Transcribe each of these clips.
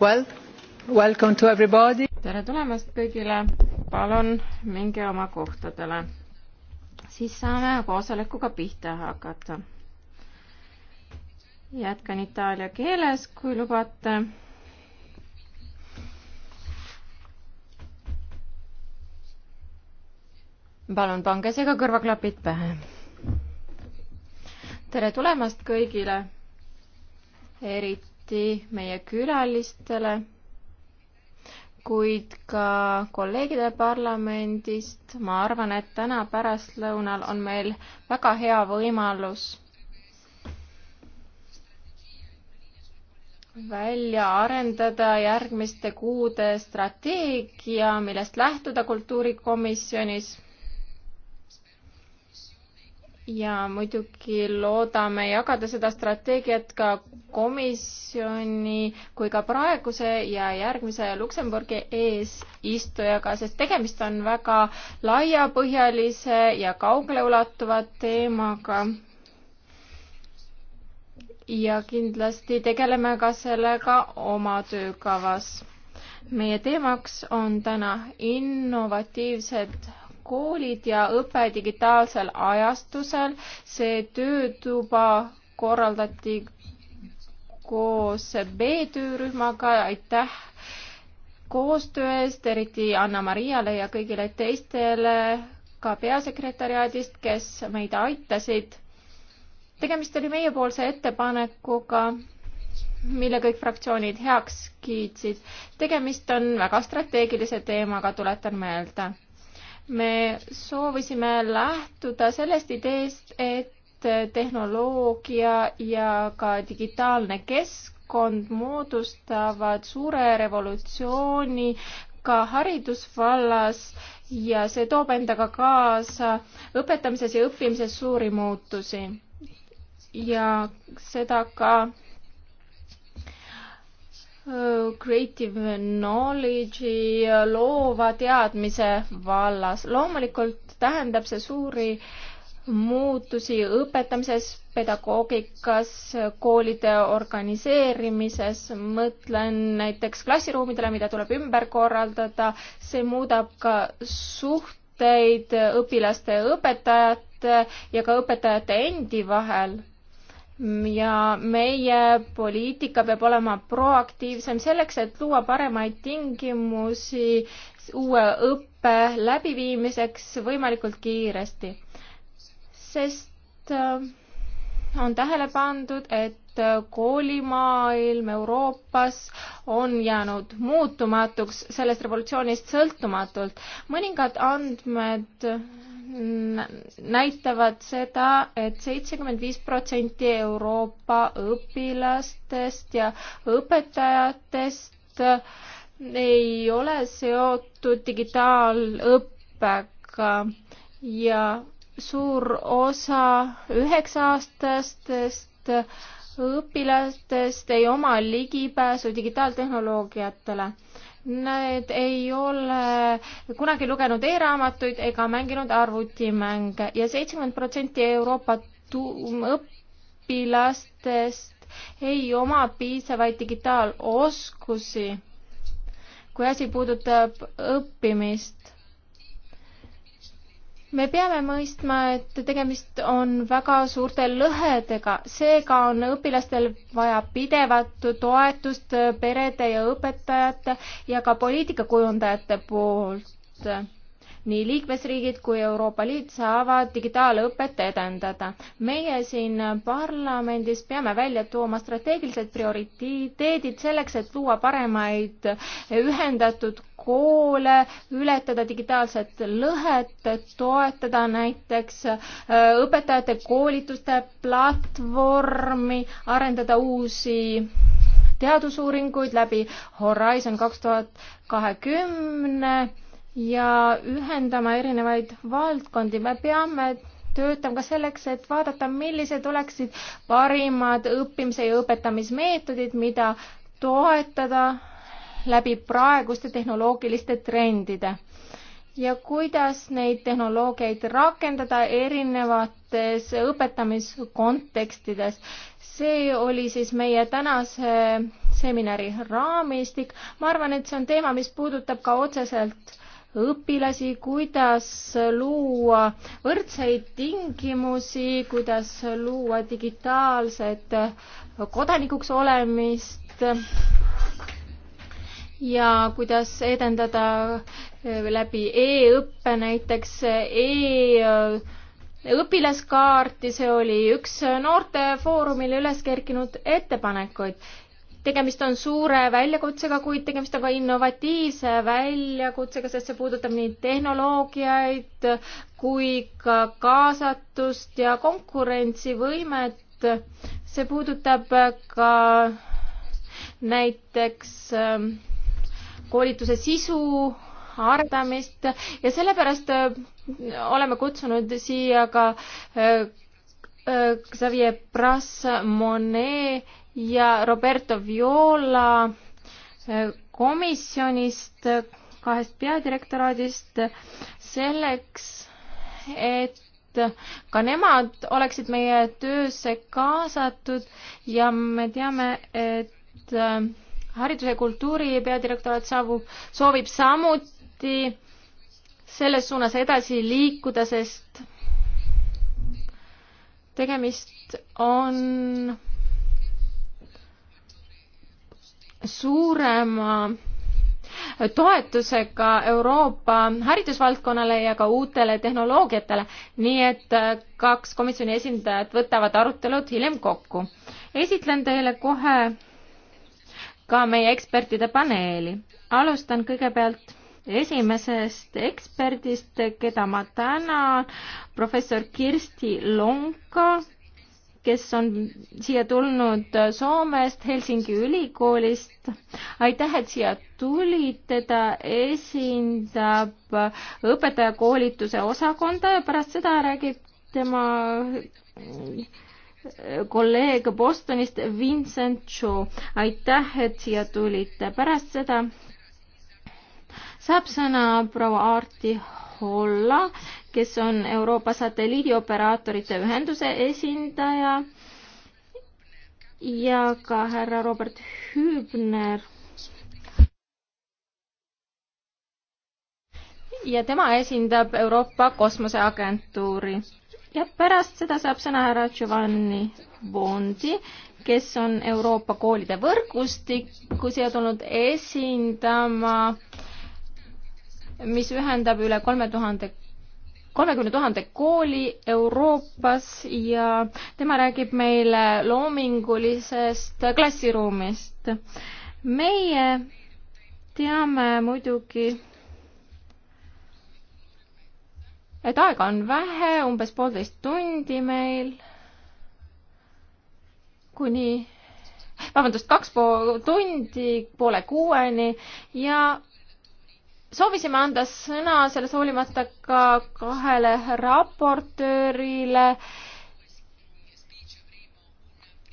Well, welcome to everybody. tere tulemast kõigile, palun minge oma kohtadele. siis saame koosolekuga pihta hakata. jätkan itaalia keeles, kui lubate palun pange seega kõrvaklapid pähe. tere tulemast kõigile, eriti eriti meie külalistele, kuid ka kolleegidele parlamendist. ma arvan, et täna pärastlõunal on meil väga hea võimalus välja arendada järgmiste kuude strateegia, millest lähtuda kultuurikomisjonis ja muidugi loodame jagada seda strateegiat ka komisjoni kui ka praeguse ja järgmise Luksemburgi eesistujaga, sest tegemist on väga laiapõhjalise ja kaugeleulatuva teemaga. ja kindlasti tegeleme ka sellega oma töökavas meie teemaks on täna innovatiivsed koolid ja õpe digitaalsel ajastusel. see töötuba korraldati koos B-töörühmaga, aitäh koostöö eest, eriti Anna-Mariale ja kõigile teistele ka peasekretäriaadist, kes meid aitasid. tegemist oli meiepoolse ettepanekuga, mille kõik fraktsioonid heaks kiitsid. tegemist on väga strateegilise teemaga, tuletan meelde me soovisime lähtuda sellest ideest, et tehnoloogia ja ka digitaalne keskkond moodustavad suure revolutsiooni ka haridusvallas ja see toob endaga kaasa õpetamises ja õppimises suuri muutusi. ja seda ka creative knowledge'i, loova teadmise vallas. loomulikult tähendab see suuri muutusi õpetamises, pedagoogikas, koolide organiseerimises, mõtlen näiteks klassiruumidele, mida tuleb ümber korraldada, see muudab ka suhteid õpilaste ja õpetajate ja ka õpetajate endi vahel ja meie poliitika peab olema proaktiivsem selleks, et luua paremaid tingimusi uue õppe läbiviimiseks võimalikult kiiresti. sest äh, on tähele pandud, et äh, koolimaailm Euroopas on jäänud muutumatuks sellest revolutsioonist sõltumatult. mõningad andmed näitavad seda et, et seitsekümmend viis protsenti Euroopa õpilastest ja õpetajatest ei ole seotud digitaalõppega ja suur osa üheksa-aastastest õpilastest ei oma ligipääsu digitaaltehnoloogiatele Need ei ole kunagi lugenud e-raamatuid ega mänginud arvutimänge ja seitsekümmend protsenti Euroopa õpilastest ei oma piisavaid digitaaloskusi, kui asi puudutab õppimist me peame mõistma, et tegemist on väga suurte lõhedega, seega on õpilastel vaja pidevat toetust perede ja õpetajate ja ka poliitikakujundajate poolt. nii liikmesriigid kui Euroopa Liit saavad digitaalõpet edendada. meie siin parlamendis peame välja tooma strateegilised prioriteedid selleks, et luua paremaid ühendatud koole, ületada digitaalset lõhet, toetada näiteks äh, õpetajate koolituste platvormi, arendada uusi teadusuuringuid läbi Horizon kaks tuhat kahekümne ja ühendama erinevaid valdkondi. me peame töötama ka selleks, et vaadata, millised oleksid parimad õppimise ja õpetamismeetodid, mida toetada läbi praeguste tehnoloogiliste trendide ja kuidas neid tehnoloogiaid rakendada erinevates õpetamiskontekstides. see oli siis meie tänase seminari raamistik. ma arvan, et see on teema, mis puudutab ka otseselt õpilasi, kuidas luua võrdseid tingimusi, kuidas luua digitaalset kodanikuks olemist ja kuidas edendada äh, läbi e-õppe näiteks e- äh, õpilaskaarti, see oli üks äh, noortefoorumil üles kerkinud ettepanekuid. tegemist on suure väljakutsega, kuid tegemist on ka innovatiivse väljakutsega, sest see puudutab nii tehnoloogiaid kui ka kaasatust ja konkurentsivõimet. see puudutab ka näiteks äh, koolituse sisu arendamist ja sellepärast äh, oleme kutsunud siia ka äh, äh, Xavier Pras-Monet ja Roberto Viola komisjonist, kahest peadirektoraadist, selleks, et ka nemad oleksid meie töösse kaasatud ja me teame, et hariduse ja kultuuri peadirektoraat saabub, soovib samuti selles suunas edasi liikuda, sest tegemist on suurema toetusega Euroopa haridusvaldkonnale ja ka uutele tehnoloogiatele, nii et kaks komisjoni esindajat võtavad arutelud hiljem kokku. esitlen teile kohe ka meie ekspertide paneeli. alustan kõigepealt esimesest eksperdist, keda ma tänan, professor Kirsti Lonka, kes on siia tulnud Soomest, Helsingi ülikoolist. aitäh, et siia tulid, teda esindab õpetajakoolituse osakonda ja pärast seda räägib tema kolleeg Bostonist, Vincent Cho. aitäh, et siia tulite. pärast seda saab sõna proua Aarti Holla, kes on Euroopa satelliidioperaatorite ühenduse esindaja ja ka härra Robert Hübner. ja tema esindab Euroopa Kosmoseagentuuri ja pärast seda saab sõna härra Giovanni Bondi, kes on Euroopa koolide võrgustiku siia tulnud esindama, mis ühendab üle kolme tuhande kolmekümne tuhande kooli Euroopas ja tema räägib meile loomingulisest klassiruumist. meie teame muidugi et aega on vähe, umbes poolteist tundi meil kuni, vabandust, kaks pool tundi poole kuueni ja soovisime anda sõna sellest hoolimata ka kahele raportöörile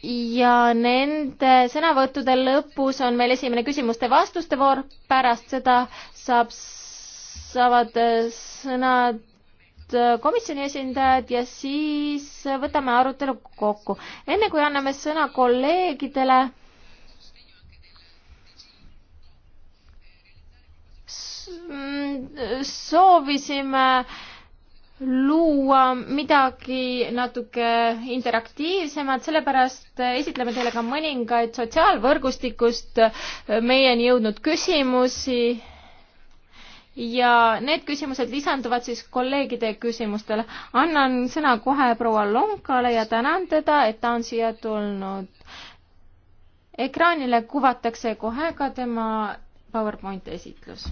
ja nende sõnavõttude lõpus on meil esimene küsimuste-vastuste voor, pärast seda saab, saavad sõnad Äh, komisjoni esindajad ja siis äh, võtame arutelu kokku. enne kui anname sõna kolleegidele, mm, soovisime luua midagi natuke interaktiivsemat, sellepärast äh, esitleme teile ka mõningaid sotsiaalvõrgustikust meieni jõudnud küsimusi ja need küsimused lisanduvad siis kolleegide küsimustele. annan sõna kohe proua Lonkale ja tänan teda, et ta on siia tulnud. ekraanile kuvatakse kohe ka tema PowerPointi esitlus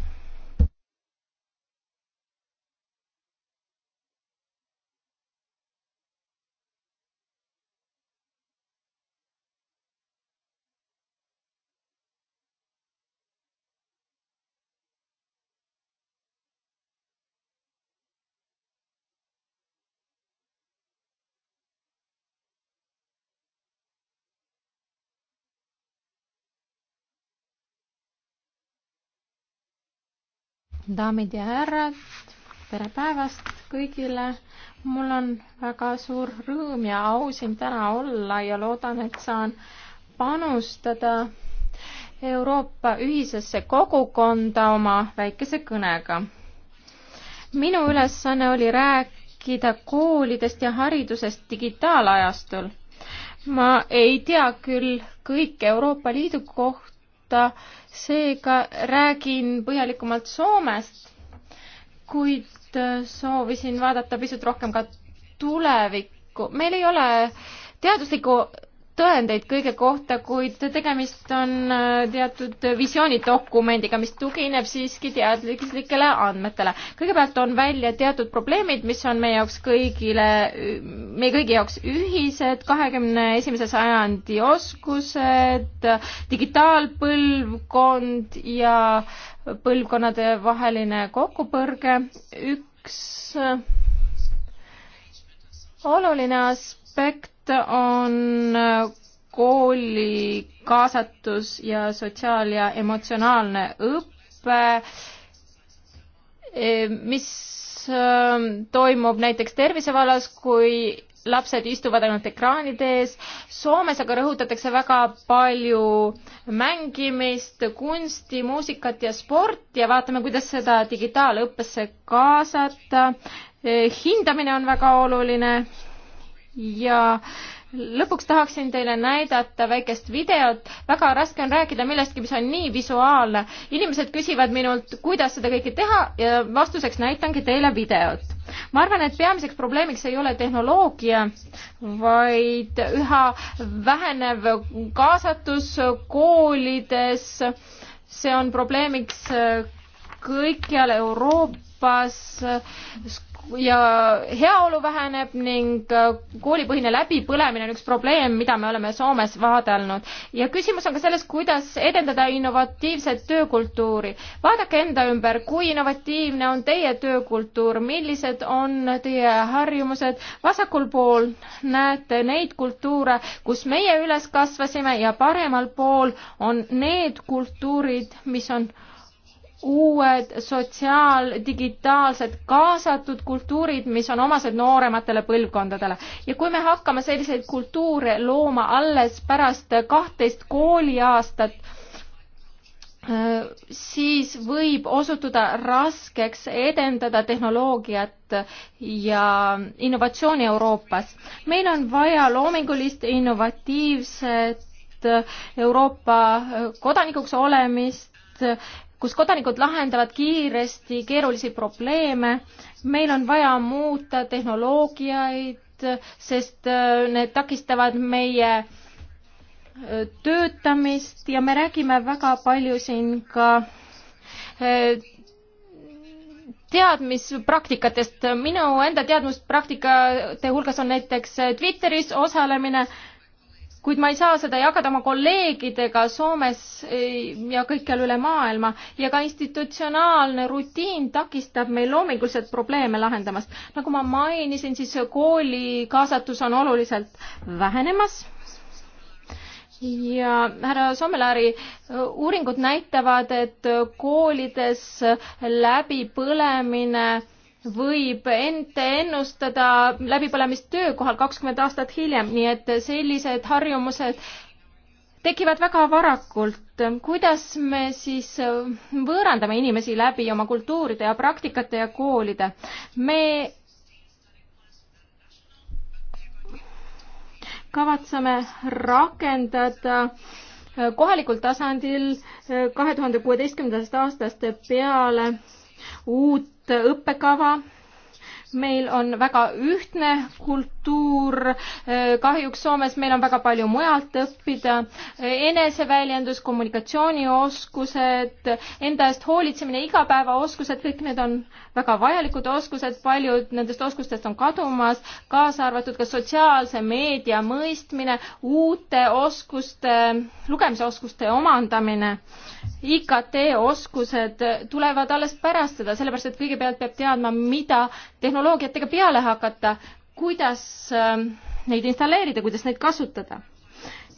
daamid ja härrad, tere päevast kõigile. mul on väga suur rõõm ja au siin täna olla ja loodan, et saan panustada Euroopa ühisesse kogukonda oma väikese kõnega. minu ülesanne oli rääkida koolidest ja haridusest digitaalajastul ma ei tea küll kõike Euroopa Liidu kohta, kohta, seega räägin põhjalikumalt Soomest, kuid äh, soovisin vaadata pisut rohkem ka tulevikku. meil ei ole teaduslikku tõendeid kõige kohta, kuid tegemist on äh, teatud visioonidokumendiga, mis tugineb siiski teadlikele andmetele. kõigepealt on välja teatud probleemid, mis on meie jaoks kõigile, meie kõigi jaoks ühised, kahekümne esimese sajandi oskused, digitaalpõlvkond ja põlvkonnade vaheline kokkupõrge, üks äh, oluline aspekt on kooli kaasatus ja sotsiaal- ja emotsionaalne õpe, e, mis e, toimub näiteks tervise vallas, kui lapsed istuvad ainult ekraanide ees. Soomes aga rõhutatakse väga palju mängimist, kunsti, muusikat ja sporti ja vaatame, kuidas seda digitaalõppesse kaasata. E, hindamine on väga oluline ja lõpuks tahaksin teile näidata väikest videot. väga raske on rääkida millestki, mis on nii visuaalne. inimesed küsivad minult, kuidas seda kõike teha ja vastuseks näitangi teile videot. ma arvan, et peamiseks probleemiks ei ole tehnoloogia, vaid üha vähenev kaasatus koolides. see on probleemiks kõikjal Euroopas ja heaolu väheneb ning äh, koolipõhine läbipõlemine on üks probleem, mida me oleme Soomes vaadelnud. ja küsimus on ka selles, kuidas edendada innovatiivset töökultuuri. vaadake enda ümber, kui innovatiivne on teie töökultuur, millised on teie harjumused. vasakul pool näete neid kultuure, kus meie üles kasvasime ja paremal pool on need kultuurid, mis on uued sotsiaal, digitaalsed, kaasatud kultuurid, mis on omased noorematele põlvkondadele. ja kui me hakkame selliseid kultuure looma alles pärast kahtteist kooliaastat, äh, siis võib osutuda raskeks edendada tehnoloogiat ja innovatsiooni Euroopas. meil on vaja loomingulist innovatiivset Euroopa kodanikuks olemist, kus kodanikud lahendavad kiiresti keerulisi probleeme. meil on vaja muuta tehnoloogiaid, sest äh, need takistavad meie äh, töötamist ja me räägime väga palju siin ka äh, teadmispraktikatest. minu enda teadmuspraktikate hulgas on näiteks Twitteris osalemine kuid ma ei saa seda jagada oma kolleegidega Soomes ja kõikjal üle maailma ja ka institutsionaalne rutiin takistab meil loominguliselt probleeme lahendamast. nagu ma mainisin, siis kooli kaasatus on oluliselt vähenemas ja härra Sommelaari, uuringud näitavad, et koolides läbipõlemine võib ente ennustada läbipõlemist töökohal kakskümmend aastat hiljem, nii et sellised harjumused tekivad väga varakult. kuidas me siis äh, võõrandame inimesi läbi oma kultuuride ja praktikate ja koolide? me kavatseme rakendada äh, kohalikul tasandil äh, kahe tuhande kuueteistkümnendast aastast peale uut õppekava. meil on väga ühtne kult-, kultuur, kahjuks Soomes meil on väga palju mujalt õppida, eneseväljendus, kommunikatsioonioskused, enda eest hoolitsemine, igapäevaoskused, kõik need on väga vajalikud oskused, paljud nendest oskustest on kadumas, kaasa arvatud ka sotsiaalse meedia mõistmine, uute oskuste, lugemisoskuste omandamine. IKT oskused tulevad alles pärast seda, sellepärast et kõigepealt peab teadma, mida tehnoloogiatega peale hakata, kuidas ähm, neid installeerida, kuidas neid kasutada.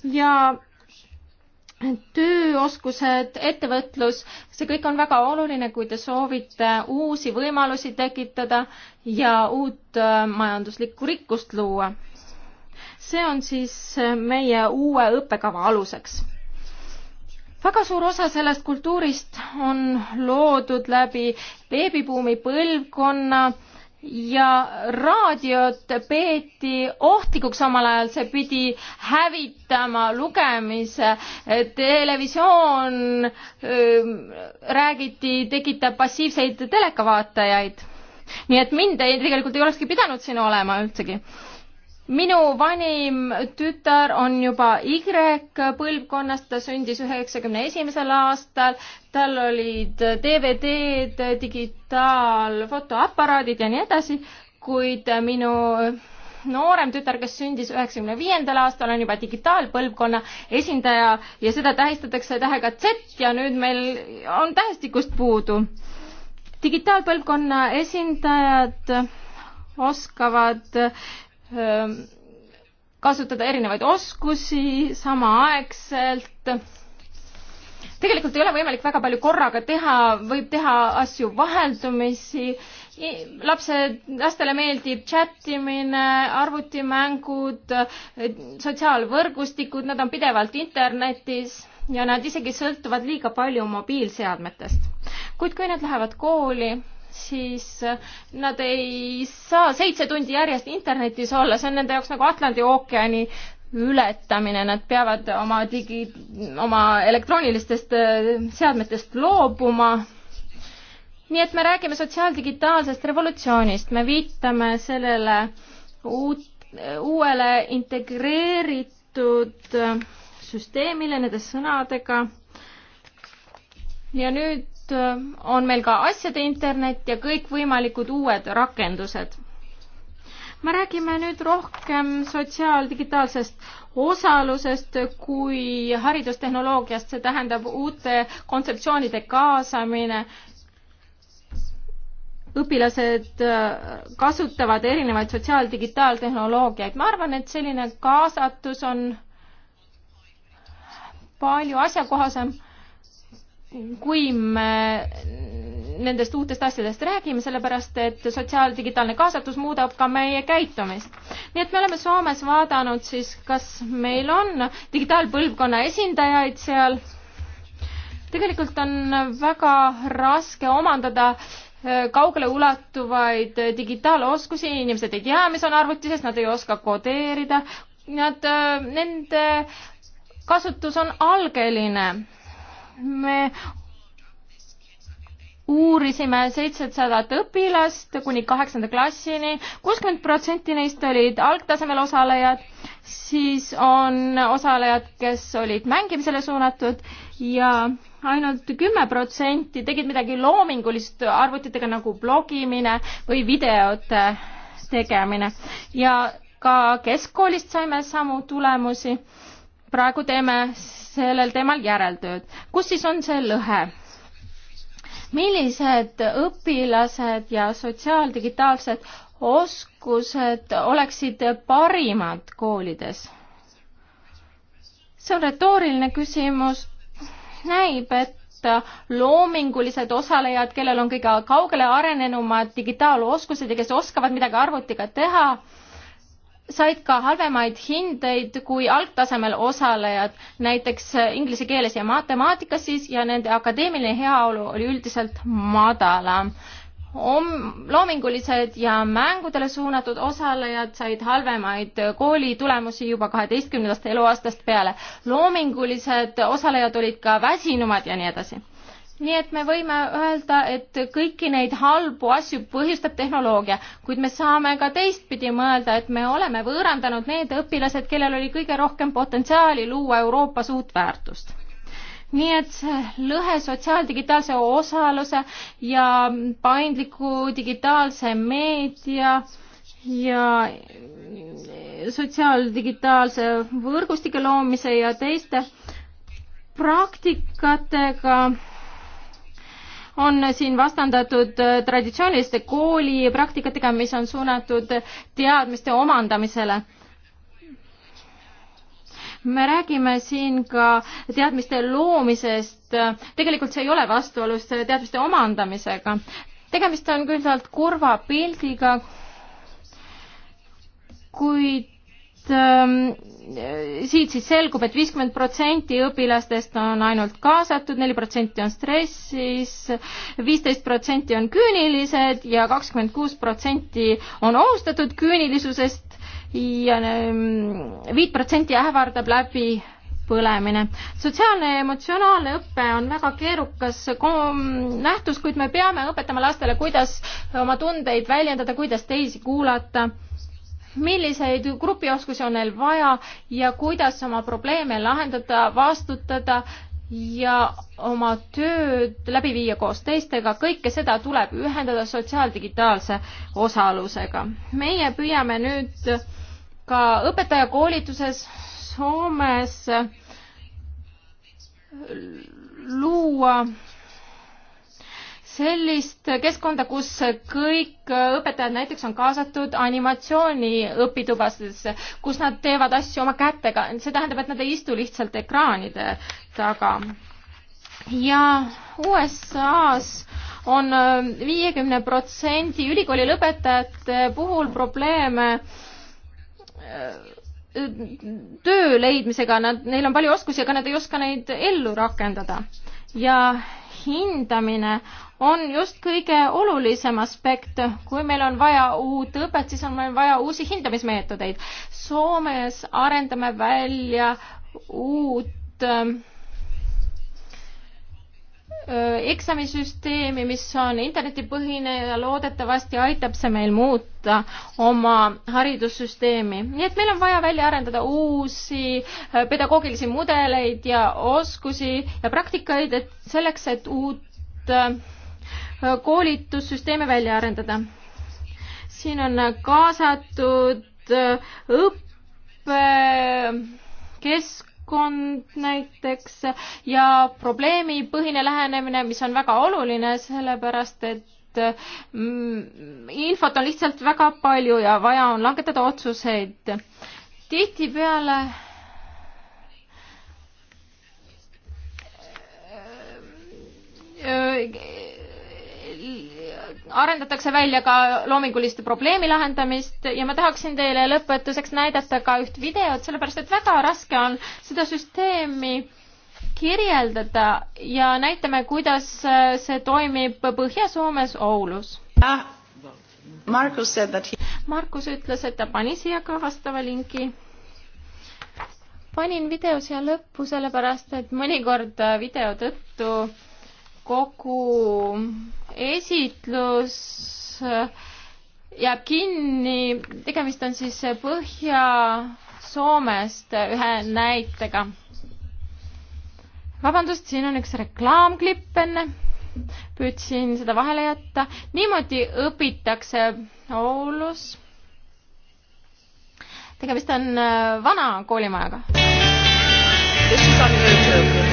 ja tööoskused, ettevõtlus, see kõik on väga oluline, kui te soovite uusi võimalusi tekitada ja uut äh, majanduslikku rikkust luua. see on siis äh, meie uue õppekava aluseks. väga suur osa sellest kultuurist on loodud läbi veebibuumi põlvkonna ja raadiot peeti ohtlikuks omal ajal, see pidi hävitama lugemise. televisioon öö, räägiti, tekitab passiivseid telekavaatajaid. nii et mind ei, tegelikult ei olekski pidanud siin olema üldsegi minu vanim tütar on juba Y-põlvkonnast, ta sündis üheksakümne esimesel aastal, tal olid DVD-d, digitaalfotoaparaadid ja nii edasi, kuid minu noorem tütar, kes sündis üheksakümne viiendal aastal, on juba digitaalpõlvkonna esindaja ja seda tähistatakse tähega Z ja nüüd meil on tähestikust puudu. digitaalpõlvkonna esindajad oskavad kasutada erinevaid oskusi samaaegselt. tegelikult ei ole võimalik väga palju korraga teha, võib teha asju vaheldumisi. lapsed, lastele meeldib chattimine, arvutimängud, sotsiaalvõrgustikud, nad on pidevalt internetis ja nad isegi sõltuvad liiga palju mobiilseadmetest. kuid kui nad lähevad kooli, siis äh, nad ei saa seitse tundi järjest internetis olla, see on nende jaoks nagu Atlandi ookeani ületamine, nad peavad oma digi, oma elektroonilistest äh, seadmetest loobuma. nii et me räägime sotsiaaldigitaalsest revolutsioonist, me viitame sellele uut, uuele integreeritud äh, süsteemile nende sõnadega. ja nüüd Äh, on meil ka asjade internet ja kõikvõimalikud uued rakendused. me räägime nüüd rohkem sotsiaaldigitaalsest osalusest kui haridustehnoloogiast, see tähendab uute kontseptsioonide kaasamine. õpilased äh, kasutavad erinevaid sotsiaaldigitaaltehnoloogiaid, ma arvan, et selline kaasatus on palju asjakohasem kui me nendest uutest asjadest räägime, sellepärast et sotsiaaldigitaalne kaasatus muudab ka meie käitumist. nii et me oleme Soomes vaadanud siis, kas meil on digitaalpõlvkonna esindajaid seal. tegelikult on väga raske omandada äh, kaugele ulatuvaid digitaaloskusi, inimesed ei tea, mis on arvuti sees, nad ei oska kodeerida, nad, äh, nende kasutus on algeline me uurisime seitsesadat õpilast kuni kaheksanda klassini, kuuskümmend protsenti neist olid algtasemel osalejad, siis on osalejad, kes olid mängimisele suunatud ja ainult kümme protsenti tegid midagi loomingulist arvutitega nagu blogimine või videote tegemine ja ka keskkoolist saime samu tulemusi praegu teeme sellel teemal järeltööd. kus siis on see lõhe? millised õpilased ja sotsiaaldigitaalsed oskused oleksid parimad koolides? see on retooriline küsimus. näib, et loomingulised osalejad, kellel on kõige kaugele arenenumad digitaaloskused ja kes oskavad midagi arvutiga teha, said ka halvemaid hindeid kui algtasemel osalejad, näiteks inglise keeles ja matemaatikas siis ja nende akadeemiline heaolu oli üldiselt madalam. Om-, loomingulised ja mängudele suunatud osalejad said halvemaid koolitulemusi juba kaheteistkümnendast eluaastast peale. loomingulised osalejad olid ka väsinumad ja nii edasi nii et me võime öelda, et kõiki neid halbu asju põhjustab tehnoloogia, kuid me saame ka teistpidi mõelda, et me oleme võõrandanud need õpilased, kellel oli kõige rohkem potentsiaali luua Euroopas uut väärtust. nii et see lõhe sotsiaaldigitaalse osaluse ja paindliku digitaalse meedia ja sotsiaaldigitaalse võrgustike loomise ja teiste praktikatega on siin vastandatud äh, traditsiooniliste koolipraktikatega, mis on suunatud teadmiste omandamisele me räägime siin ka teadmiste loomisest, tegelikult see ei ole vastuolus teadmiste omandamisega. tegemist on küllalt kurva pildiga, kuid Ähm, siit siis selgub et, et viiskümmend protsenti õpilastest on ainult kaasatud, neli protsenti on stressis, viisteist protsenti on küünilised ja kakskümmend kuus protsenti on ohustatud küünilisusest ja ähm, viit protsenti ähvardab läbi põlemine. sotsiaalne ja emotsionaalne õpe on väga keerukas nähtus, kuid me peame õpetama lastele, kuidas oma tundeid väljendada, kuidas teisi kuulata milliseid grupioskusi on neil vaja ja kuidas oma probleeme lahendada, vastutada ja oma tööd läbi viia koos teistega, kõike seda tuleb ühendada sotsiaaldigitaalse osalusega. meie püüame nüüd ka õpetajakoolituses Soomes luua sellist keskkonda, kus kõik õpetajad näiteks on kaasatud animatsiooni õpitubadesse, kus nad teevad asju oma kätega, see tähendab, et nad ei istu lihtsalt ekraanide taga. ja USA-s on äh, viiekümne protsendi ülikooli lõpetajate puhul probleeme äh, töö leidmisega, nad, neil on palju oskusi, aga nad ei oska neid ellu rakendada. ja hindamine on just kõige olulisem aspekt. kui meil on vaja uut õpet, siis on meil vaja uusi hindamismeetodeid. Soomes arendame välja uut äh, eksamisüsteemi, mis on internetipõhine ja loodetavasti aitab see meil muuta oma haridussüsteemi. nii et meil on vaja välja arendada uusi pedagoogilisi mudeleid ja oskusi ja praktikaid, et selleks, et uut koolitussüsteemi välja arendada. siin on kaasatud õppe kesk-, keskkond näiteks ja probleemipõhine lähenemine, mis on väga oluline, sellepärast et mm, infot on lihtsalt väga palju ja vaja on langetada otsuseid. tihtipeale äh, äh, arendatakse välja ka loominguliste probleemi lahendamist ja ma tahaksin teile lõpetuseks näidata ka üht videot, sellepärast et väga raske on seda süsteemi kirjeldada ja näitame, kuidas äh, see toimib Põhja-Soomes Oulus ah,. Markus he... Markus ütles, et ta pani siia ka vastava linki. panin video siia lõppu, sellepärast et mõnikord video tõttu kogu esitlus äh, jääb kinni, tegemist on siis Põhja-Soomest ühe näitega. vabandust, siin on üks reklaamklipp enne, püüdsin seda vahele jätta. niimoodi õpitakse Oulus. tegemist on äh, vana koolimajaga. This is on YouTube.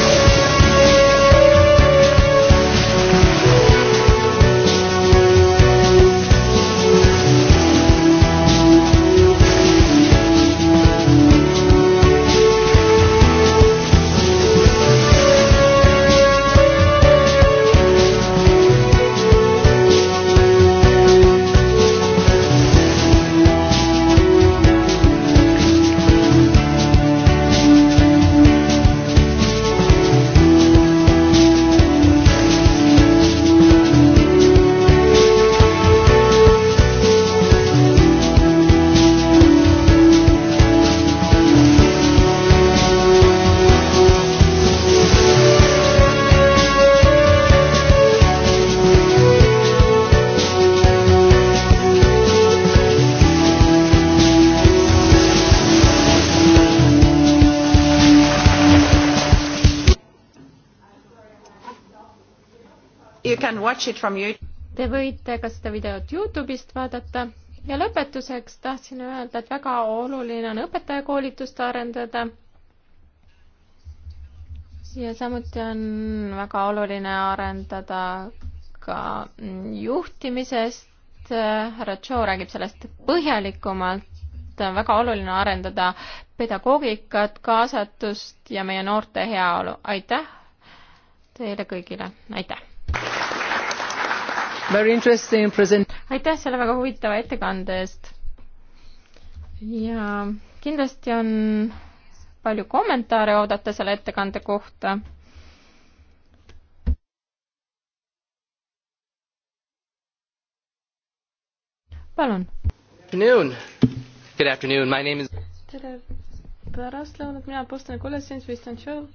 Te võite ka seda videot Youtube'ist vaadata ja lõpetuseks tahtsin öelda, et väga oluline on õpetajakoolitust arendada. ja samuti on väga oluline arendada ka juhtimisest. härra Joe räägib sellest põhjalikumalt. väga oluline arendada pedagoogikat, kaasatust ja meie noorte heaolu. aitäh teile kõigile, aitäh! aitäh selle väga huvitava ettekande eest. ja kindlasti on palju kommentaare oodata selle ettekande kohta. palun. tere pärastlõunat, mina Boston College'is Winston Show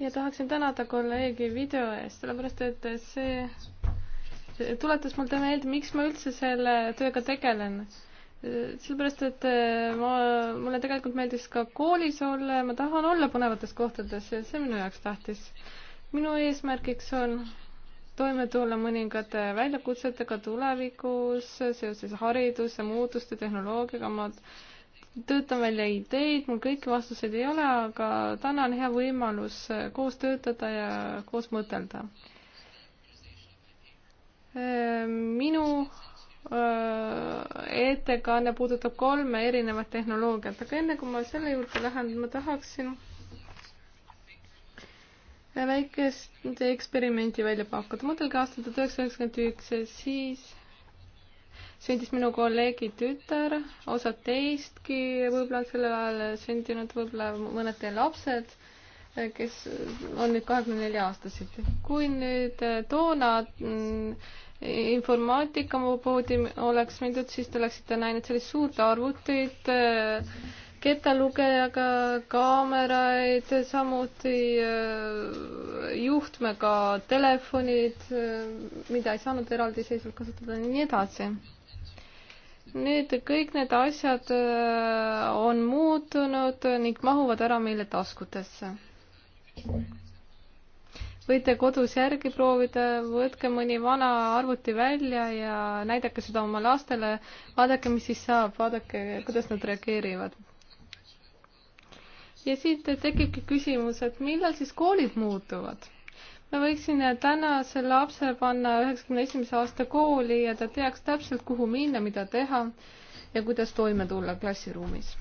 ja tahaksin tänada kolleegi video eest, sellepärast et see tuletas mulle meelde, miks ma üldse selle tööga tegelen. sellepärast, et äh, ma, mulle tegelikult meeldis ka koolis olla ja ma tahan olla põnevates kohtades ja see on minu jaoks tähtis. minu eesmärgiks on toime tulla mõningate väljakutsetega tulevikus seoses hariduse, muutuste, tehnoloogiaga, ma töötan välja ideid, mul kõiki vastuseid ei ole, aga täna on hea võimalus koos töötada ja koos mõtelda minu ettekanne puudutab kolme erinevat tehnoloogiat, aga enne kui ma selle juurde lähen, ma tahaksin väikest eksperimenti välja pakkuda. mõtelge aastal tuhat üheksasada üheksakümmend üks, siis sündis minu kolleegi tütar, osad teistki võib-olla on sellel ajal sündinud, võib-olla mõned teie lapsed, kes on nüüd kahekümne nelja aastased. kui nüüd äh, toona mm, informaatika poodi oleks mindud, siis te oleksite näinud sellist suurt arvutit, kettalugejaga kaameraid, samuti äh, juhtmega telefonid, äh, mida ei saanud eraldiseisvalt kasutada ja nii edasi. Need kõik need asjad äh, on muutunud ning mahuvad ära meile taskutesse võite kodus järgi proovida, võtke mõni vana arvuti välja ja näidake seda oma lastele, vaadake, mis siis saab, vaadake, kuidas nad reageerivad. ja siit tekibki küsimus, et millal siis koolid muutuvad? ma võiksin täna selle lapse panna üheksakümne esimese aasta kooli ja ta teaks täpselt, kuhu minna, mida teha ja kuidas toime tulla klassiruumis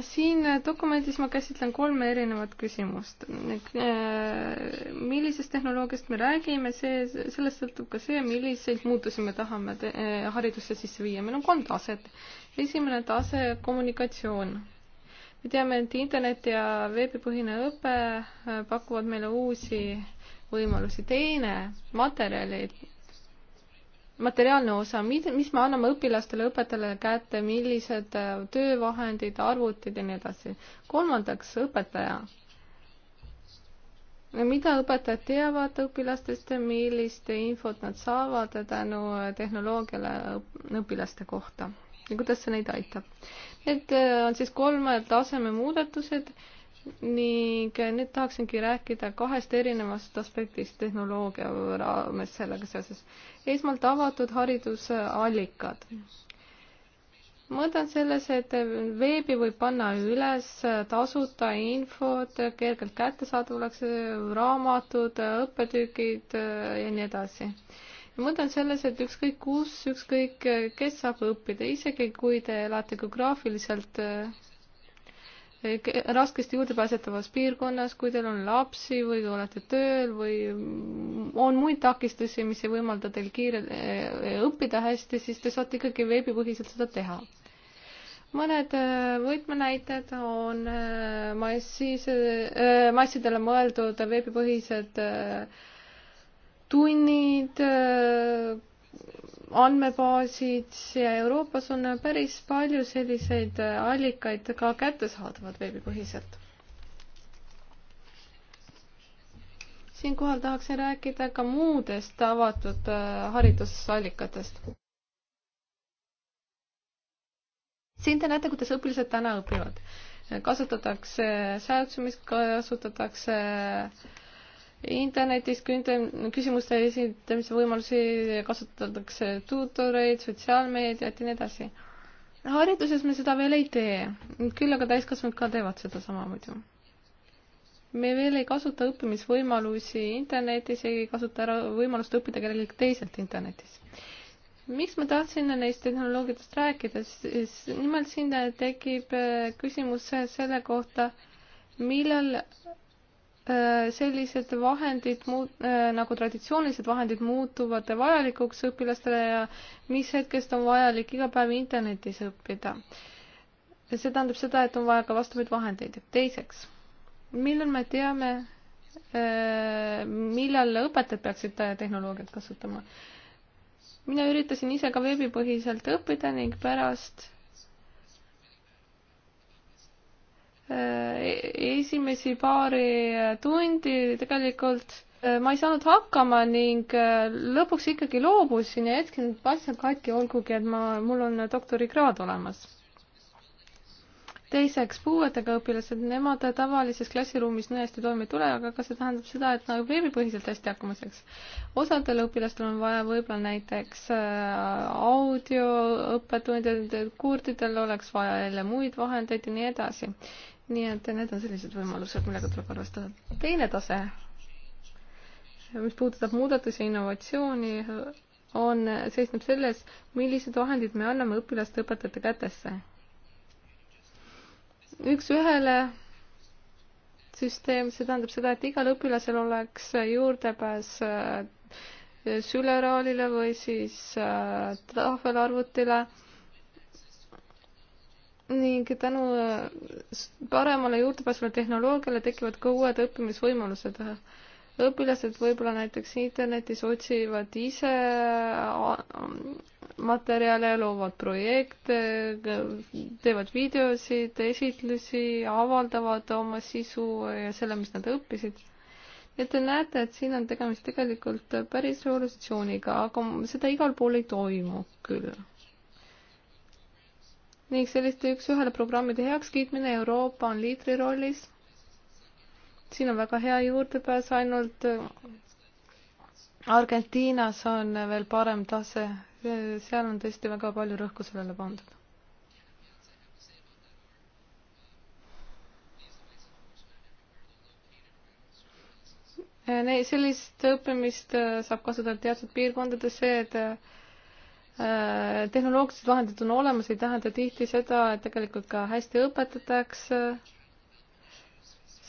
siin dokumendis ma käsitlen kolme erinevat küsimust. Äh, millisest tehnoloogiast me räägime, see, sellest sõltub ka see, milliseid muutusi me tahame te, äh, haridusse sisse viia. meil on kolm taset. esimene tase, kommunikatsioon. me teame, et internet ja veebipõhine õpe äh, pakuvad meile uusi võimalusi. teine, materjalid materiaalne osa, mis, mis me anname õpilastele, õpetajale kätte, millised äh, töövahendid, arvutid ja nii edasi. kolmandaks, õpetaja. mida õpetajad teavad õpilastest ja millist infot nad saavad tänu äh, tehnoloogiale õpilaste kohta ja kuidas see neid aitab? Need äh, on siis kolme taseme muudatused ning nüüd tahaksingi rääkida kahest erinevast aspektist tehnoloogia raames sellega seoses. esmalt avatud haridusallikad. mõte on selles, et veebi võib panna üles tasuta infot, kergelt kättesaadavaks, raamatud, õppetükid ja nii edasi mõte on selles, et ükskõik kus, ükskõik kes saab õppida, isegi kui te elate geograafiliselt kui raskesti juurdepääsetavas piirkonnas, kui teil on lapsi või olete tööl või on muid takistusi, mis ei võimalda teil kiire, eh, õppida hästi, siis te saate ikkagi veebipõhiselt seda teha. mõned eh, võtmenäited on eh, massis, massidele mõeldud veebipõhised tunnid, andmebaasid ja Euroopas on päris palju selliseid allikaid ka kättesaadavad veebipõhiselt. siinkohal tahaksin rääkida ka muudest avatud äh, haridusallikatest. siin te näete, kuidas õpilased täna õpivad. kasutatakse säutsimist, kasutatakse äh, internetis küsimuste esitamise võimalusi, kasutatakse tuutoreid, sotsiaalmeediat ja nii edasi. hariduses me seda veel ei tee, küll aga täiskasvanud ka teevad seda sama muidu. me veel ei kasuta õppimisvõimalusi internetis, ei kasuta ära võimalust õppida kellelgi teiselt internetis miks ma tahtsin neist tehnoloogiatest rääkida, siis nimelt siin tekib äh, küsimus selle kohta, millal Äh, sellised vahendid muut-, äh, nagu traditsioonilised vahendid muutuvad vajalikuks õpilastele ja mis hetkest on vajalik iga päev internetis õppida. see tähendab seda, et on vaja ka vastavaid vahendeid. teiseks, millal me teame, äh, millal õpetajad peaksid tehnoloogiat kasutama? mina üritasin ise ka veebipõhiselt õppida ning pärast Äh, esimesi paari äh, tundi tegelikult äh, ma ei saanud hakkama ning lõpuks ikkagi loobusin ja jätsin asjad katki, olgugi et ma, mul on doktorikraad olemas teiseks, puuetega õpilased, nemad tavalises klassiruumis nõesti toime ei tule, aga ka see tähendab seda, et nad veebipõhiselt hästi hakkama saaks. osadel õpilastel on vaja võib-olla näiteks äh, audioõppetunde, kurdidel oleks vaja jälle muid vahendeid ja nii edasi. nii et need on sellised võimalused, millega tuleb arvestada. teine tase, mis puudutab muudatusi ja innovatsiooni, on, seisneb selles, millised vahendid me anname õpilaste õpetajate kätesse üks-ühele süsteem, see tähendab seda, et igal õpilasel oleks juurdepääs äh, süleraalile või siis äh, tahvelarvutile ning tänu äh, paremale juurdepääsule tehnoloogiale tekivad ka uued õppimisvõimalused. õpilased võib-olla näiteks internetis otsivad ise materjale, loovad projekte, teevad videosid, esitlusi, avaldavad oma sisu ja selle, mis nad õppisid. et te näete, et siin on tegemist tegelikult päris revolutsiooniga, aga seda igal pool ei toimu küll. ning selliste üks-ühele programmide heakskiitmine, Euroopa on liidri rollis. siin on väga hea juurdepääs ainult Argentiinas on veel parem tase seal on tõesti väga palju rõhku sellele pandud. Nei, sellist õppimist äh, saab kasutada teatud piirkondades, see, et äh, tehnoloogilised vahendid on olemas, ei tähenda tihti seda, et tegelikult ka hästi õpetatakse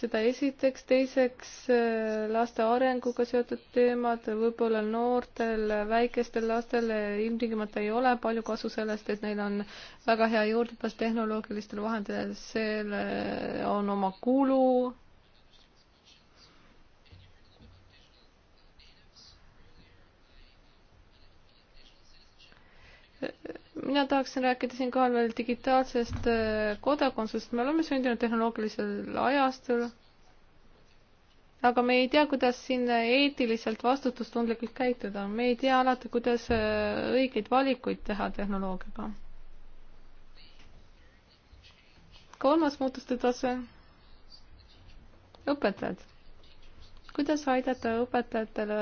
seda esiteks, teiseks äh, laste arenguga seotud teemad, võib-olla noortel, väikestel lastel äh, ilmtingimata ei ole palju kasu sellest, et neil on väga hea juurdepääs tehnoloogilistele vahenditele, seal äh, on oma kulu. Yeah mina tahaksin rääkida siinkohal veel digitaalsest äh, kodakondsusest, me oleme sündinud tehnoloogilisel ajastul, aga me ei tea, kuidas siin eetiliselt vastutustundlikult käituda, me ei tea alati, kuidas äh, õigeid valikuid teha tehnoloogiaga. kolmas muutuste tase, õpetajad. kuidas aidata õpetajatele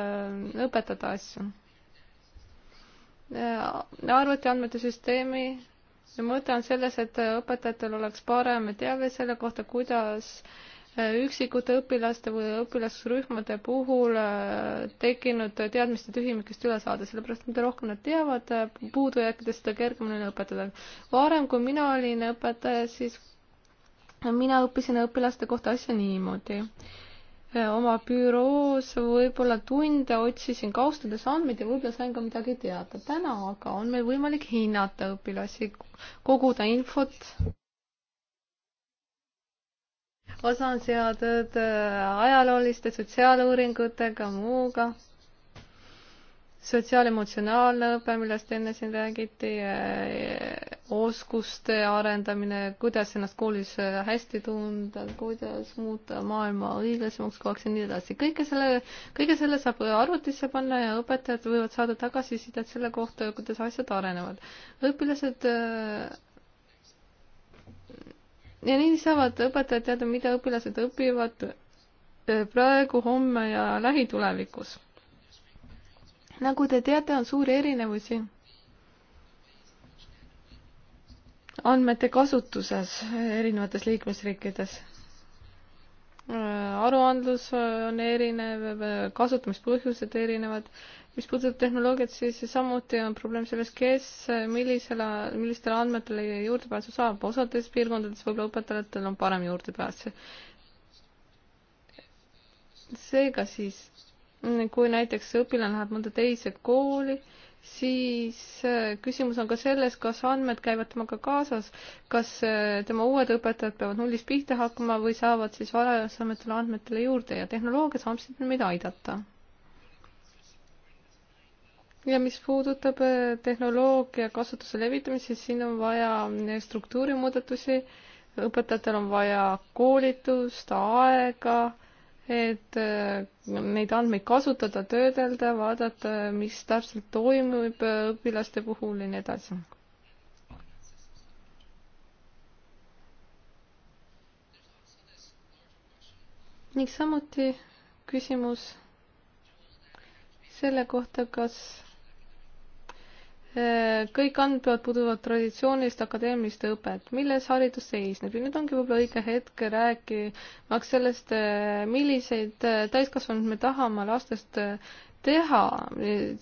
õpetada asju? Äh, arvutiandmete süsteemi mõte on selles, et äh, õpetajatel oleks parem teave selle kohta, kuidas äh, üksikute õpilaste või õpilasrühmade puhul tekkinud teadmiste tühimikest üle saada, sellepärast mida rohkem nad teavad puudujääkidest, seda kergem on õpetada. varem, kui mina olin õpetaja, siis mina õppisin õpilaste kohta asja niimoodi oma büroos võib-olla tunde otsisin kaustades andmeid ja võib-olla sain ka midagi teada. täna aga on meil võimalik hinnata õpilasi, koguda infot, osa on seotud ajalooliste sotsiaaluuringutega, muuga, sotsiaalemotsionaalne õpe, millest enne siin räägiti oskuste arendamine, kuidas ennast koolis äh, hästi tunda, kuidas muuta maailma õiglasemaks kohaks ja nii edasi. kõike selle, kõige selle saab arvutisse panna ja õpetajad võivad saada tagasisidet selle kohta, kuidas asjad arenevad. õpilased äh, ja nii saavad õpetajad teada, mida õpilased õpivad äh, praegu, homme ja lähitulevikus. nagu te teate, on suuri erinevusi andmete kasutuses erinevates liikmesriikides. aruandlus on erinev, kasutamispõhjused erinevad. mis puudutab tehnoloogiat, siis samuti on probleem selles, kes millisele, millistele andmetele juurdepääsu saab. osades piirkondades võib-olla õpetajatel on parem juurdepääs. seega siis, kui näiteks õpilane läheb mõnda teise kooli, siis äh, küsimus on ka selles, kas andmed käivad temaga kaasas, kas äh, tema uued õpetajad peavad nullist pihta hakkama või saavad siis varasematele andmetele juurde ja tehnoloogia saab siin meid aidata. ja mis puudutab äh, tehnoloogia kasutuse levitamist, siis siin on vaja struktuurimuudatusi, õpetajatel on vaja koolitust, aega et äh, neid andmeid kasutada, töödelda, vaadata, mis täpselt toimub äh, õpilaste puhul ja nii edasi. ning samuti küsimus selle kohta, kas kõik andmed puuduvad traditsioonilist akadeemilist õpet, milles haridus seisneb ja nüüd ongi võib-olla õige hetk rääkimaks sellest, milliseid täiskasvanuid me tahame lastest teha,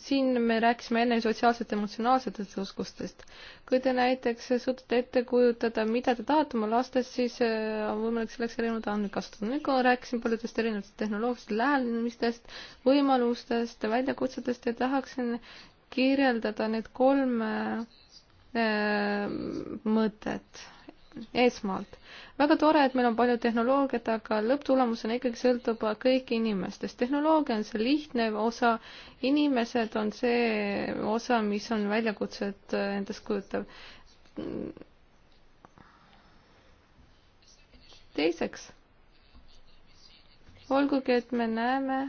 siin me rääkisime enne sotsiaalset emotsionaalsetest oskustest. kui te näiteks suudate ette kujutada, mida te tahate oma lastest, siis äh, on võimalik selleks erinevaid andmeid kasutada. nüüd kui ma rääkisin paljudest erinevatest tehnoloogilistest lähenemistest, võimalustest, väljakutsetest ja tahaksin kirjeldada need kolme äh, mõtet esmalt. väga tore, et meil on palju tehnoloogiat, aga lõpptulemusena ikkagi sõltub kõik inimestest. tehnoloogia on see lihtne osa, inimesed on see osa, mis on väljakutsed äh, endast kujutav. teiseks, olgugi, et me näeme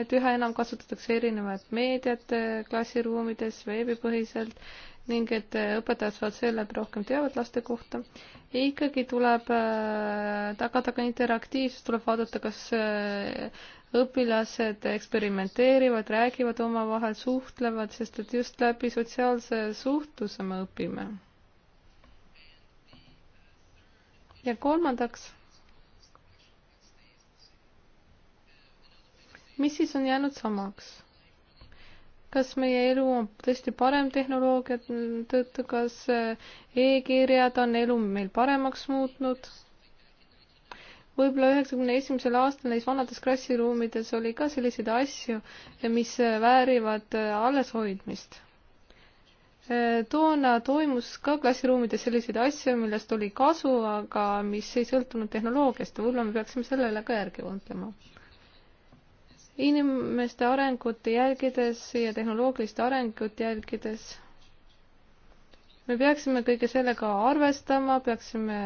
et üha enam kasutatakse erinevat meediat äh, klassiruumides veebipõhiselt ning et äh, õpetajad saavad seeläbi rohkem teavet laste kohta. ja ikkagi tuleb äh, tagada ka interaktiivsus, tuleb vaadata, kas õpilased eksperimenteerivad, räägivad omavahel, suhtlevad, sest et just läbi sotsiaalse suhtluse me õpime. ja kolmandaks mis siis on jäänud samaks? kas meie elu on tõesti parem tehnoloogia tõttu, kas äh, e-kirjad on elu meil paremaks muutnud? võib-olla üheksakümne esimesel aastal neis vanades klassiruumides oli ka selliseid asju, äh, mis äh, väärivad alleshoidmist. toona toimus ka klassiruumides selliseid asju, millest oli kasu, aga mis ei sõltunud tehnoloogiast ja võib-olla me peaksime sellele ka järgi mõtlema inimeste arengut jälgides ja tehnoloogilist arengut jälgides me peaksime kõige sellega arvestama, peaksime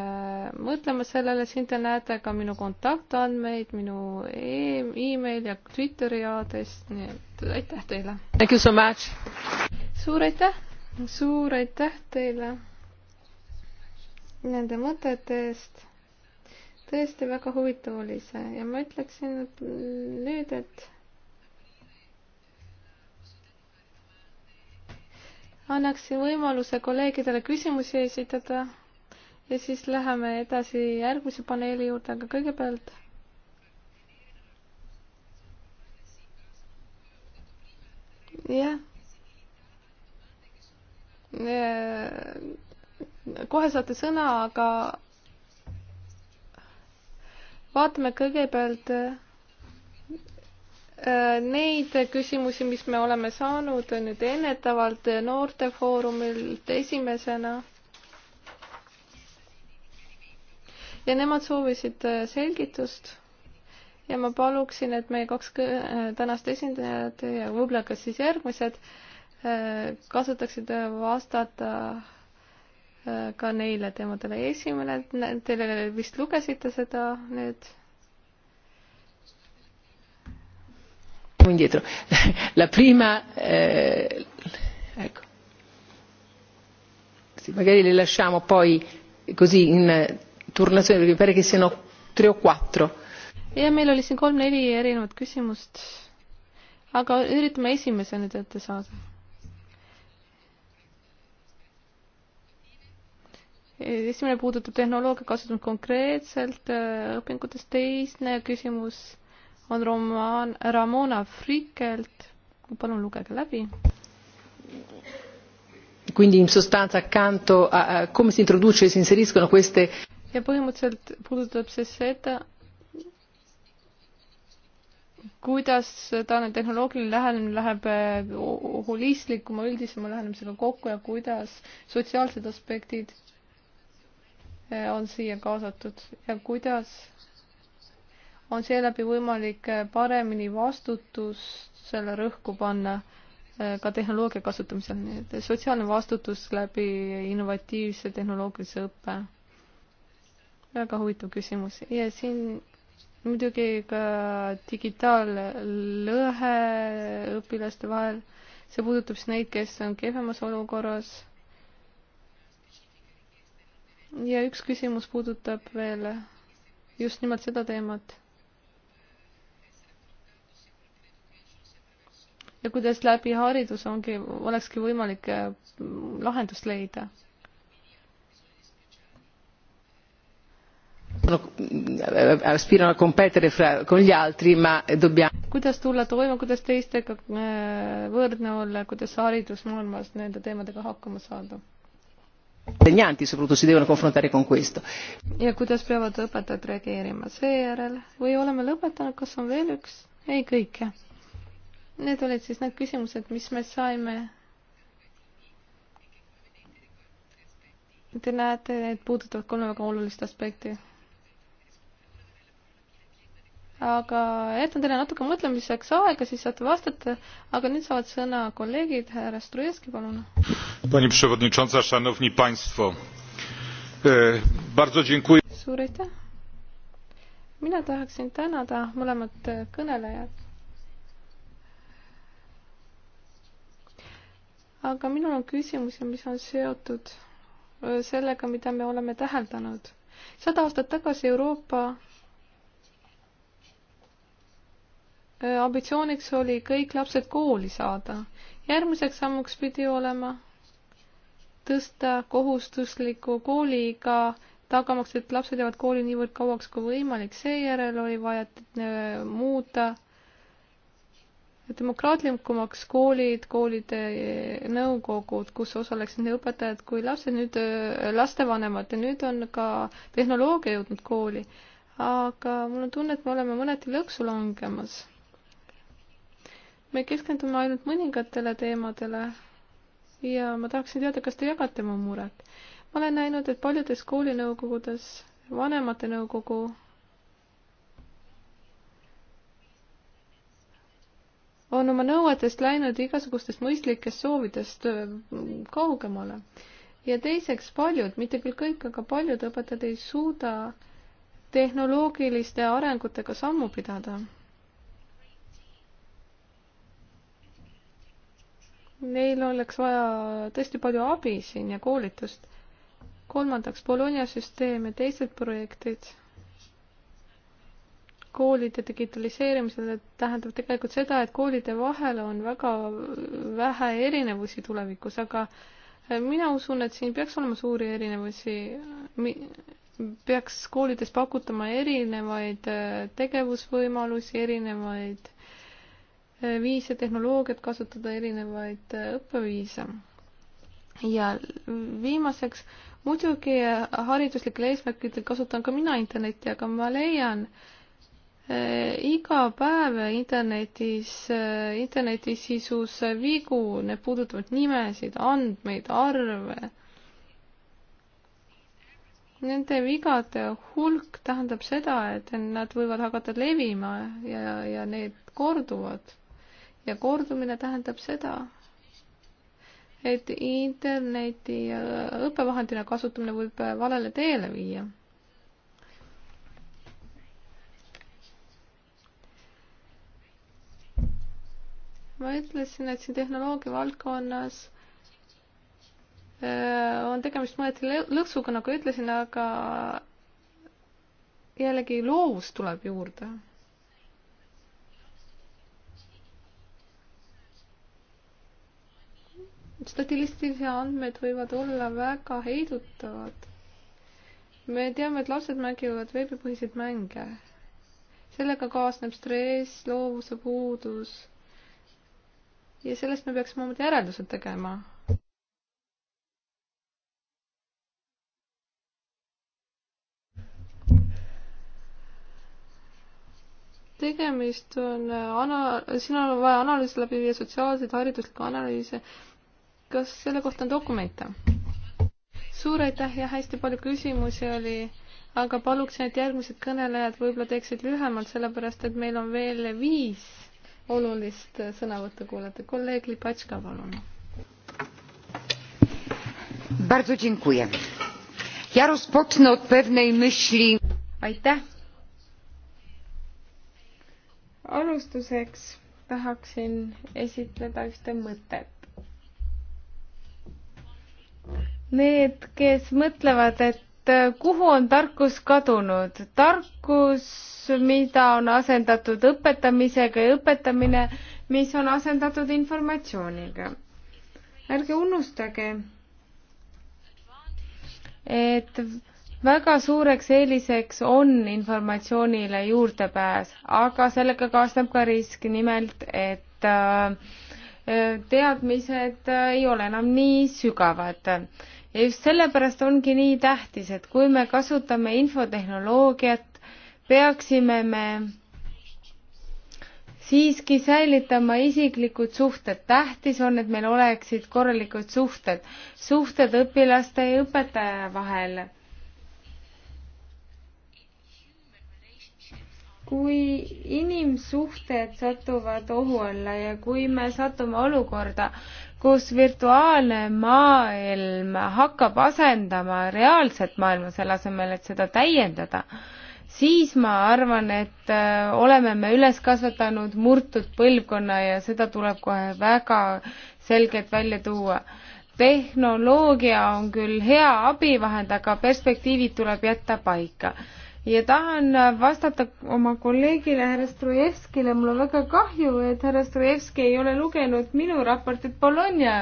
mõtlema sellele, siin te näete ka minu kontaktandmeid, minu e-, email ja Twitteri aadress, nii et aitäh teile! Thank you so much! suur aitäh, suur aitäh teile nende mõtete eest tõesti väga huvitav oli see ja ma ütleksin nüüd, et annaksin võimaluse kolleegidele küsimusi esitada ja siis läheme edasi järgmise paneeli juurde, aga kõigepealt jah ja,. kohe saate sõna, aga vaatame kõigepealt äh, neid küsimusi, mis me oleme saanud nüüd ennetavalt noortefoorumilt esimesena. ja nemad soovisid äh, selgitust ja ma paluksin, et meie kaks äh, tänast esindajat ja võib-olla ka siis järgmised kasutaksid vastata Äh, ka neile teemadele. esimene, teile vist lugesite seda nüüd? indietro. La prima, eh, ecco. sì, magari le lasciamo poi così in turnazione perché mi pare che siano tre o quattro. ja meil oli siin kolm-neli erinevat küsimust, aga üritame esimese nüüd ette saada esimene puudutab tehnoloogia kasutamist konkreetselt äh, õpingutes, teine küsimus on romaan Ramona Frikelt. palun lugege läbi. Quindi in sostanza accanto a, a come si introduce e si inseriscono queste ja põhimõtteliselt puudutab see seda, kuidas tänane tehnoloogiline lähenemine läheb äh, holistlikuma, üldisema lähenemisega kokku ja kuidas sotsiaalsed aspektid on siia kaasatud ja kuidas on seeläbi võimalik paremini vastutusele rõhku panna eh, ka tehnoloogia kasutamisel, nii et sotsiaalne vastutus läbi innovatiivse tehnoloogilise õppe. väga huvitav küsimus ja siin muidugi ka digitaallõhe õpilaste vahel, see puudutab siis neid, kes on kehvemas olukorras ja üks küsimus puudutab veel just nimelt seda teemat. ja kuidas läbi hariduse ongi, olekski võimalik äh, lahendust leida äh, aspirano a competere fra, con gli altri ma dobbiamo kuidas tulla toime kuidas teistega äh, võrdne olla kuidas haridusmaailmas nende teemadega hakkama saada ja kuidas peavad õpetajad reageerima seejärel või oleme lõpetanud, kas on veel üks? ei, kõik jah. Need olid siis need küsimused, mis me saime Te näete, et puudutavad kolme väga olulist aspekti aga jätan teile natuke mõtlemiseks aega, siis saate vastata, aga nüüd saavad sõna kolleegid, härra Strujevski, palun. E, suur aitäh. mina tahaksin tänada mõlemat kõnelejat. aga minul on küsimusi, mis on seotud e, sellega, mida me oleme täheldanud. sada aastat tagasi Euroopa Äh, ambitsiooniks oli kõik lapsed kooli saada. järgmiseks sammuks pidi olema tõsta kohustusliku kooliiga, tagamaks, et lapsed jäävad kooli niivõrd kauaks kui võimalik, seejärel oli vaja äh, muuta demokraatlikumaks koolid, koolide äh, nõukogud, kus osaleksid nii õpetajad kui lapsed, nüüd lastevanemad ja nüüd on ka tehnoloogia jõudnud kooli. aga mul on tunne, et me oleme mõneti lõksu langemas me keskendume ainult mõningatele teemadele ja ma tahaksin teada, kas te jagate mu muret. ma olen näinud, et paljudes koolinõukogudes, vanemate nõukogu on oma nõuetest läinud igasugustest mõistlikest soovidest kaugemale. ja teiseks paljud, mitte küll kõik, aga paljud õpetajad ei suuda tehnoloogiliste arengutega sammu pidada Neil oleks vaja tõesti palju abi siin ja koolitust. kolmandaks, Bologna süsteem ja teised projektid koolide digitaliseerimisele tähendab tegelikult seda, et koolide vahel on väga vähe erinevusi tulevikus, aga mina usun, et siin peaks olema suuri erinevusi. peaks koolides pakutama erinevaid äh, tegevusvõimalusi, erinevaid viise, tehnoloogiat kasutada, erinevaid äh, õppeviise. ja viimaseks, muidugi äh, hariduslikel eesmärkidel kasutan ka mina internetti, aga ma leian äh, iga päev internetis, interneti sisus vigu, need puudutavad nimesid, andmeid, arve. Nende vigade hulk tähendab seda, et nad võivad hakata levima ja, ja need korduvad ja kordumine tähendab seda, et interneti äh, õppevahendina kasutamine võib äh, valele teele viia. ma ütlesin, et siin tehnoloogia valdkonnas äh, on tegemist mõneti lõksuga, nagu ütlesin, aga jällegi loovus tuleb juurde statistilised andmed võivad olla väga heidutavad. me teame, et lapsed mängivad veebipõhiseid mänge. sellega kaasneb stress, loovuse puudus. ja sellest me peaksime omad järeldused tegema. tegemist on ana-, siin on vaja analüüse läbi viia, sotsiaalseid, hariduslikke analüüse kas selle kohta on dokumente? suur aitäh ja hästi palju küsimusi oli, aga paluksin, et järgmised kõnelejad võib-olla teeksid lühemalt, sellepärast et meil on veel viis olulist sõnavõttu kuulata. kolleeg Lipatška, palun. Bardzo dziękuję. Ja rozpocznę od pewnej myśli. Aitäh. Alustuseks tahaksin esitleda ühte mõtet. Need, kes mõtlevad, et äh, kuhu on tarkus kadunud, tarkus, mida on asendatud õpetamisega ja õpetamine, mis on asendatud informatsiooniga. ärge unustage, et väga suureks eeliseks on informatsioonile juurdepääs, aga sellega kaasneb ka risk, nimelt et äh, teadmised äh, ei ole enam nii sügavad ja just sellepärast ongi nii tähtis, et kui me kasutame infotehnoloogiat, peaksime me siiski säilitama isiklikud suhted. tähtis on, et meil oleksid korralikud suhted, suhted õpilaste ja õpetaja vahel. kui inimsuhted satuvad ohu alla ja kui me satume olukorda, kus virtuaalne maailm hakkab asendama reaalset maailma, selle asemel, et seda täiendada, siis ma arvan, et äh, oleme me üles kasvatanud murtud põlvkonna ja seda tuleb kohe väga selgelt välja tuua. tehnoloogia on küll hea abivahend, aga perspektiivid tuleb jätta paika ja tahan vastata oma kolleegile härra Strujevskile, mul on väga kahju, et härra Strujevski ei ole lugenud minu raportit Bologna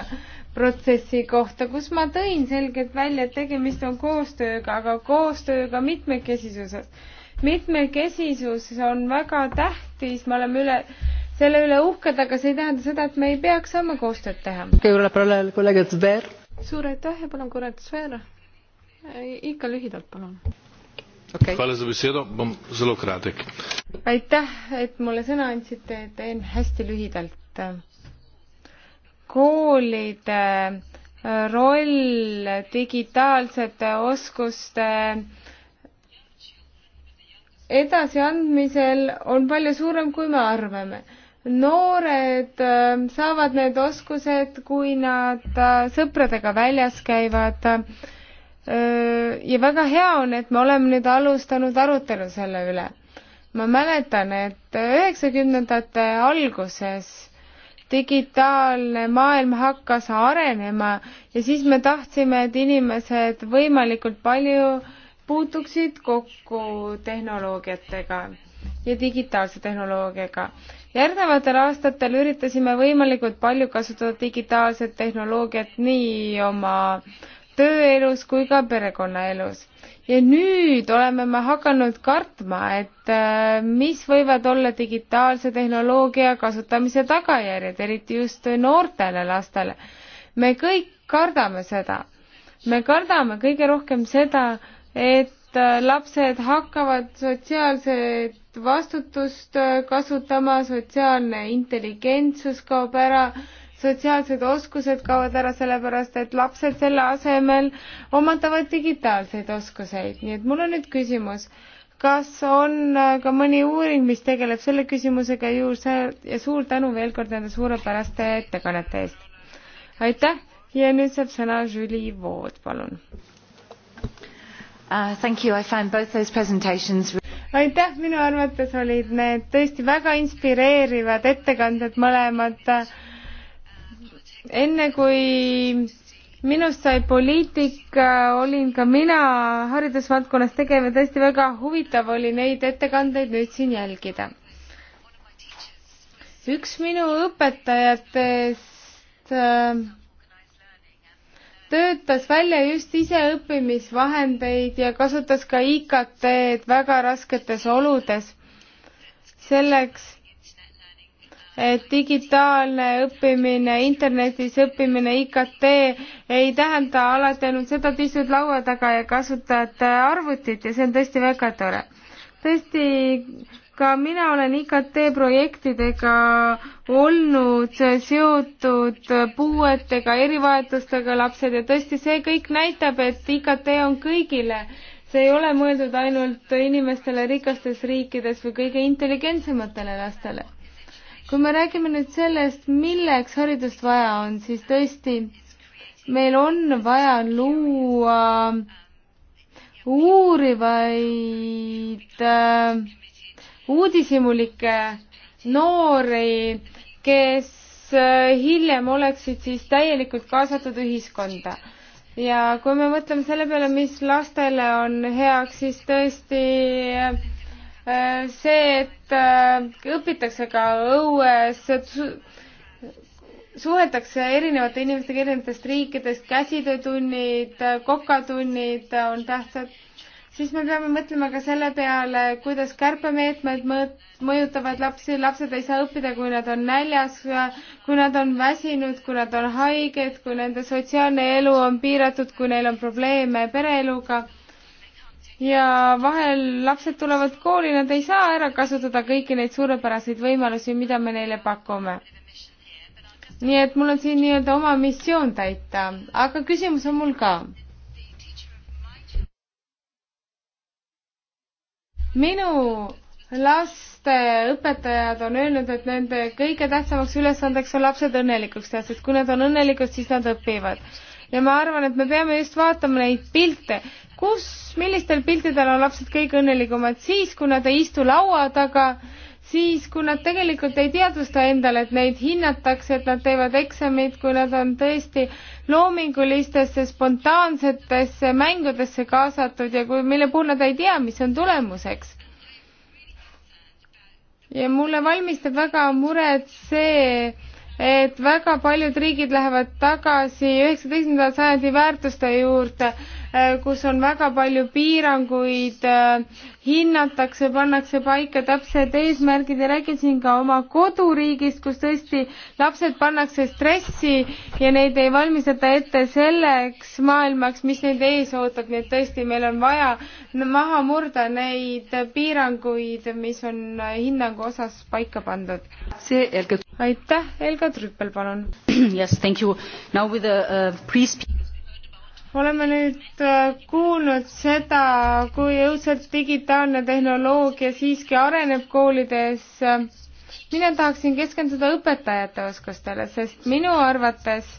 protsessi kohta, kus ma tõin selgelt välja, et tegemist on koostööga, aga koostööga mitmekesisuses. mitmekesisus on väga tähtis, me oleme üle, selle üle uhked, aga see ei tähenda seda, et me ei peaks saama koostööd teha. suur aitäh ja palun korrata, Sver. ikka lühidalt, palun okay.. bom zelo kratek. aitäh, et mulle sõna andsite, teen hästi lühidalt. koolide äh, roll digitaalsete äh, oskuste edasiandmisel on palju suurem, kui me arvame noored äh, saavad need oskused, kui nad sõpradega väljas käivad ja väga hea on, et me oleme nüüd alustanud arutelu selle üle. ma mäletan, et üheksakümnendate alguses digitaalne maailm hakkas arenema ja siis me tahtsime, et inimesed võimalikult palju puutuksid kokku tehnoloogiatega ja digitaalse tehnoloogiaga. järgnevatel aastatel üritasime võimalikult palju kasutada digitaalset tehnoloogiat nii oma äh, tööelus kui ka perekonnaelus. ja nüüd oleme me hakanud kartma, et äh, mis võivad olla digitaalse tehnoloogia kasutamise tagajärjed, eriti just noortele lastele. me kõik kardame seda. me kardame kõige rohkem seda, et äh, lapsed hakkavad sotsiaalset vastutust äh, kasutama, sotsiaalne intelligentsus kaob ära sotsiaalsed oskused kaovad ära, sellepärast et lapsed selle asemel omandavad digitaalseid oskuseid, nii et mul on nüüd küsimus, kas on äh, ka mõni uuring, mis tegeleb selle küsimusega juurde ja suur tänu veel kord nende suurepäraste ettekannete eest. aitäh ja nüüd saab sõna Julie Vood, palun uh,. Thank you, I found both those presentations aitäh, minu arvates olid need tõesti väga inspireerivad ettekanded mõlemad uh, enne kui minust sai poliitik, äh, olin ka mina haridusvaldkonnas tegev ja tõesti väga huvitav oli neid ettekandeid nüüd siin jälgida. üks minu õpetajatest äh, töötas välja just iseõppimisvahendeid ja kasutas ka IKT-d väga rasketes oludes selleks, digitaalne õppimine, internetis õppimine, IKT ei tähenda alati ainult seda, et istud laua taga ja kasutad arvutit ja see on tõesti väga tore. tõesti, ka mina olen IKT projektidega olnud seotud puuetega, erivajadustega lapsed ja tõesti, see kõik näitab, et IKT on kõigile see ei ole mõeldud ainult inimestele rikastes riikides või kõige intelligentsematele lastele kui me räägime nüüd sellest, milleks haridust vaja on, siis tõesti, meil on vaja luua äh, uurivaid äh, uudishimulikke noori, kes äh, hiljem oleksid siis täielikult kaasatud ühiskonda. ja kui me mõtleme selle peale, mis lastele on heaks, siis tõesti äh, Äh, see, et äh, õpitakse ka õues, suheldakse erinevate inimestega erinevatest riikidest, käsitöötunnid, äh, kokatunnid on tähtsad, siis me peame mõtlema ka selle peale, kuidas kärpemeetmed mõjutavad lapsi, lapsed ei saa õppida, kui nad on näljas, kui nad on väsinud, kui nad on haiged, kui nende sotsiaalne elu on piiratud, kui neil on probleeme pereeluga ja vahel lapsed tulevad kooli, nad ei saa ära kasutada kõiki neid suurepäraseid võimalusi, mida me neile pakume. nii et mul on siin nii-öelda oma missioon täita, aga küsimus on mul ka. minu laste õpetajad on öelnud, et nende kõige tähtsamaks ülesandeks on lapsed õnnelikuks teha, sest kui nad on õnnelikud, siis nad õpivad ja ma arvan, et me peame just vaatama neid pilte, kus, millistel piltidel on lapsed kõige õnnelikumad, siis kui nad ei istu laua taga, siis kui nad tegelikult ei teadvusta endale, et neid hinnatakse, et nad teevad eksameid, kui nad on tõesti loomingulistesse, spontaansetesse mängudesse kaasatud ja kui, mille puhul nad ei tea, mis on tulemuseks. ja mulle valmistab väga muret see, et väga paljud riigid lähevad tagasi üheksateistkümnenda sajandi väärtuste juurde Äh, kus on väga palju piiranguid, äh, hinnatakse, pannakse paika täpsed eesmärgid ja räägin siin ka oma koduriigist, kus tõesti lapsed pannakse stressi ja neid ei valmistata ette selleks maailmaks, mis neid ees ootab, nii et tõesti, meil on vaja maha murda neid piiranguid, mis on hinnangu osas paika pandud. see, Helga. aitäh, Helga Trüppel, palun. Yes, thank you. Now with the uh, pre-speech oleme nüüd äh, kuulnud seda, kui õudselt digitaalne tehnoloogia siiski areneb koolides. mina tahaksin keskenduda õpetajate oskustele, sest minu arvates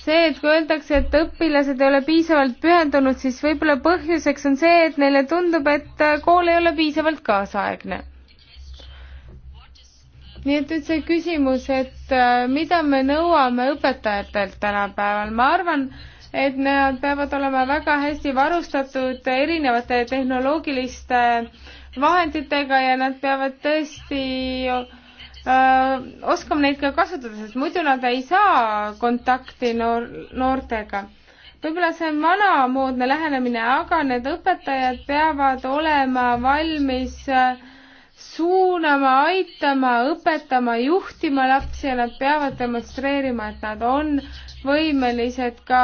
see, et kui öeldakse, et õpilased ei ole piisavalt pühendunud, siis võib-olla põhjuseks on see, et neile tundub, et kool ei ole piisavalt kaasaegne nii et nüüd see küsimus, et äh, mida me nõuame õpetajatelt tänapäeval, ma arvan, et nad peavad olema väga hästi varustatud erinevate tehnoloogiliste vahenditega ja nad peavad tõesti öö, äh, oskama neid ka kasutada, sest muidu nad ei saa kontakti noor, noortega. võib-olla see on vanamoodne lähenemine, aga need õpetajad peavad olema valmis öö, äh, suunama, aitama, õpetama, juhtima lapsi ja nad peavad demonstreerima, et nad on võimelised ka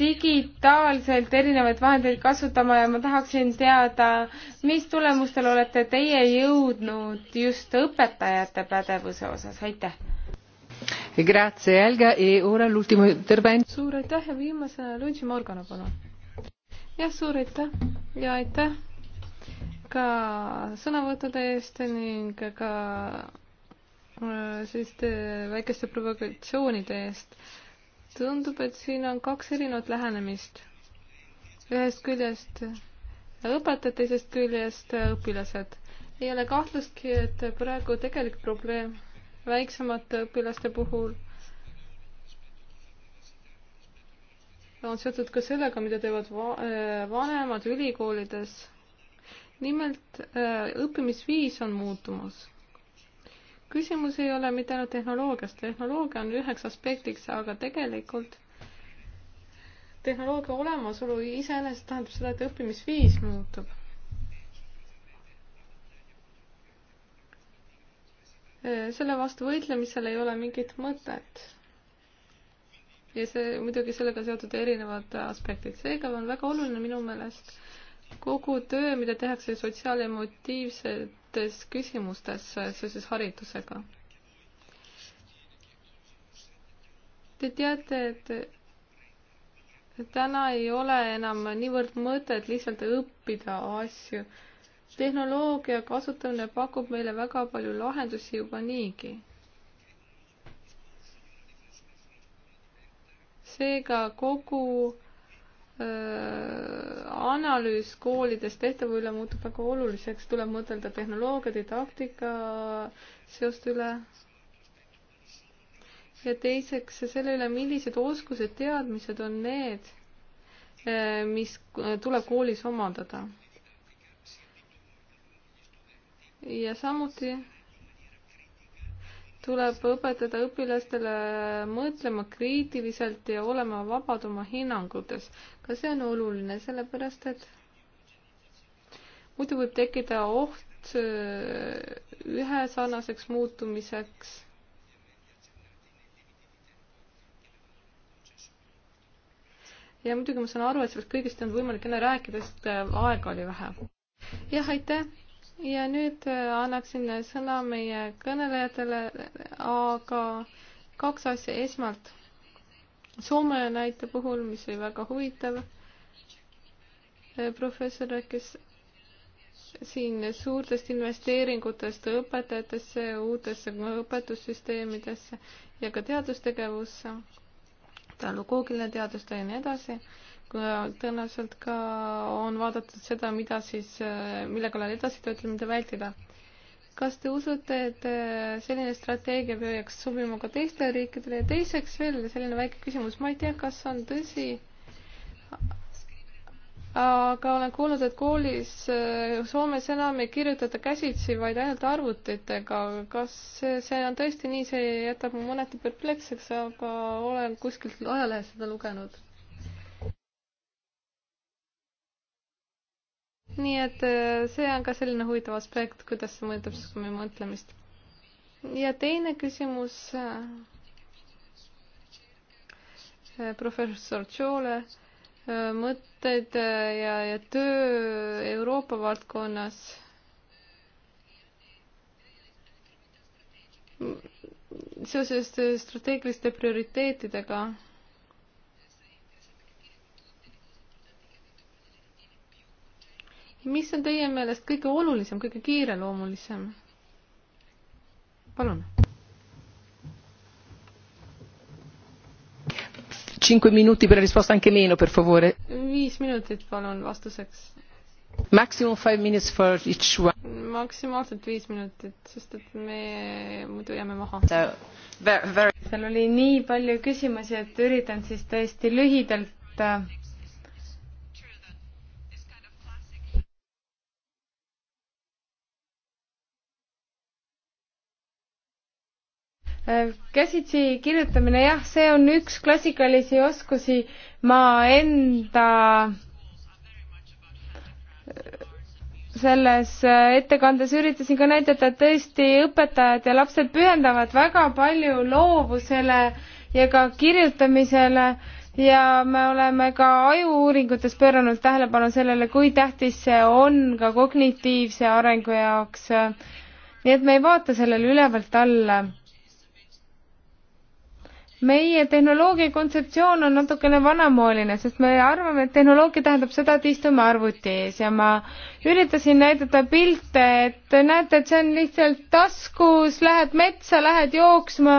digitaalselt erinevaid vahendeid kasutama ja ma tahaksin teada, mis tulemustele olete teie jõudnud just õpetajate pädevuse osas, aitäh! E suur aitäh ja viimasena Luigi Morgana, palun! jah, suur aitäh ja aitäh ka sõnavõttude eest ning ka äh, selliste väikeste provokatsioonide eest. tundub, et siin on kaks erinevat lähenemist. ühest küljest õpetajad, teisest küljest õpilased. ei ole kahtlustki, et praegu tegelik probleem väiksemate õpilaste puhul on seotud ka sellega, mida teevad va äh, vanemad ülikoolides nimelt äh, õppimisviis on muutumas. küsimus ei ole mitte ainult tehnoloogias, tehnoloogia on üheks aspektiks, aga tegelikult tehnoloogia olemasolu iseenesest tähendab seda, et õppimisviis muutub. Äh, selle vastu võitlemisel ei ole mingit mõtet ja see muidugi sellega seotud erinevad aspektid. seega on väga oluline minu meelest kogu töö, mida tehakse sotsiaalemotiivsetes küsimustes seoses haridusega. Te teate, et täna ei ole enam niivõrd mõtet lihtsalt õppida asju. tehnoloogia kasutamine pakub meile väga palju lahendusi juba niigi seega kogu Äh, analüüs koolides tehtava üle muutub väga oluliseks, tuleb mõtelda tehnoloogia, didaktika seost üle. ja teiseks selle üle, millised oskused, teadmised on need, äh, mis äh, tuleb koolis omandada. ja samuti tuleb õpetada õpilastele mõtlema kriitiliselt ja olema vabad oma hinnangutes. ka see on oluline, sellepärast et muidu võib tekkida oht äh, ühesarnaseks muutumiseks. ja muidugi ma saan aru, et sellest kõigest ei olnud võimalik enne rääkida, sest äh, aega oli vähe. jah, aitäh! ja nüüd äh, annaksin sõna meie kõnelejatele, aga kaks asja esmalt. Soome näite puhul, mis oli väga huvitav, äh, professor rääkis siin suurtest investeeringutest õpetajatesse, uutesse õpetussüsteemidesse ja ka teadustegevusse, talukoogiline teadustöö ja nii edasi tõenäoliselt ka on vaadatud seda, mida siis, mille kallal edasi töötada, mida vältida. kas te usute, et äh, selline strateegia peaks sobima ka teistele riikidele ja teiseks veel selline väike küsimus, ma ei tea, kas on tõsi, aga olen kuulnud, et koolis äh, Soomes enam ei kirjutata käsitsi, vaid ainult arvutitega. kas see on tõesti nii, see jätab mu mõneti perpleksseks, aga olen kuskilt ajalehest seda lugenud nii et äh, see on ka selline huvitav aspekt, kuidas see mõjutab siis meie mõtlemist. ja teine küsimus äh, äh, professor Tšoole mõtted ja, ja töö Euroopa valdkonnas. seoses strateegiliste prioriteetidega mis on teie meelest kõige olulisem, kõige kiireloomulisem? palun. Cinque minuti per risposta anche meno, per favore. viis minutit, palun, vastuseks. Maximum five minutes for each one. maksimaalselt viis minutit, sest et me muidu jääme maha so,. Very... seal oli nii palju küsimusi, et üritan siis tõesti lühidalt äh, Äh, käsitsi kirjutamine, jah, see on üks klassikalisi oskusi. ma enda äh, selles äh, ettekandes üritasin ka näidata, et tõesti õpetajad ja lapsed pühendavad väga palju loovusele ja ka kirjutamisele ja me oleme ka ajuuuringutes pööranud tähelepanu sellele, kui tähtis see on ka kognitiivse arengu jaoks. nii et me ei vaata sellele ülevalt alla meie tehnoloogia kontseptsioon on natukene vanamooline, sest me arvame, et tehnoloogia tähendab seda, et istume arvuti ees ja ma üritasin näidata pilte, et näete, et see on lihtsalt taskus, lähed metsa, lähed jooksma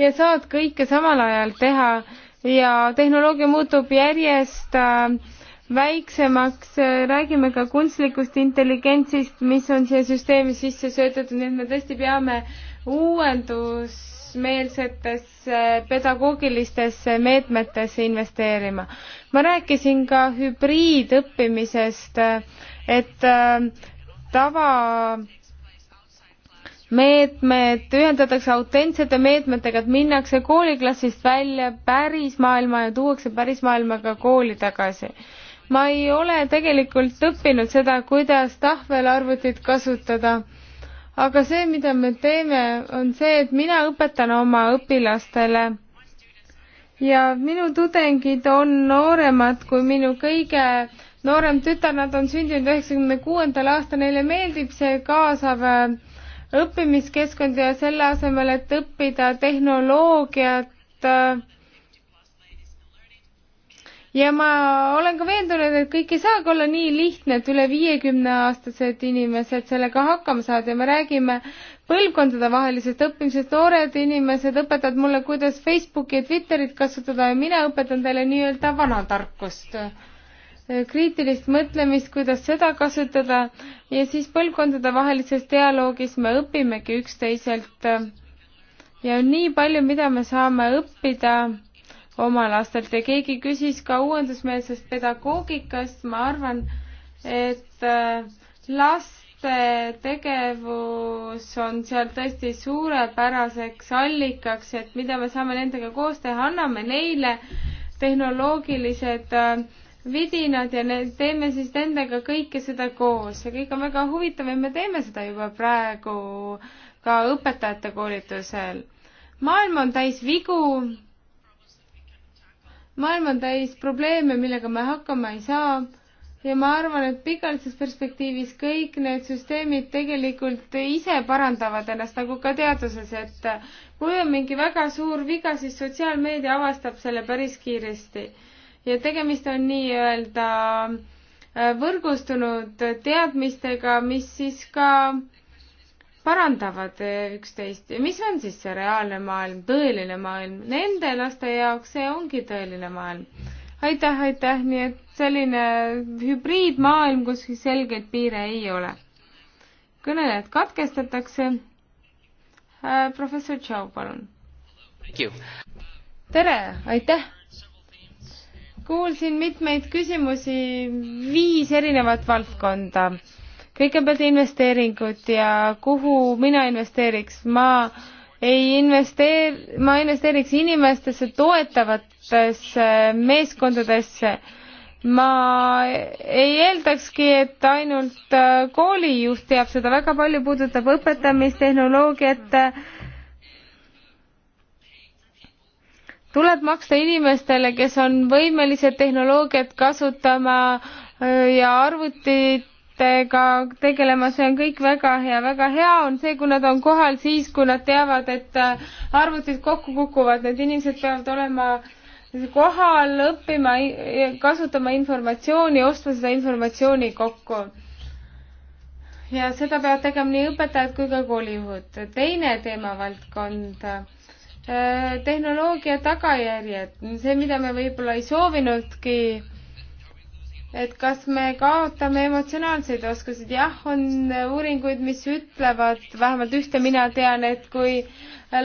ja saad kõike samal ajal teha ja tehnoloogia muutub järjest äh, väiksemaks, räägime ka kunstlikust intelligentsist, mis on siia süsteemi sisse söödetud, nii et me tõesti peame uuendus koosmeelsetesse pedagoogilistesse meetmetesse investeerima. ma rääkisin ka hübriidõppimisest, et äh, tava meetmed ühendatakse autentsete meetmetega, et minnakse kooliklassist välja pärismaailma ja tuuakse pärismaailmaga kooli tagasi. ma ei ole tegelikult õppinud seda, kuidas tahvelarvutit kasutada aga see, mida me teeme, on see, et mina õpetan oma õpilastele ja minu tudengid on nooremad kui minu kõige noorem tütar, nad on sündinud üheksakümne kuuendal aastal, neile meeldib see kaasav äh, õppimiskeskkond ja selle asemel, et õppida tehnoloogiat, äh, ja ma olen ka veendunud, et kõik ei saagi olla nii lihtne, et üle viiekümne aastased inimesed sellega hakkama saavad ja me räägime põlvkondadevahelisest õppimisest, noored inimesed õpetavad mulle, kuidas Facebooki ja Twitterit kasutada ja mina õpetan teile nii-öelda vana tarkust, kriitilist mõtlemist, kuidas seda kasutada ja siis põlvkondadevahelises dialoogis me õpimegi üksteiselt ja on nii palju, mida me saame õppida oma lastelt ja keegi küsis ka uuendusmeelsest pedagoogikast, ma arvan, et äh, laste tegevus on seal tõesti suurepäraseks allikaks, et mida me saame nendega koos teha, anname neile tehnoloogilised äh, vidinad ja ne-, teeme siis nendega kõike seda koos, see kõik on väga huvitav ja me teeme seda juba praegu ka õpetajate koolitusel. maailm on täis vigu maailm on täis probleeme, millega me hakkama ei saa ja ma arvan, et pikaajalises perspektiivis kõik need süsteemid tegelikult ise parandavad ennast, nagu ka teaduses, et kui on mingi väga suur viga, siis sotsiaalmeedia avastab selle päris kiiresti. ja tegemist on nii-öelda võrgustunud teadmistega, mis siis ka äh, parandavad eh, üksteist ja mis on siis see reaalne maailm, tõeline maailm, nende laste jaoks see ongi tõeline maailm. aitäh, aitäh, nii et selline hübriidmaailm, kus selgeid piire ei ole. kõnelejad katkestatakse. Äh, professor Tšau, palun. tere, aitäh kuulsin mitmeid küsimusi, viis erinevat valdkonda kõigepealt investeeringud ja kuhu mina investeeriks, ma ei investeer-, ma investeeriks inimestesse toetavatesse meeskondadesse. ma ei eeldakski, et ainult äh, koolijuht teab seda, väga palju puudutab õpetamist, tehnoloogiat, tuleb maksta inimestele, kes on võimelised tehnoloogiat kasutama äh, ja arvutit ettevõtetega tegelema, see on kõik väga hea, väga hea on see, kui nad on kohal siis, kui nad teavad, et äh, arvutid kokku kukuvad, need inimesed peavad olema kohal, õppima, kasutama informatsiooni, ostma seda informatsiooni kokku. ja seda peavad tegema nii õpetajad kui ka koolijuhid. teine teemavaldkond äh, tehnoloogia tagajärjed, see, mida me võib-olla ei soovinudki et kas me kaotame emotsionaalseid oskuseid, jah, on uuringuid, mis ütlevad, vähemalt ühte mina tean, et kui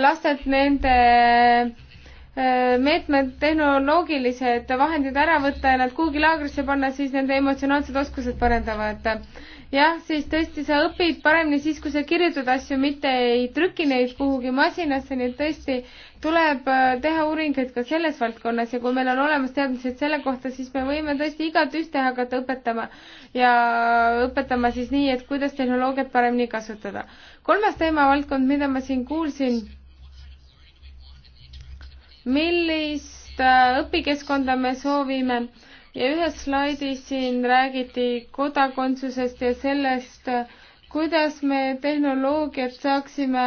lastelt nende äh, meetmed, tehnoloogilised vahendid ära võtta ja nad kuhugi laagrisse panna, siis nende emotsionaalsed oskused parendavad jah, siis tõesti, sa õpid paremini siis, kui sa kirjutad asju, mitte ei trüki neid kuhugi masinasse, nii et tõesti tuleb äh, teha uuringuid ka selles valdkonnas ja kui meil on olemas teadmised selle kohta, siis me võime tõesti igat ühte hakata õpetama ja õpetama siis nii, et kuidas tehnoloogiat paremini kasutada. kolmas teemavaldkond, mida ma siin kuulsin, millist äh, õpikeskkonda me soovime ja ühes slaidis siin räägiti kodakondsusest ja sellest, kuidas me tehnoloogiat saaksime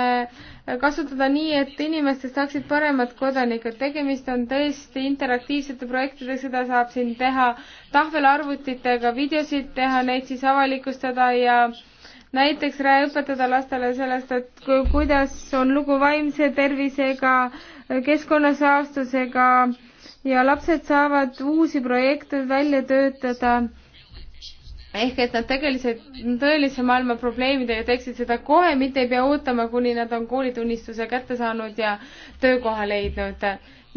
kasutada nii, et inimesed saaksid paremad kodanikud. tegemist on tõesti interaktiivsete projektidega, seda saab siin teha tahvelarvutitega, videosid teha, neid siis avalikustada ja näiteks õpetada lastele sellest, et kuidas on lugu vaimse tervisega, keskkonnasaastusega ja lapsed saavad uusi projekte välja töötada ehk et nad tegelikult tõelise maailma probleemidega teeksid seda kohe, mitte ei pea ootama, kuni nad on koolitunnistuse kätte saanud ja töökoha leidnud.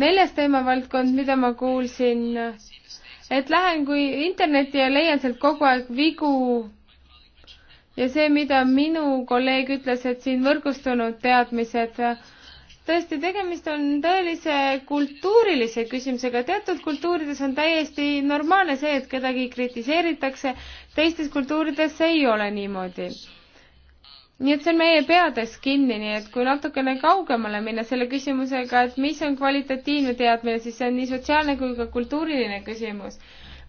neljas teemavaldkond, mida ma kuulsin, et lähen kui internetti ja leian sealt kogu aeg vigu. ja see, mida minu kolleeg ütles, et siin võrgustunud teadmised tõesti, tegemist on tõelise kultuurilise küsimusega, teatud kultuurides on täiesti normaalne see, et kedagi kritiseeritakse, teistes kultuurides see ei ole niimoodi. nii et see on meie peades kinni, nii et kui natukene kaugemale minna selle küsimusega, et mis on kvalitatiivne teadmine, siis see on nii sotsiaalne kui ka kultuuriline küsimus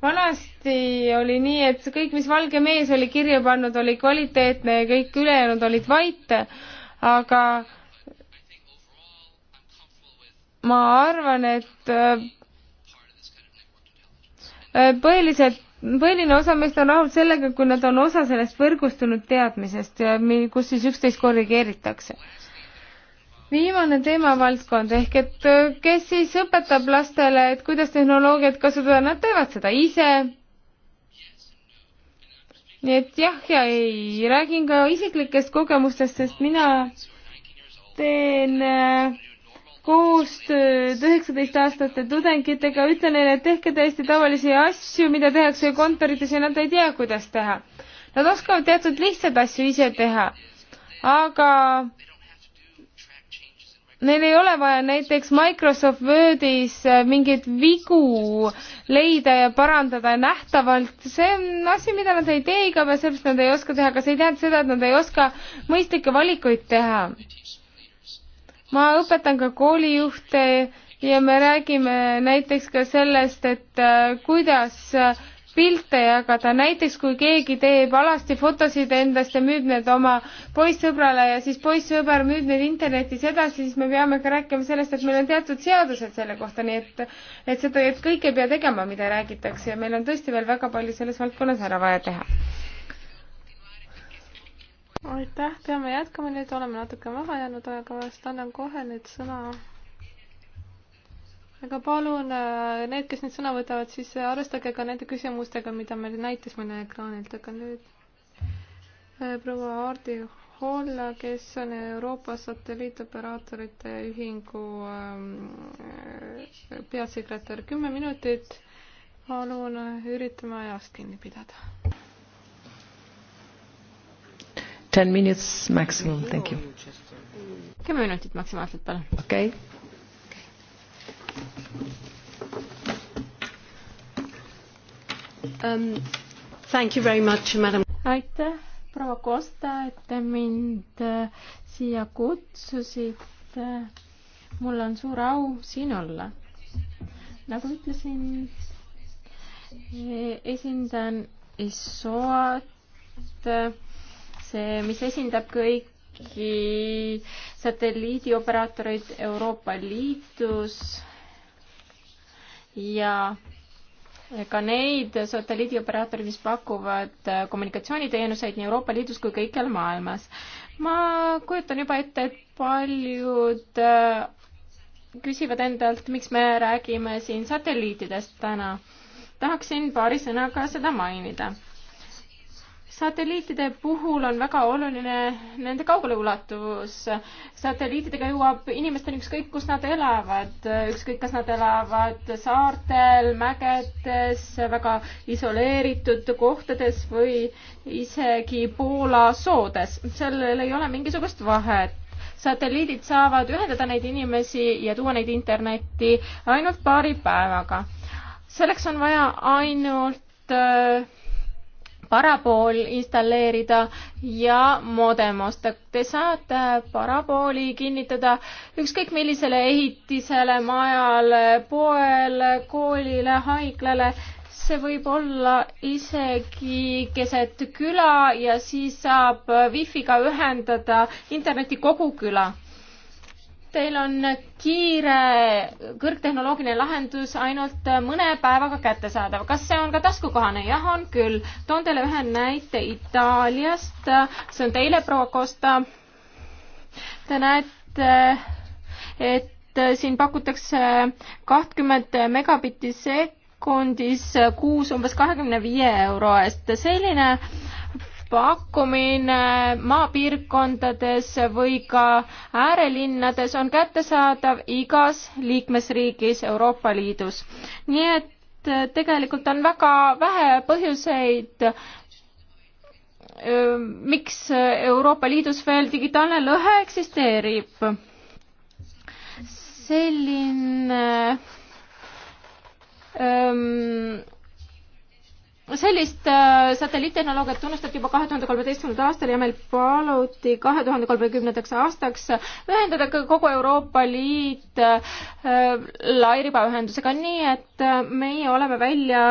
vanasti oli nii, et kõik, mis valge mees oli kirja pannud, oli kvaliteetne ja kõik ülejäänud olid vait, aga äh, ma arvan, et äh, äh, põhiliselt, põhiline osa meist on rahul sellega, kui nad on osa sellest võrgustunud teadmisest, äh, kus siis üksteist korrigeeritakse. viimane teemavaldkond ehk et kes siis õpetab lastele, et kuidas tehnoloogiat kasutada, nad teevad seda ise. nii et jah ja ei, räägin ka isiklikest kogemustest, sest mina teen äh, koostööd üheksateistaastaste tudengitega, ütle neile, et tehke täiesti tavalisi asju, mida tehakse kontorites ja nad ei tea, kuidas teha. Nad oskavad teatud lihtsaid asju ise teha, aga neil ei ole vaja näiteks Microsoft Wordis mingeid vigu leida ja parandada nähtavalt, see on asi, mida nad ei tee igapäevaselt, nad ei oska teha, aga see ei tähenda seda, et nad ei oska mõistlikke valikuid teha ma õpetan ka koolijuhte ja me räägime näiteks ka sellest, et äh, kuidas äh, pilte jagada, näiteks kui keegi teeb alasti fotosid endast ja müüb need oma poissõbrale ja siis poissõber müüb need internetis edasi, siis me peame ka rääkima sellest, et meil on teatud seadused selle kohta, nii et et seda, et kõike ei pea tegema, mida räägitakse ja meil on tõesti veel väga palju selles valdkonnas ära vaja teha aitäh, peame jätkama, nüüd oleme natuke maha jäänud ajaga, vast annan kohe nüüd sõna. aga palun, äh, need, kes nüüd sõna võtavad, siis äh, arvestage ka nende küsimustega, mida me näitas mõne ekraanilt, aga nüüd äh, proua Aardi Holla, kes on Euroopa Satelliitoperaatorite Ühingu ähm, peasekretär, kümme minutit. palun üritame ajast kinni pidada ten minutes maximum, thank you. kümme minutit maksimaalselt, palun. okei okay.. Um, thank you very much, madam. aitäh, proua Kosta, et te mind äh, siia kutsusite. mul on suur au siin olla. nagu ütlesin, esindan ISOA-t äh, mis esindab kõiki satelliidioperaatoreid Euroopa Liidus ja ka neid satelliidioperaatoreid, mis pakuvad äh, kommunikatsiooniteenuseid nii Euroopa Liidus kui kõikjal maailmas. ma kujutan juba ette, et paljud äh, küsivad endalt, miks me räägime siin satelliitidest täna. tahaksin paari sõnaga seda mainida satelliitide puhul on väga oluline nende kaugeleulatus. satelliitidega jõuab inimesteni ükskõik, kus nad elavad, ükskõik, kas nad elavad saartel, mägedes, väga isoleeritud kohtades või isegi Poola soodes. sellel ei ole mingisugust vahet satelliidid saavad ühendada neid inimesi ja tuua neid internetti ainult paari päevaga. selleks on vaja ainult äh, parabool installeerida ja modem osta. Te saate parabooli kinnitada ükskõik millisele ehitisele, majale, poele, koolile, haiglale. see võib olla isegi keset küla ja siis saab wifi'ga ühendada interneti kogu küla Teil on kiire kõrgtehnoloogiline lahendus ainult mõne päevaga kättesaadav. kas see on ka taskukohane? jah, on küll. toon teile ühe näite Itaaliast. see on teile, proua Costa. Te näete, et siin pakutakse kahtkümmend megabitti sekundis kuus umbes kahekümne viie euro eest. selline äh, pakkumine maapiirkondades või ka äärelinnades on kättesaadav igas liikmesriigis Euroopa Liidus. nii et äh, tegelikult on väga vähe põhjuseid, äh, miks Euroopa Liidus veel digitaalne lõhe eksisteerib. selline öö, ähm, sellist äh, satelliittehnoloogiat tunnustati juba kahe tuhande kolmeteistkümnendal aastal ja meil paluti kahe tuhande kolmekümnendaks aastaks ühendada kogu Euroopa Liit äh, lairibaühendusega, nii et äh, meie oleme välja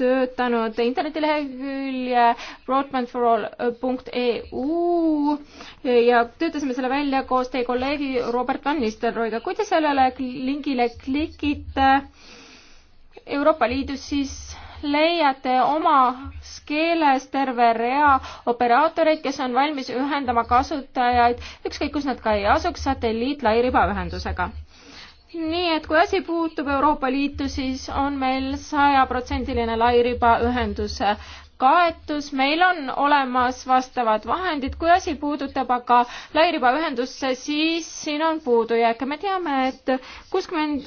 töötanud internetilehekülje broadbandforall.eu ja töötasime selle välja koos teie kolleegi Robert Van Nistelrooiga. kui te sellele lingile klikite Euroopa Liidus, siis leiate omas keeles terve rea operaatoreid, kes on valmis ühendama kasutajaid, ükskõik kus nad ka ei asuks, satelliitlairibaühendusega nii et kui asi puutub Euroopa Liitu, siis on meil sajaprotsendiline lairibaühenduse kaetus, meil on olemas vastavad vahendid, kui asi puudutab aga lairibaühendusse, siis siin on puudujääke. me teame et, et kuuskümmend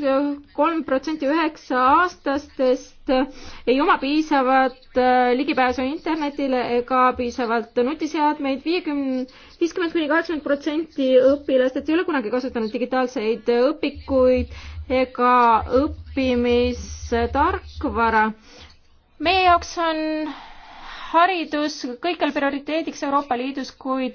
kolm protsenti üheksa aastastest inimest ei oma piisavat äh, ligipääsu internetile ega piisavalt nutiseadmeid. viiekümne, viiskümmend kuni kaheksakümmend protsenti õpilastest ei ole kunagi kasutanud digitaalseid õpikuid ega õppimistarkvara. meie jaoks on haridus kõikjal prioriteediks Euroopa Liidus, kuid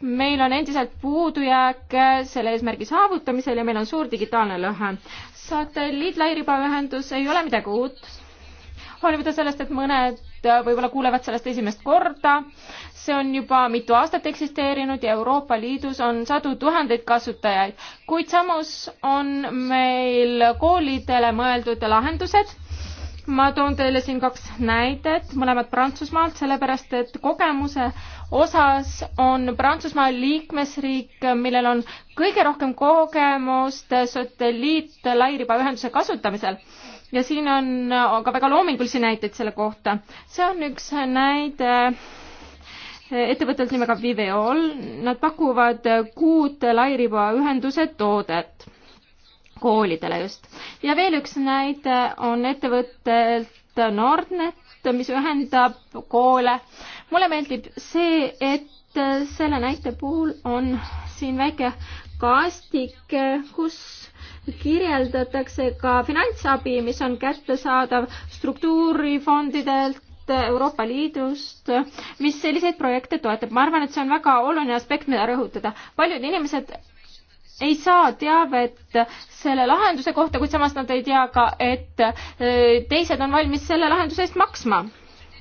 meil on endiselt puudujääk selle eesmärgi saavutamisel ja meil on suur digitaalne lõhe. satelliitlairibaühendus ei ole midagi uut, hoolimata sellest, et mõned äh, võib-olla kuulevad sellest esimest korda. see on juba mitu aastat eksisteerinud ja Euroopa Liidus on sadu tuhandeid kasutajaid, kuid samas on meil koolidele mõeldud lahendused. ma toon teile siin kaks näidet, mõlemad Prantsusmaalt, sellepärast et kogemuse osas on Prantsusmaa liikmesriik, millel on kõige rohkem kogemust satelliitlairibaühenduse kasutamisel ja siin on ka äh, väga loomingulisi näiteid selle kohta. see on üks näide äh, ettevõttelt nimega Viveol, nad pakuvad äh, kuut lairibaühenduse toodet koolidele just. ja veel üks näide on ettevõttelt Nordnet, mis ühendab koole. mulle meeldib see, et selle näite puhul on siin väike kastik, kus kirjeldatakse ka finantsabi, mis on kättesaadav struktuurifondidelt, Euroopa Liidust, mis selliseid projekte toetab. ma arvan, et see on väga oluline aspekt, mida rõhutada. paljud inimesed ei saa teavet selle lahenduse kohta, kuid samas nad ei tea ka, et äh, teised on valmis selle lahenduse eest maksma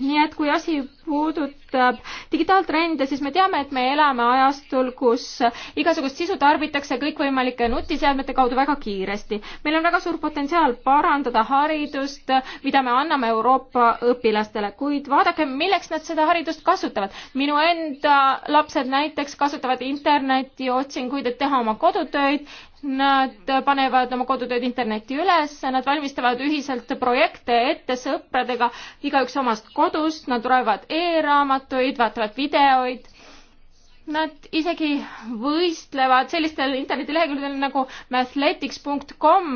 nii et kui asi puudutab digitaaltrende, siis me teame, et me elame ajastul, kus igasugust sisu tarbitakse kõikvõimalike nutiseadmete kaudu väga kiiresti. meil on väga suur potentsiaal parandada haridust, mida me anname Euroopa õpilastele, kuid vaadake, milleks nad seda haridust kasutavad. minu enda lapsed näiteks kasutavad interneti otsinguid, et teha oma kodutöid Nad panevad oma kodutööd internetti üles, nad valmistavad ühiselt projekte ette sõpradega, igaüks omast kodust, nad loevad e-raamatuid, vaatavad videoid Nad isegi võistlevad sellistel internetilehekülgedel nagu mathletics.com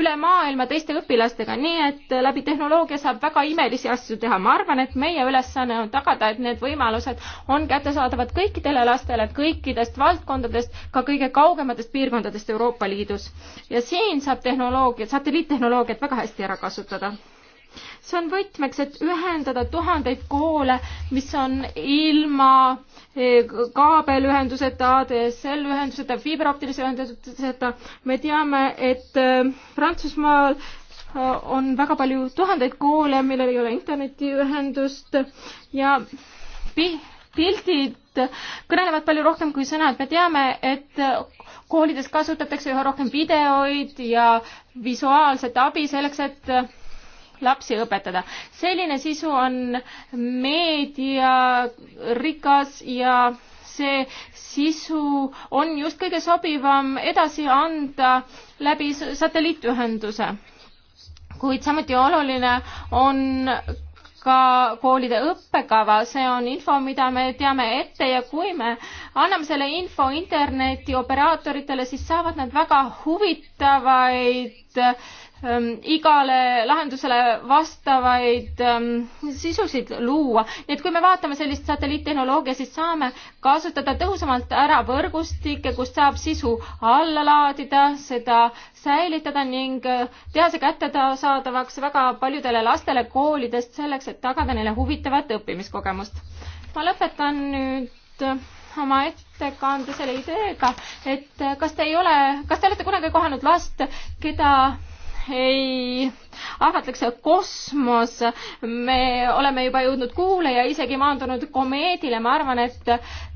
üle maailma teiste õpilastega, nii et läbi tehnoloogia saab väga imelisi asju teha. ma arvan, et meie ülesanne on tagada, et need võimalused on kättesaadavad kõikidele lastele kõikidest valdkondadest, ka kõige kaugematest piirkondadest Euroopa Liidus. ja siin saab tehnoloogiat, satelliittehnoloogiat väga hästi ära kasutada see on võtmeks, et ühendada tuhandeid koole, mis on ilma eh, kaabelühenduseta, ADSL ühenduseta, fiiberoptilise ühenduseta. me teame, et eh, Prantsusmaal eh, on väga palju tuhandeid koole, millel ei ole internetiühendust ja pildid kõnelevad palju rohkem kui sõnad. me teame, et koolides kasutatakse üha rohkem videoid ja visuaalset abi selleks, et lapsi õpetada. selline sisu on meediarikas ja see sisu on just kõige sobivam edasi anda läbi satelliitühenduse. kuid samuti oluline on ka koolide õppekava, see on info, mida me teame ette ja kui me anname selle info internetioperaatoritele, siis saavad nad väga huvitavaid äh, Ähm, igale lahendusele vastavaid ähm, sisusid luua. nii et kui me vaatame sellist satelliittehnoloogia, siis saame kasutada tõhusamalt ära võrgustikke, kust saab sisu alla laadida, seda säilitada ning äh, teha see kättesaadavaks väga paljudele lastele koolidest selleks, et tagada neile huvitavat õppimiskogemust. ma lõpetan nüüd äh, oma ettekande selle ideega, et äh, kas te ei ole, kas te olete kunagi kohanud last, keda ei ahvatletakse kosmos. me oleme juba jõudnud Kuule ja isegi maandunud komeedile. ma arvan, et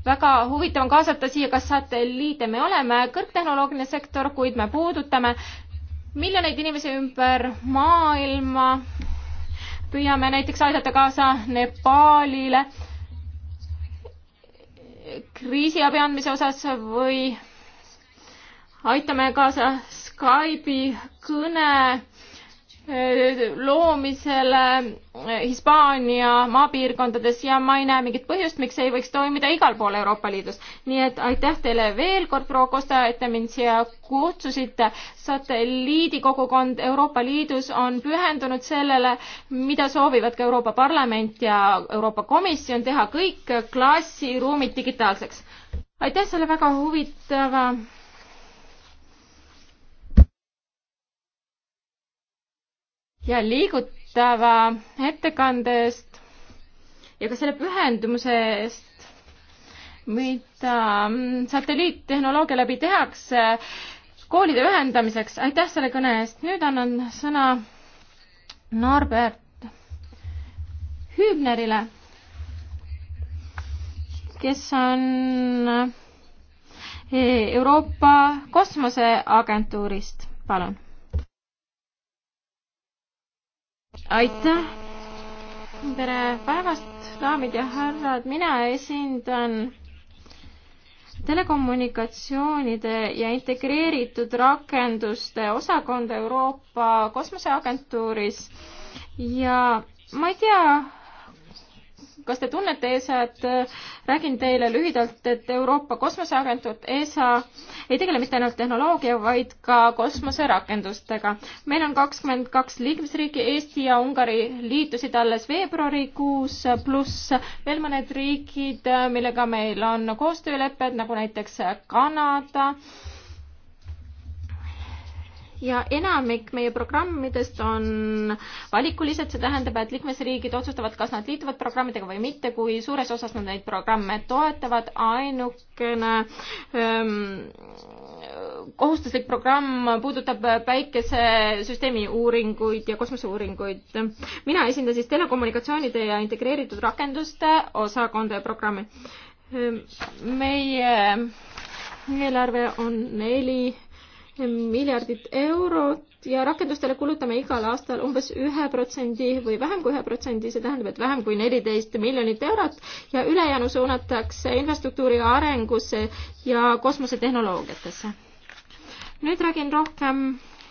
väga huvitav on kaasata siia ka satelliite. me oleme kõrgtehnoloogiline sektor, kuid me puudutame miljoneid inimesi ümber maailma. püüame näiteks aidata kaasa Nepaalile kriisiabi andmise osas või aitame kaasa Skype'i kõne eh, loomisele eh, Hispaania maapiirkondades ja ma ei näe mingit põhjust, miks ei võiks toimida igal pool Euroopa Liidus. nii et aitäh teile veel kord, proua Kosta, et te mind siia kutsusite. satelliidikogukond Euroopa Liidus on pühendunud sellele, mida soovivad ka Euroopa Parlament ja Euroopa Komisjon teha kõik klassiruumid digitaalseks. aitäh selle väga huvitava ja liigutava ettekande eest ja ka selle pühendumuse eest, mida mm, satelliittehnoloogia läbi tehakse koolide ühendamiseks. aitäh selle kõne eest. nüüd annan sõna Norbert Hübnerile, kes on eh, Euroopa Kosmoseagentuurist. palun aitäh. tere päevast, daamid ja härrad, mina esindan telekommunikatsioonide ja integreeritud rakenduste osakonda Euroopa Kosmoseagentuuris ja ma ei tea, kas te tunnete ESA-d? Äh, räägin teile lühidalt, et Euroopa Kosmoseagentuur ESA ei tegele mitte ainult tehnoloogia, vaid ka kosmoserakendustega. meil on kakskümmend kaks liikmesriiki, Eesti ja Ungari liitusid alles veebruarikuus, pluss veel mõned riigid, millega meil on koostöölepped, nagu näiteks Kanada ja enamik meie programmidest on valikulised, see tähendab, et liikmesriigid otsustavad, kas nad liituvad programmidega või mitte, kui suures osas nad neid programme toetavad, ainukene ähm, kohustuslik programm puudutab päikesesüsteemi uuringuid ja kosmoseuuringuid. mina esindan siis telekommunikatsioonide ja integreeritud rakenduste osakonda ja programmi. Ähm, meie eelarve on neli miljardit eurot ja rakendustele kulutame igal aastal umbes ühe protsendi või vähem kui ühe protsendi, see tähendab, et vähem kui neliteist miljonit eurot ja ülejäänu suunatakse infrastruktuuri arengusse ja kosmosetehnoloogiatesse. nüüd räägin rohkem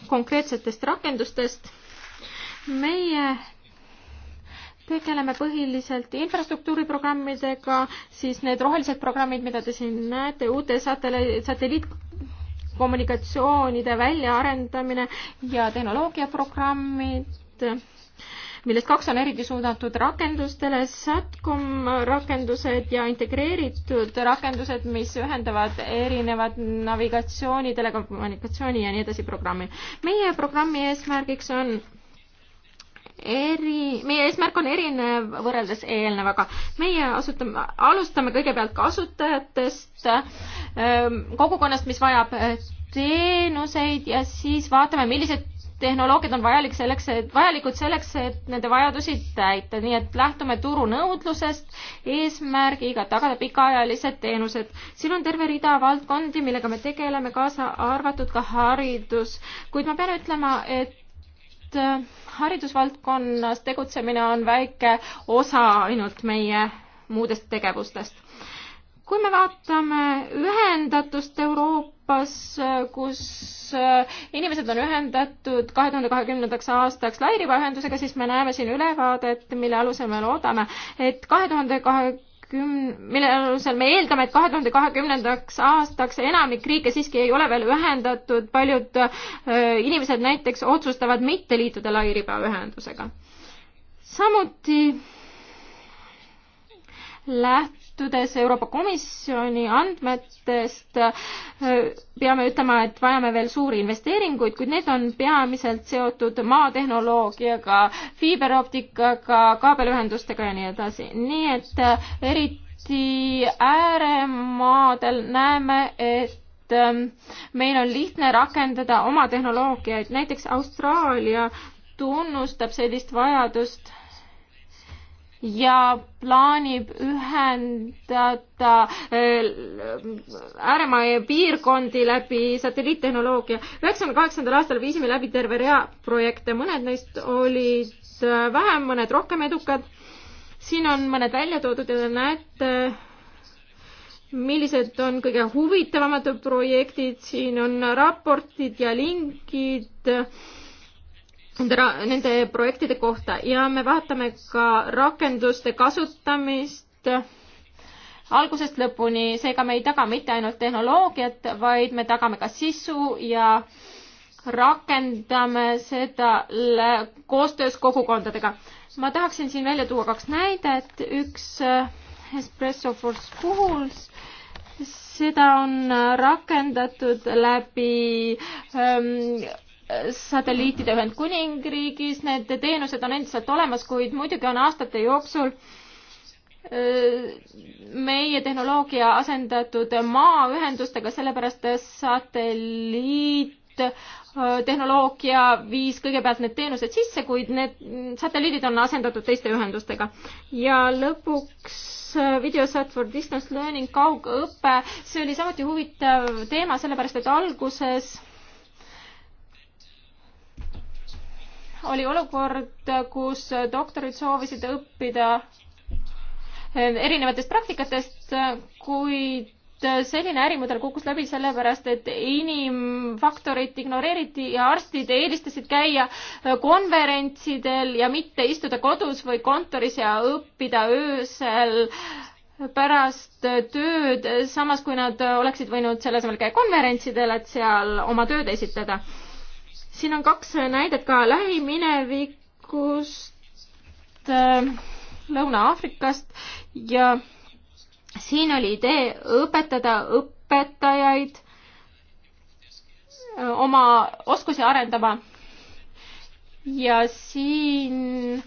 konkreetsetest rakendustest. meie tegeleme põhiliselt infrastruktuuriprogrammidega, siis need rohelised programmid, mida te siin näete, uute satelliit, satelliit kommunikatsioonide väljaarendamine ja tehnoloogiaprogrammid, millest kaks on eriti suunatud rakendustele, SATCOM rakendused ja integreeritud rakendused, mis ühendavad erinevad navigatsiooni, telekommunikatsiooni ja nii edasi programmi. meie programmi eesmärgiks on eri, meie eesmärk on erinev võrreldes eelnevaga. meie asutame, alustame kõigepealt kasutajatest, ähm, kogukonnast, mis vajab äh, teenuseid ja siis vaatame, millised tehnoloogiad on vajalik selleks, et, vajalikud selleks, et nende vajadusi täita, nii et lähtume turunõudlusest, eesmärgiga tagada pikaajalised teenused. siin on terve rida valdkondi, millega me tegeleme, kaasa arvatud ka haridus, kuid ma pean ütlema, et et äh, haridusvaldkonnas tegutsemine on väike osa ainult meie muudest tegevustest. kui me vaatame ühendatust Euroopas, äh, kus äh, inimesed on ühendatud kahe tuhande kahekümnendaks aastaks lairibaühendusega, siis me näeme siin ülevaadet, mille alusel me loodame, et kahe tuhande kahe kahekümne, mille alusel me eeldame, et kahe tuhande kahekümnendaks aastaks enamik riike siiski ei ole veel ühendatud, paljud äh, inimesed näiteks otsustavad mitte liituda lairibaühendusega. samuti läht-, lähtudes Euroopa Komisjoni andmetest peame ütlema, et vajame veel suuri investeeringuid, kuid need on peamiselt seotud maatehnoloogiaga, fiiberoptikaga, kaabelühendustega ja nii edasi, nii et äh, eriti ääremaadel näeme, et ähm, meil on lihtne rakendada oma tehnoloogiaid, näiteks Austraalia tunnustab sellist vajadust ja plaanib ühendada äh, ääremaa piirkondi läbi satelliittehnoloogia. üheksakümne kaheksandal aastal viisime läbi terve rea projekte, mõned neist olid äh, vähem, mõned rohkem edukad. siin on mõned välja toodud ja te näete, millised on kõige huvitavamad projektid, siin on raportid ja lingid nende projektide kohta ja me vaatame ka rakenduste kasutamist algusest lõpuni, seega me ei taga mitte ainult tehnoloogiat, vaid me tagame ka sisu ja rakendame seda koostöös kogukondadega. ma tahaksin siin välja tuua kaks näidet, üks äh, Espresso for Schools, seda on rakendatud läbi ähm, satelliitide Ühendkuningriigis, need teenused on endiselt olemas, kuid muidugi on aastate jooksul äh, meie tehnoloogia asendatud maaühendustega, sellepärast satelliittehnoloogia äh, viis kõigepealt need teenused sisse, kuid need satelliidid on asendatud teiste ühendustega. ja lõpuks äh, videosat for distance learning, kaugõpe, see oli samuti huvitav teema, sellepärast et alguses oli olukord, kus doktorid soovisid õppida erinevatest praktikatest, kuid selline ärimudel kukkus läbi sellepärast, et inimfaktorit ignoreeriti ja arstid eelistasid käia konverentsidel ja mitte istuda kodus või kontoris ja õppida öösel pärast tööd, samas kui nad oleksid võinud selle asemel käia konverentsidel, et seal oma tööd esitleda siin on kaks näidet ka lähiminevikust äh,, Lõuna-Aafrikast ja siin oli idee õpetada õpetajaid äh, oma oskusi arendama. ja siin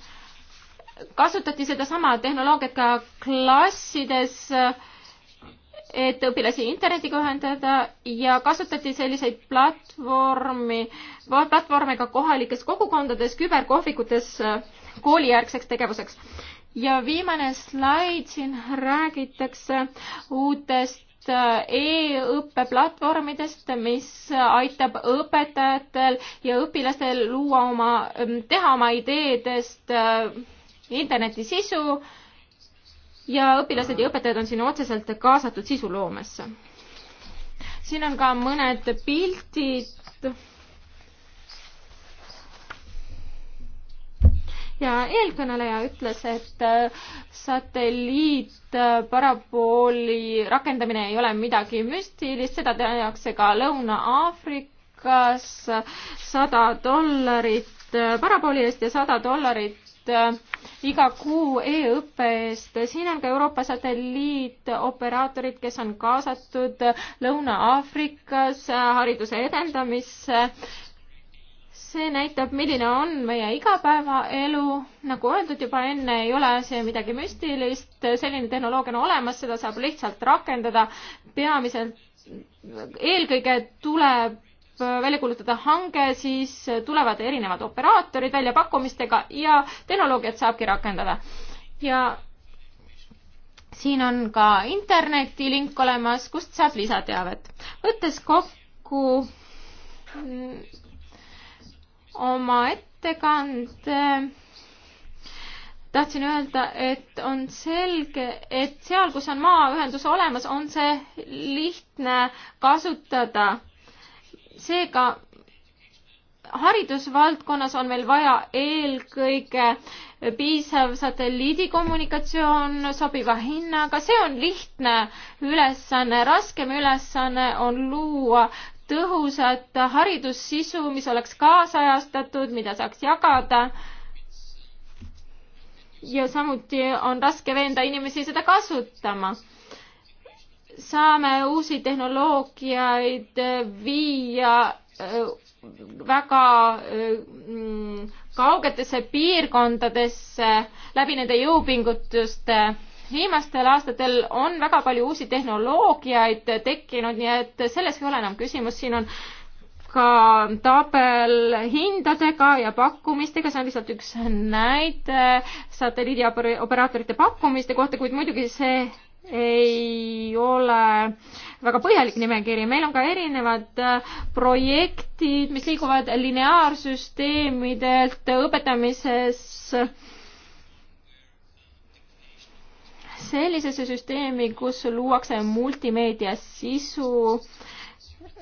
kasutati sedasama tehnoloogiat ka klassides äh, et õpilasi internetiga ühendada ja kasutati selliseid platvormi, platvorme ka kohalikes kogukondades, küberkohvikutes äh, koolijärgseks tegevuseks. ja viimane slaid, siin räägitakse uutest äh, e-õppeplatvormidest, mis aitab õpetajatel ja õpilastel luua oma, ähm, teha oma ideedest äh, interneti sisu ja õpilased ja õpetajad on siin otseselt kaasatud sisuloomesse. siin on ka mõned pildid. ja eelkõneleja ütles, et äh, satelliitparabooli äh, rakendamine ei ole midagi müstilist, seda tehakse ka Lõuna-Aafrikas sada dollarit äh, parabooli eest ja sada dollarit Äh, iga kuu e-õppe eest. siin on ka Euroopa satelliitoperaatorid, kes on kaasatud Lõuna-Aafrikas äh, hariduse edendamisse. see näitab, milline on meie igapäevaelu. nagu öeldud juba enne, ei ole see midagi müstilist, selline tehnoloogia on olemas, seda saab lihtsalt rakendada. peamiselt, eelkõige tuleb välja kuulutada hange, siis tulevad erinevad operaatorid välja pakkumistega ja tehnoloogiat saabki rakendada. ja siin on ka internetilink olemas, kust saab lisateavet. võttes kokku mm, oma ettekande tahtsin öelda, et on selge, et seal, kus on maaühendus olemas, on see lihtne kasutada seega haridusvaldkonnas on meil vaja eelkõige piisav satelliidikommunikatsioon sobiva hinnaga, see on lihtne ülesanne, raskem ülesanne on luua tõhusat haridussisu, mis oleks kaasajastatud, mida saaks jagada. ja samuti on raske veenda inimesi seda kasutama saame uusi tehnoloogiaid viia äh, väga äh, kaugetesse piirkondadesse läbi nende jõupingutuste. viimastel aastatel on väga palju uusi tehnoloogiaid tekkinud, nii et selles ei ole enam küsimus, siin on ka tabel hindadega ja pakkumistega, see on lihtsalt üks näide satelliidioperaatorite pakkumiste kohta, kuid muidugi see ei ole väga põhjalik nimekiri, meil on ka erinevad äh, projektid, mis liiguvad lineaarsüsteemidelt õpetamises sellisesse süsteemi, kus luuakse multimeedia sisu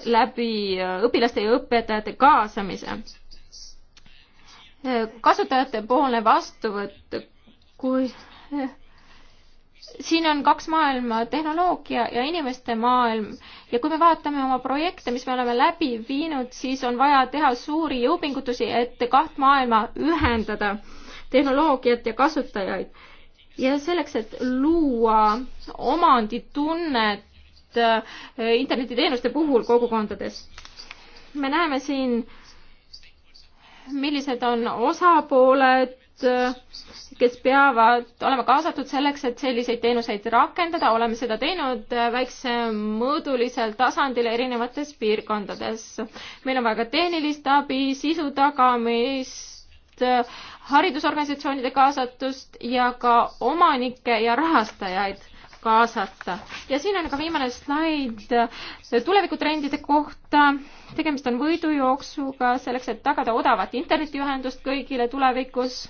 läbi äh, õpilaste ja õpetajate kaasamise. Äh, kasutajate poolne vastuvõtt, kui siin on kaks maailma, tehnoloogia ja inimeste maailm ja kui me vaatame oma projekte, mis me oleme läbi viinud, siis on vaja teha suuri jõupingutusi, et kaht maailma ühendada, tehnoloogiat ja kasutajaid. ja selleks, et luua omanditunnet äh, internetiteenuste puhul kogukondades. me näeme siin millised on osapooled, kes peavad olema kaasatud selleks, et selliseid teenuseid rakendada, oleme seda teinud väiksemõõdulisel tasandil erinevates piirkondades. meil on vaja ka tehnilist abi, sisu tagamist, haridusorganisatsioonide kaasatust ja ka omanikke ja rahastajaid kaasata. ja siin on ka viimane slaid tulevikutrendide kohta. tegemist on võidujooksuga selleks, et tagada odavat internetiühendust kõigile tulevikus.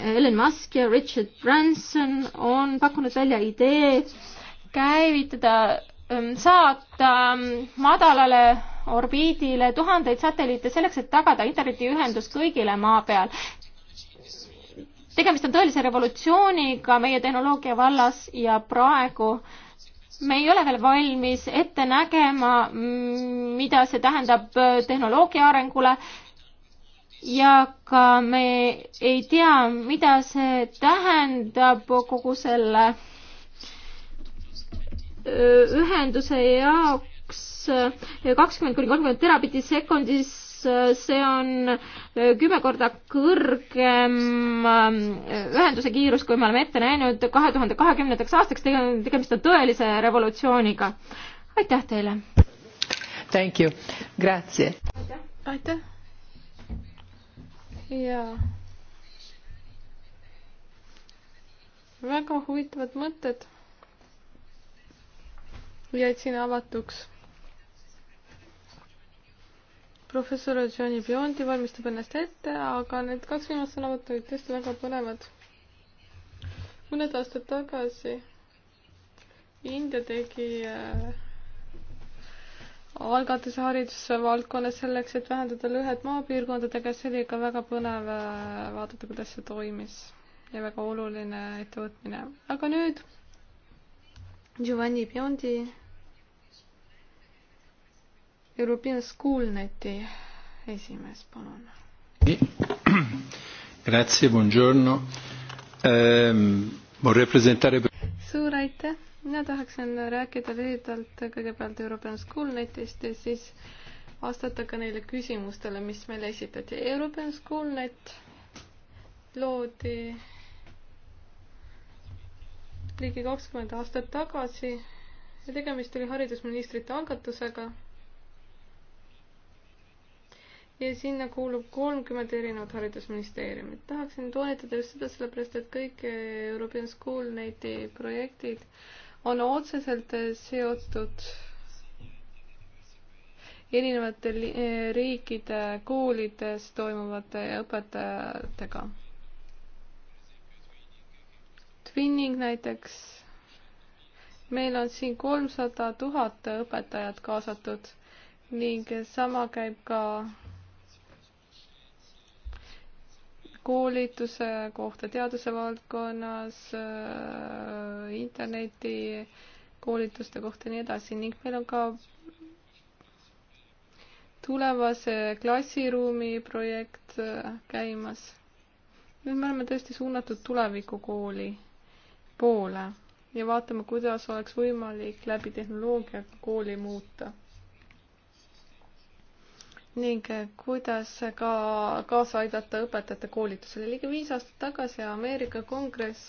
Elon Musk ja Richard Branson on pakkunud välja idee käivitada, ähm, saata ähm, madalale orbiidile tuhandeid satelliite selleks, et tagada internetiühendus kõigile maa peal tegemist on tõelise revolutsiooniga meie tehnoloogia vallas ja praegu me ei ole veel valmis ette nägema, mida see tähendab äh, tehnoloogia arengule ja ka me ei tea, mida see tähendab kogu selle äh, ühenduse jaoks kakskümmend kuni kolmkümmend terabitti sekundis see on äh, kümme korda kõrgem ähm, ühenduse kiirus, kui me oleme ette näinud kahe tuhande kahekümnendaks aastaks, tegemist on tõelise revolutsiooniga. aitäh teile! Thank you, grazie! aitäh! jaa. väga huvitavad mõtted jäid siin avatuks professor Johnny Biondi valmistab ennast ette, aga need kaks viimast sõnavõttu olid tõesti väga põnevad. mõned aastad tagasi India tegi äh, algatuse hariduse valdkonnas selleks, et vähendada lõhet maapiirkondadega, see oli ikka väga põnev äh, vaadata, kuidas see toimis ja väga oluline ettevõtmine. aga nüüd Giovanni Biondi European Schoolneti esimees, palun. Grazie, buongiorno ähm,. Representare... suur aitäh, mina tahaksin rääkida lühidalt kõigepealt European Schoolnetist ja siis vastata ka neile küsimustele, mis meile esitati. European Schoolnet loodi ligi kakskümmend aastat tagasi ja tegemist oli haridusministrite algatusega ja sinna kuulub kolmkümmend erinevat haridusministeeriumit. tahaksin toonitada just seda sellepärast, et kõik European School Nate'i projektid on otseselt seotud erinevate eh, riikide koolides toimuvate õpetajatega. Twinning näiteks, meil on siin kolmsada tuhat õpetajat kaasatud ning sama käib ka koolituse kohta teaduse valdkonnas, äh, interneti koolituste kohta ja nii edasi ning meil on ka tulevase klassiruumi projekt äh, käimas. nüüd me oleme tõesti suunatud tulevikukooli poole ja vaatame, kuidas oleks võimalik läbi tehnoloogia kooli muuta ning eh, kuidas ka kaasa aidata õpetajate koolitusele. ligi viis aastat tagasi Ameerika Kongress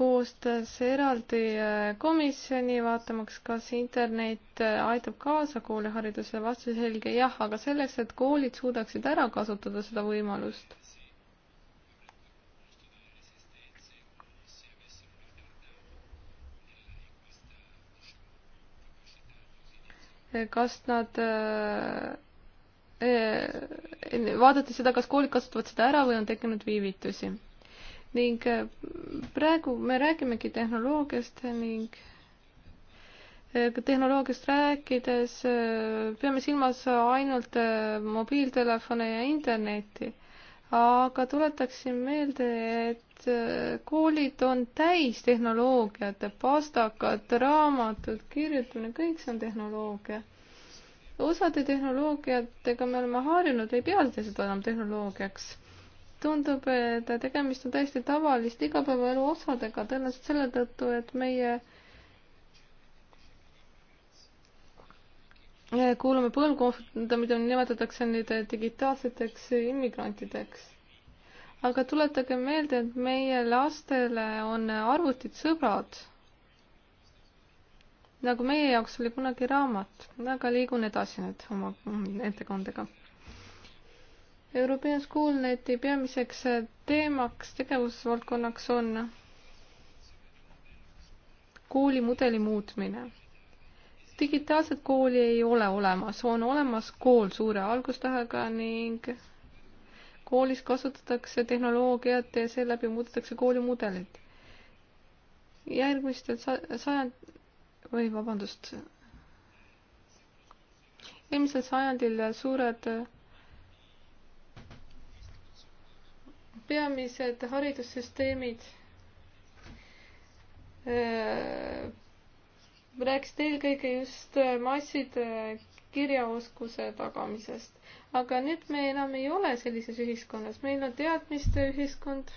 koostas eraldi eh, komisjoni vaatamaks, kas internet eh, aitab kaasa kooliharidusele, vastus selge jah, aga selleks, et koolid suudaksid ära kasutada seda võimalust kas nad äh, äh, vaadata seda, kas koolid kasutavad seda ära või on tekkinud viivitusi. ning äh, praegu me räägimegi tehnoloogiast ning tehnoloogiast rääkides peame silmas ainult mobiiltelefone ja internetti aga tuletaksin meelde, et äh, koolid on täis tehnoloogiat, pastakad, raamatud, kirjutamine, kõik see on tehnoloogia. osade tehnoloogiatega me oleme harjunud, ei pea seda enam tehnoloogiaks. tundub, et tegemist on täiesti tavaliste igapäevaelu osadega, tõenäoliselt selle tõttu, et meie kuulume põlvkonda, mida nimetatakse nüüd digitaalseteks immigrantideks. aga tuletage meelde, et meie lastele on arvutid sõbrad. nagu meie jaoks oli kunagi raamat, aga liigun edasi nüüd oma ettekandega. European Schoolneti peamiseks teemaks, tegevusvaldkonnaks on koolimudeli muutmine digitaalset kooli ei ole olemas, on olemas kool suure algustähega ning koolis kasutatakse tehnoloogiat ja seeläbi muudetakse koolimudelit. järgmistel sa-, sajand-, või vabandust, eelmisel sajandil suured peamised haridussüsteemid äh, rääkisite eelkõige just äh, masside äh, kirjaoskuse tagamisest. aga nüüd me enam ei ole sellises ühiskonnas, meil on teadmiste ühiskond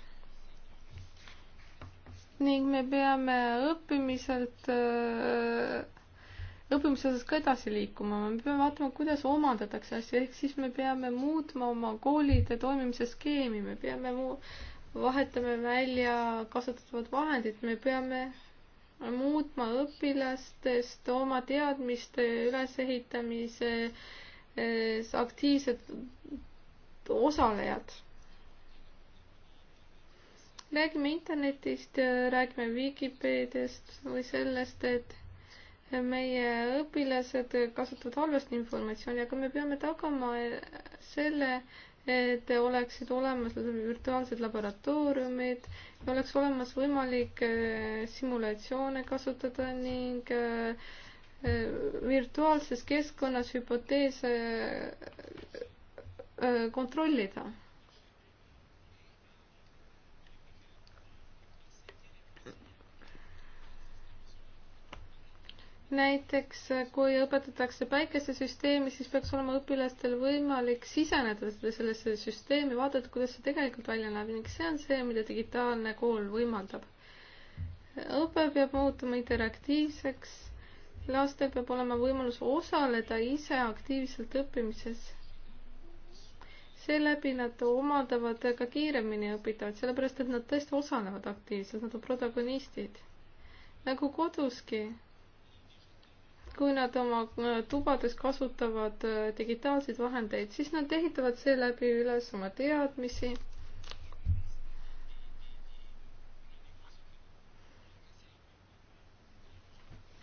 ning me peame õppimiselt, äh, õppimise osas ka edasi liikuma, me peame vaatama, kuidas omandatakse asju, ehk siis me peame muutma oma koolide toimimise skeemi, me peame mu-, vahetame välja kasutatavad vahendid, me peame muutma õpilastest oma teadmiste ülesehitamise eh, aktiivsed osalejad. räägime internetist, räägime Vikipeediast või sellest, et meie õpilased kasutavad halvasti informatsiooni, aga me peame tagama selle, et oleksid olemas virtuaalsed laboratooriumid, oleks olemas võimalik äh, simulatsioone kasutada ning äh, äh, virtuaalses keskkonnas hüpoteese kontrollida näiteks kui õpetatakse päikesesüsteemi, siis peaks olema õpilastel võimalik siseneda sellesse süsteemi, vaadata, kuidas see tegelikult välja näeb ning see on see, mida digitaalne kool võimaldab. õpe peab muutuma interaktiivseks, lastel peab olema võimalus osaleda ise aktiivselt õppimises. seeläbi nad omandavad ka kiiremini õpitavad, sellepärast et nad tõesti osalevad aktiivselt, nad on protagonistid. nagu koduski kui nad oma äh, tubades kasutavad äh, digitaalseid vahendeid, siis nad ehitavad seeläbi üles oma teadmisi.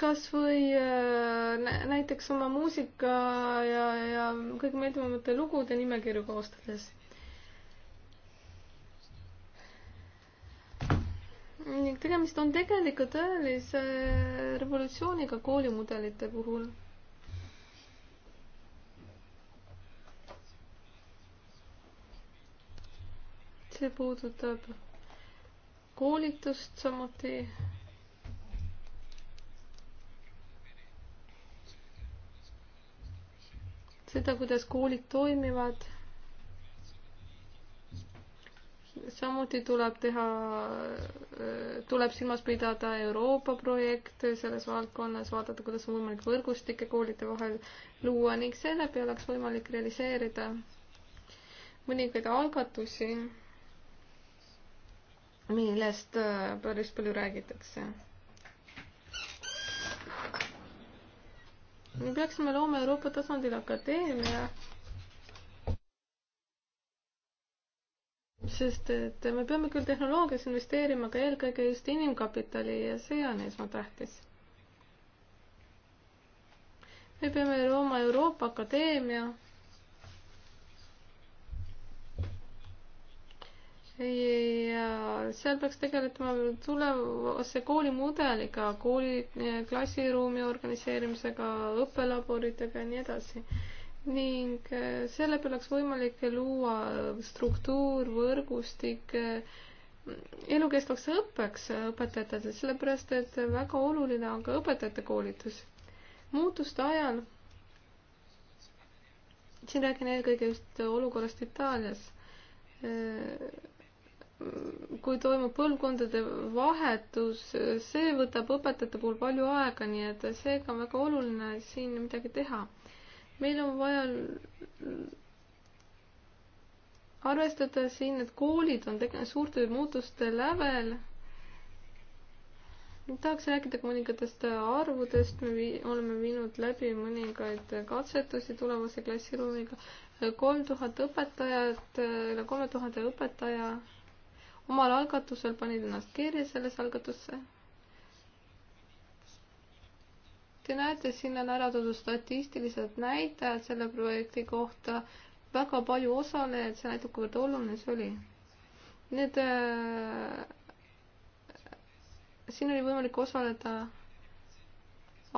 kas või äh, näiteks oma muusika ja, ja kõige meeldivamate lugude nimekirju koostades ning tegemist on tegelikult tõelise revolutsiooniga koolimudelite puhul. see puudutab koolitust samuti seda, kuidas koolid toimivad samuti tuleb teha, tuleb silmas pidada Euroopa projekte selles valdkonnas, vaadata, kuidas on võimalik võrgustikke koolide vahel luua ning seeläbi oleks võimalik realiseerida mõningaid algatusi, millest äh, päris palju räägitakse. me peaksime looma Euroopa tasandil akadeemia sest et me peame küll tehnoloogiasse investeerima, aga eelkõige just inimkapitali ja see on esmatähtis. me peame looma Euroopa Akadeemia. ja seal peaks tegelema tulevase koolimudeliga, kooli klassiruumi organiseerimisega, õppelaboritega ja nii edasi ning äh, selle peale oleks võimalik luua struktuur, võrgustik äh, elukestvaks õppeks õpetajatele, sellepärast et väga oluline on ka õpetajate koolitus. muutuste ajal, siin räägin eelkõige just olukorrast Itaalias, äh, kui toimub põlvkondade vahetus, see võtab õpetajate puhul palju aega, nii et seega on väga oluline siin midagi teha meil on vaja arvestada siin, et koolid on tegelikult suurte muutuste lävel. tahaks rääkida mõningatest arvudest, me vii, oleme viinud läbi mõningaid katsetusi tulevase klassiruumiga. kolm tuhat õpetajat, üle kolme tuhande õpetaja omal algatusel panid ennast kirja sellesse algatusse Te näete, siin on ära toodud statistilised näitajad selle projekti kohta, väga palju osalejaid, see näitab, kuivõrd oluline see oli. Need äh,, siin oli võimalik osaleda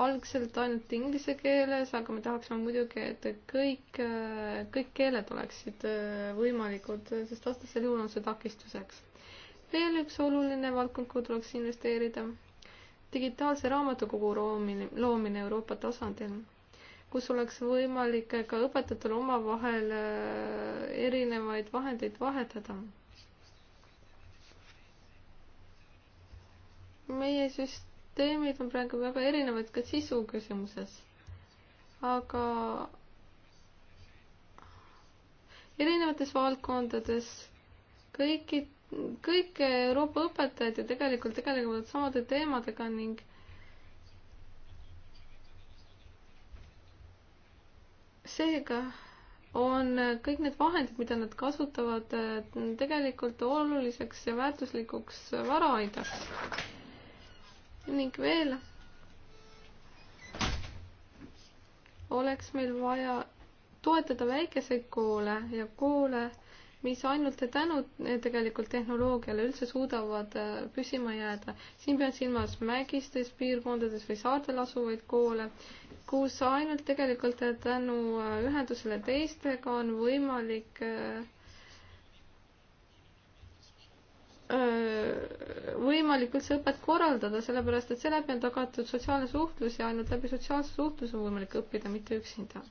algselt ainult inglise keeles, aga me tahaksime muidugi, et kõik, äh, kõik keeled oleksid äh, võimalikud, sest vastasel juhul on see takistuseks. veel üks oluline valdkond, kuhu tuleks investeerida digitaalse raamatukogu loomine, loomine Euroopa tasandil, kus oleks võimalik ka õpetajatel omavahel äh, erinevaid vahendeid vahetada. meie süsteemid on praegu väga erinevad ka sisu küsimuses, aga erinevates valdkondades kõiki kõik Euroopa õpetajad ju tegelikult tegelevad samade teemadega ning seega on kõik need vahendid, mida nad kasutavad, tegelikult oluliseks ja väärtuslikuks varaaidaks. ning veel oleks meil vaja toetada väikeseid koole ja koole mis ainult tänu eh, tegelikult tehnoloogiale üldse suudavad eh, püsima jääda. siin pean silmas mägistes piirkondades või saartel asuvaid koole, kus ainult tegelikult eh, tänu ühendusele teistega on võimalik võimalik üldse õpet korraldada, sellepärast et seeläbi on tagatud sotsiaalne suhtlus ja ainult läbi sotsiaalse suhtluse on võimalik õppida, mitte üksinda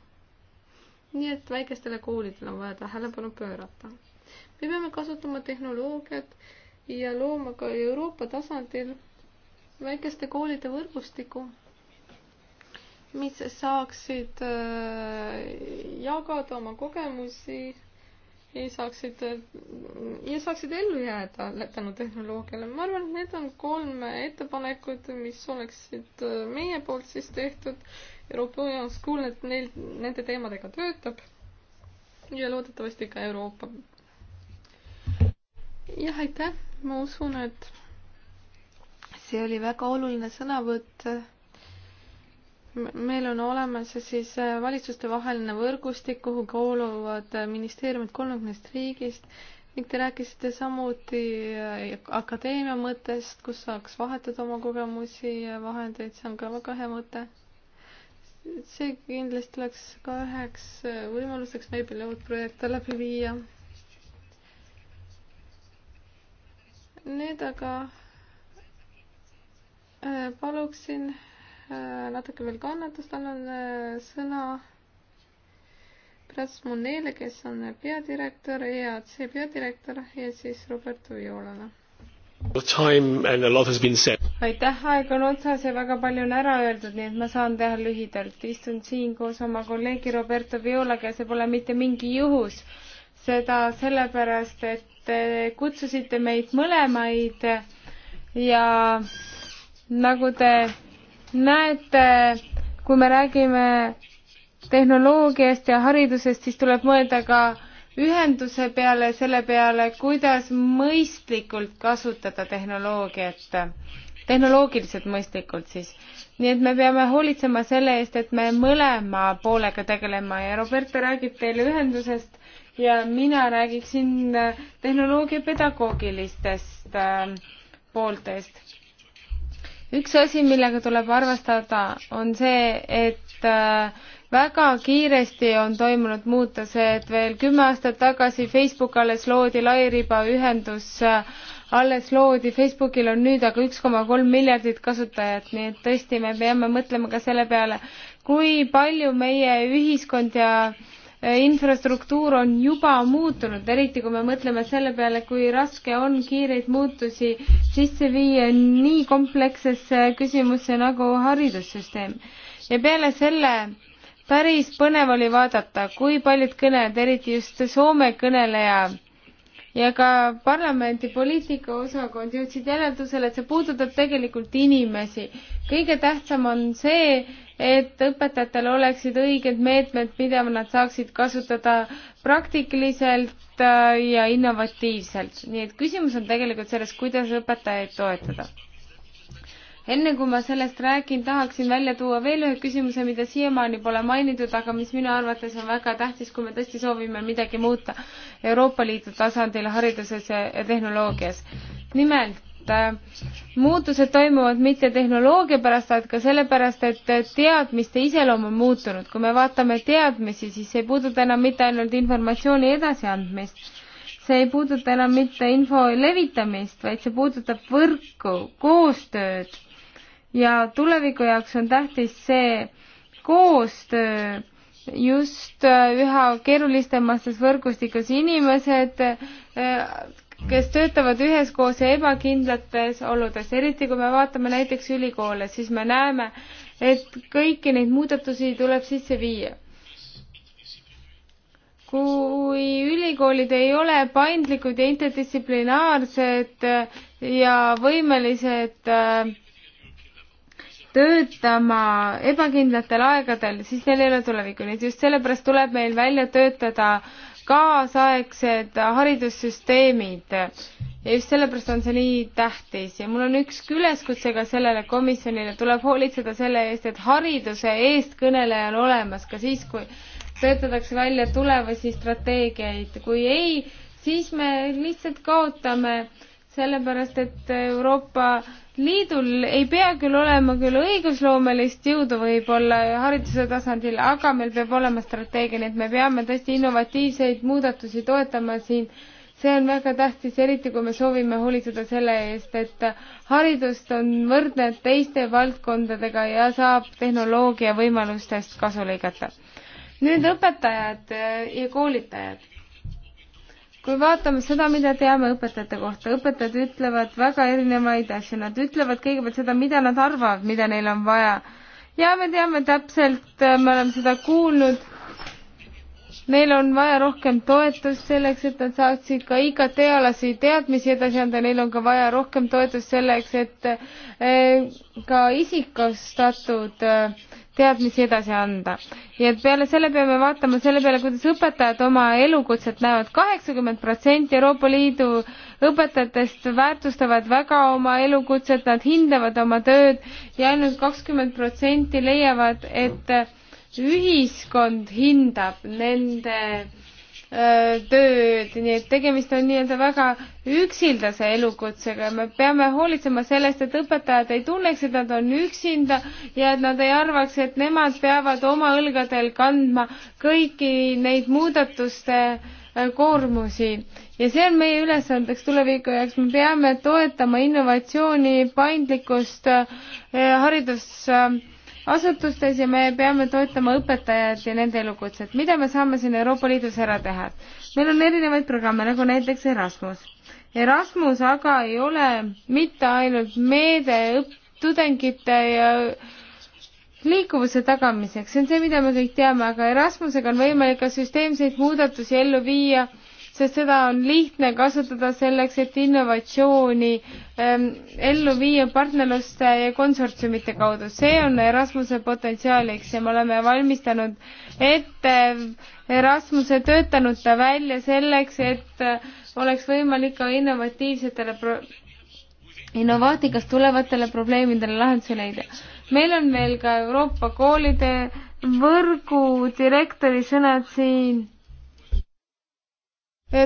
nii et väikestele koolidele on vaja tähelepanu pöörata. me peame kasutama tehnoloogiat ja looma ka Euroopa tasandil väikeste koolide võrgustiku, mis saaksid äh, jagada oma kogemusi ja saaksid, äh, ja saaksid ellu jääda tänu tehnoloogiale. ma arvan, et need on kolm ettepanekut, mis oleksid äh, meie poolt siis tehtud Euroopa School neil, nende teemadega töötab ja loodetavasti ka Euroopa. jah, aitäh, ma usun, et see oli väga oluline sõnavõtt. meil on olemas siis äh, valitsustevaheline võrgustik, kuhu kuuluvad äh, ministeeriumid kolmekümnest riigist ning te rääkisite samuti äh, akadeemia mõttest, kus saaks vahetada oma kogemusi ja vahendeid, see on ka väga hea mõte see kindlasti oleks ka üheks võimaluseks meie pilootprojekte läbi viia. nüüd aga äh, paluksin äh, natuke veel kannatust, annan äh, sõna Prats Munele, kes on peadirektor, EAC peadirektor ja siis Roberto Violale aitäh, aeg on otsas ja väga palju on ära öeldud, nii et ma saan teha lühidalt. istun siin koos oma kolleegi Roberto Violaga ja see pole mitte mingi juhus. seda sellepärast, et te kutsusite meid mõlemaid ja nagu te näete, kui me räägime tehnoloogiast ja haridusest, siis tuleb mõelda ka ühenduse peale, selle peale, kuidas mõistlikult kasutada tehnoloogiat, tehnoloogiliselt mõistlikult siis. nii et me peame hoolitsema selle eest, et me mõlema poolega tegelema ja Roberta räägib teile ühendusest ja mina räägiksin tehnoloogia pedagoogilistest ähm, pooltest. üks asi, millega tuleb arvestada, on see, et äh, väga kiiresti on toimunud muutused, veel kümme aastat tagasi Facebook alles loodi, lairibaühendus äh, alles loodi, Facebookil on nüüd aga üks koma kolm miljardit kasutajat, nii et tõesti, me peame mõtlema ka selle peale, kui palju meie ühiskond ja äh, infrastruktuur on juba muutunud, eriti kui me mõtleme selle peale, kui raske on kiireid muutusi sisse viia nii komplekssesse küsimusse nagu haridussüsteem. ja peale selle päris põnev oli vaadata, kui paljud kõned, eriti just Soome kõneleja ja ka parlamendi poliitikaosakond jõudsid järeldusele, et see puudutab tegelikult inimesi. kõige tähtsam on see, et õpetajatel oleksid õiged meetmed, mida nad saaksid kasutada praktiliselt äh, ja innovatiivselt. nii et küsimus on tegelikult selles, kuidas õpetajaid toetada enne kui ma sellest räägin, tahaksin välja tuua veel ühe küsimuse, mida siiamaani pole mainitud, aga mis minu arvates on väga tähtis, kui me tõesti soovime midagi muuta Euroopa Liidu tasandil hariduses ja tehnoloogias. nimelt äh, muutused toimuvad mitte tehnoloogia pärast, vaid ka sellepärast, et teadmiste iseloom on muutunud. kui me vaatame teadmisi, siis ei puuduta enam mitte ainult informatsiooni edasiandmist, see ei puuduta enam mitte info levitamist, vaid see puudutab võrku, koostööd ja tuleviku jaoks on tähtis see koostöö just äh, üha keerulisemates võrgustikus inimesed, äh, kes töötavad üheskoos ja ebakindlates oludes, eriti kui me vaatame näiteks ülikoole, siis me näeme, et kõiki neid muudatusi tuleb sisse viia. kui ülikoolid ei ole paindlikud ja interdistsiplinaarsed ja võimelised äh, töötama ebakindlatel aegadel, siis neil ei ole tulevikku, nii et just sellepärast tuleb meil välja töötada kaasaegsed haridussüsteemid ja just sellepärast on see nii tähtis ja mul on üks üleskutse ka sellele komisjonile, tuleb hoolitseda selle eest, et hariduse eestkõneleja on olemas ka siis, kui töötatakse välja tulevasi strateegiaid, kui ei, siis me lihtsalt kaotame, sellepärast et Euroopa liidul ei pea küll olema küll õigusloomelist jõudu võib-olla hariduse tasandil, aga meil peab olema strateegia, nii et me peame tõesti innovatiivseid muudatusi toetama siin. see on väga tähtis, eriti kui me soovime hoolitseda selle eest, et haridust on võrdne teiste valdkondadega ja saab tehnoloogia võimalustest kasu lõigata. nüüd õpetajad ja koolitajad kui vaatame seda, mida teame õpetajate kohta, õpetajad ütlevad väga erinevaid asju, nad ütlevad kõigepealt seda, mida nad arvavad, mida neil on vaja. ja me teame täpselt, äh, me oleme seda kuulnud, neil on vaja rohkem toetust selleks, et nad saaksid ka IKT-alasi teadmisi edasi anda, neil on ka vaja rohkem toetust selleks, et äh, ka isikustatud äh, teadmisi edasi anda. nii et peale selle peame vaatama selle peale, kuidas õpetajad oma elukutset näevad. kaheksakümmend protsenti Euroopa Liidu õpetajatest väärtustavad väga oma elukutset, nad hindavad oma tööd ja ainult kakskümmend protsenti leiavad, et ühiskond hindab nende tööd, nii et tegemist on nii-öelda väga üksildase elukutsega. me peame hoolitsema sellest, et õpetajad ei tunneks, et nad on üksinda ja et nad ei arvaks, et nemad peavad oma õlgadel kandma kõiki neid muudatuste äh, koormusi ja see on meie ülesandeks tuleviku jaoks, me peame toetama innovatsiooni, paindlikkust, äh, haridus äh, asutustes ja me peame toetama õpetajad ja nende elukutset. mida me saame siin Euroopa Liidus ära teha? meil on erinevaid programme, nagu näiteks Erasmus. Erasmus aga ei ole mitte ainult meede tudengite ja liikuvuse tagamiseks, see on see, mida me kõik teame, aga Erasmusega on võimalik ka süsteemseid muudatusi ellu viia sest seda on lihtne kasutada selleks, et innovatsiooni ähm, ellu viia partnerluste ja konsortsiumite kaudu. see on Erasmuse potentsiaaliks ja me oleme valmistanud ette äh, Erasmuse töötanud ta välja selleks, et äh, oleks võimalik ka innovatiivsetele pro-, innovaatikast tulevatele probleemidele lahendusi leida. meil on veel ka Euroopa koolide võrgu direktori sõnad siin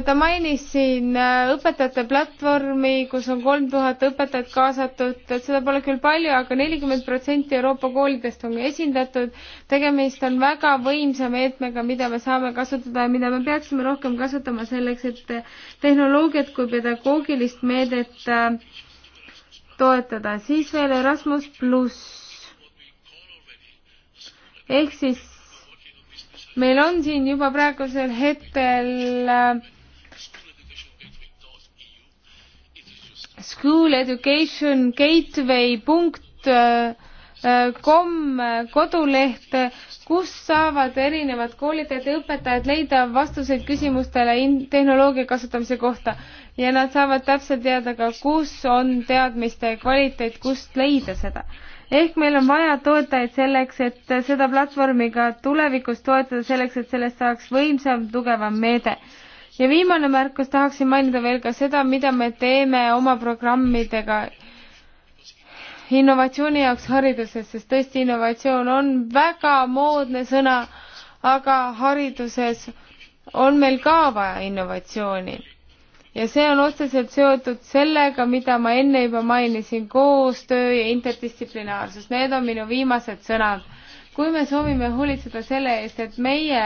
ta mainis siin äh, õpetajate platvormi, kus on kolm tuhat õpetajat kaasatud, et seda pole küll palju aga, aga nelikümmend protsenti Euroopa koolidest on esindatud. tegemist on väga võimsa meetmega, mida me saame kasutada ja mida me peaksime rohkem kasutama selleks, et äh, tehnoloogiat kui pedagoogilist meedet äh, toetada. siis veel Erasmus pluss ehk siis meil on siin juba praegusel hetkel äh, School Education Gateway punkt kom äh, äh, äh, koduleht, kus saavad erinevad koolitajad ja õpetajad leida vastuseid küsimustele tehnoloogia kasutamise kohta ja nad saavad täpselt teada ka, kus on teadmiste kvaliteet, kust leida seda. ehk meil on vaja toetajaid selleks, et seda platvormi ka tulevikus toetada, selleks et sellest saaks võimsam, tugevam meede ja viimane märkus, tahaksin mainida veel ka seda, mida me teeme oma programmidega innovatsiooni jaoks hariduses, sest tõesti, innovatsioon on väga moodne sõna, aga hariduses on meil ka vaja innovatsiooni. ja see on otseselt seotud sellega, mida ma enne juba mainisin, koostöö ja interdistsiplinaarsus, need on minu viimased sõnad. kui me soovime hoolitseda selle eest, et meie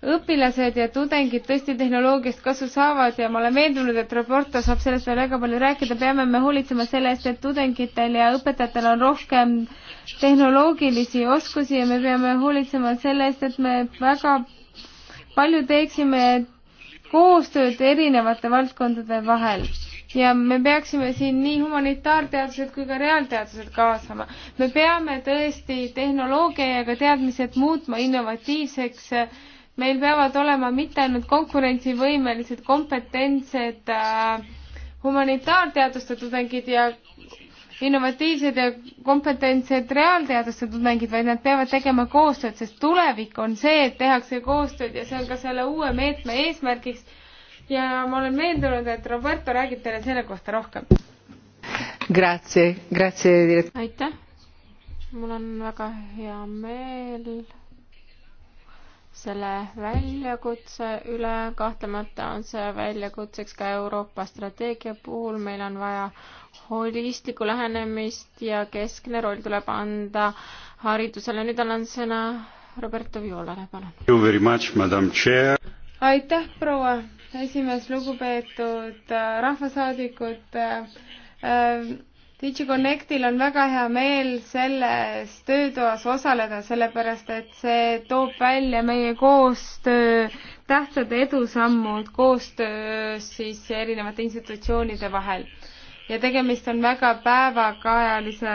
õpilased ja tudengid tõesti tehnoloogiast kasu saavad ja ma olen veendunud, et Roberto saab sellest veel väga palju rääkida, peame me hoolitsema selle eest, et tudengitel ja õpetajatel on rohkem tehnoloogilisi oskusi ja me peame hoolitsema selle eest, et me väga palju teeksime koostööd erinevate valdkondade vahel ja me peaksime siin nii humanitaarteadused kui ka reaalteadused kaasama. me peame tõesti tehnoloogia ja ka teadmised muutma innovatiivseks meil peavad olema mitte ainult konkurentsivõimelised, kompetentsed äh, humanitaarteaduste tudengid ja innovatiivsed ja kompetentsed reaalteaduste tudengid, vaid nad peavad tegema koostööd, sest tulevik on see, et tehakse koostööd ja see on ka selle uue meetme eesmärgiks. ja ma olen veendunud, et Roberto räägib teile selle kohta rohkem. Grazie, grazie. aitäh. mul on väga hea meel selle väljakutse üle. kahtlemata on see väljakutseks ka Euroopa strateegia puhul, meil on vaja holistlikku lähenemist ja keskne roll tuleb anda haridusele. nüüd annan sõna Roberto Violale, palun. aitäh, proua esimees, lugupeetud äh, rahvasaadikud äh, äh DigiConnectil on väga hea meel selles töötoas osaleda, sellepärast et see toob välja meie koostöö tähtsad edusammud koostöös siis erinevate institutsioonide vahel. ja tegemist on väga päevakajalise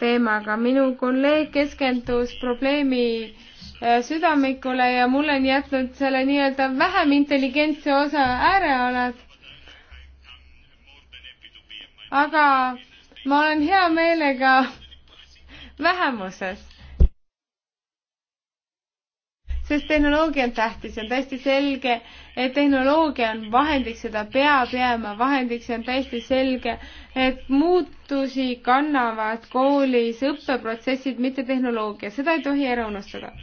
teemaga. minu kolleeg keskendus probleemi äh, südamikule ja mul on jätnud selle nii-öelda vähem intelligentse osa äärealad aga ma olen hea meelega vähemuses. sest tehnoloogia on tähtis ja on täiesti selge, et tehnoloogia on vahendiks, seda peab jääma vahendiks ja on täiesti selge, et muutusi kannavad koolis õppeprotsessid, mitte tehnoloogia, seda ei tohi ära unustada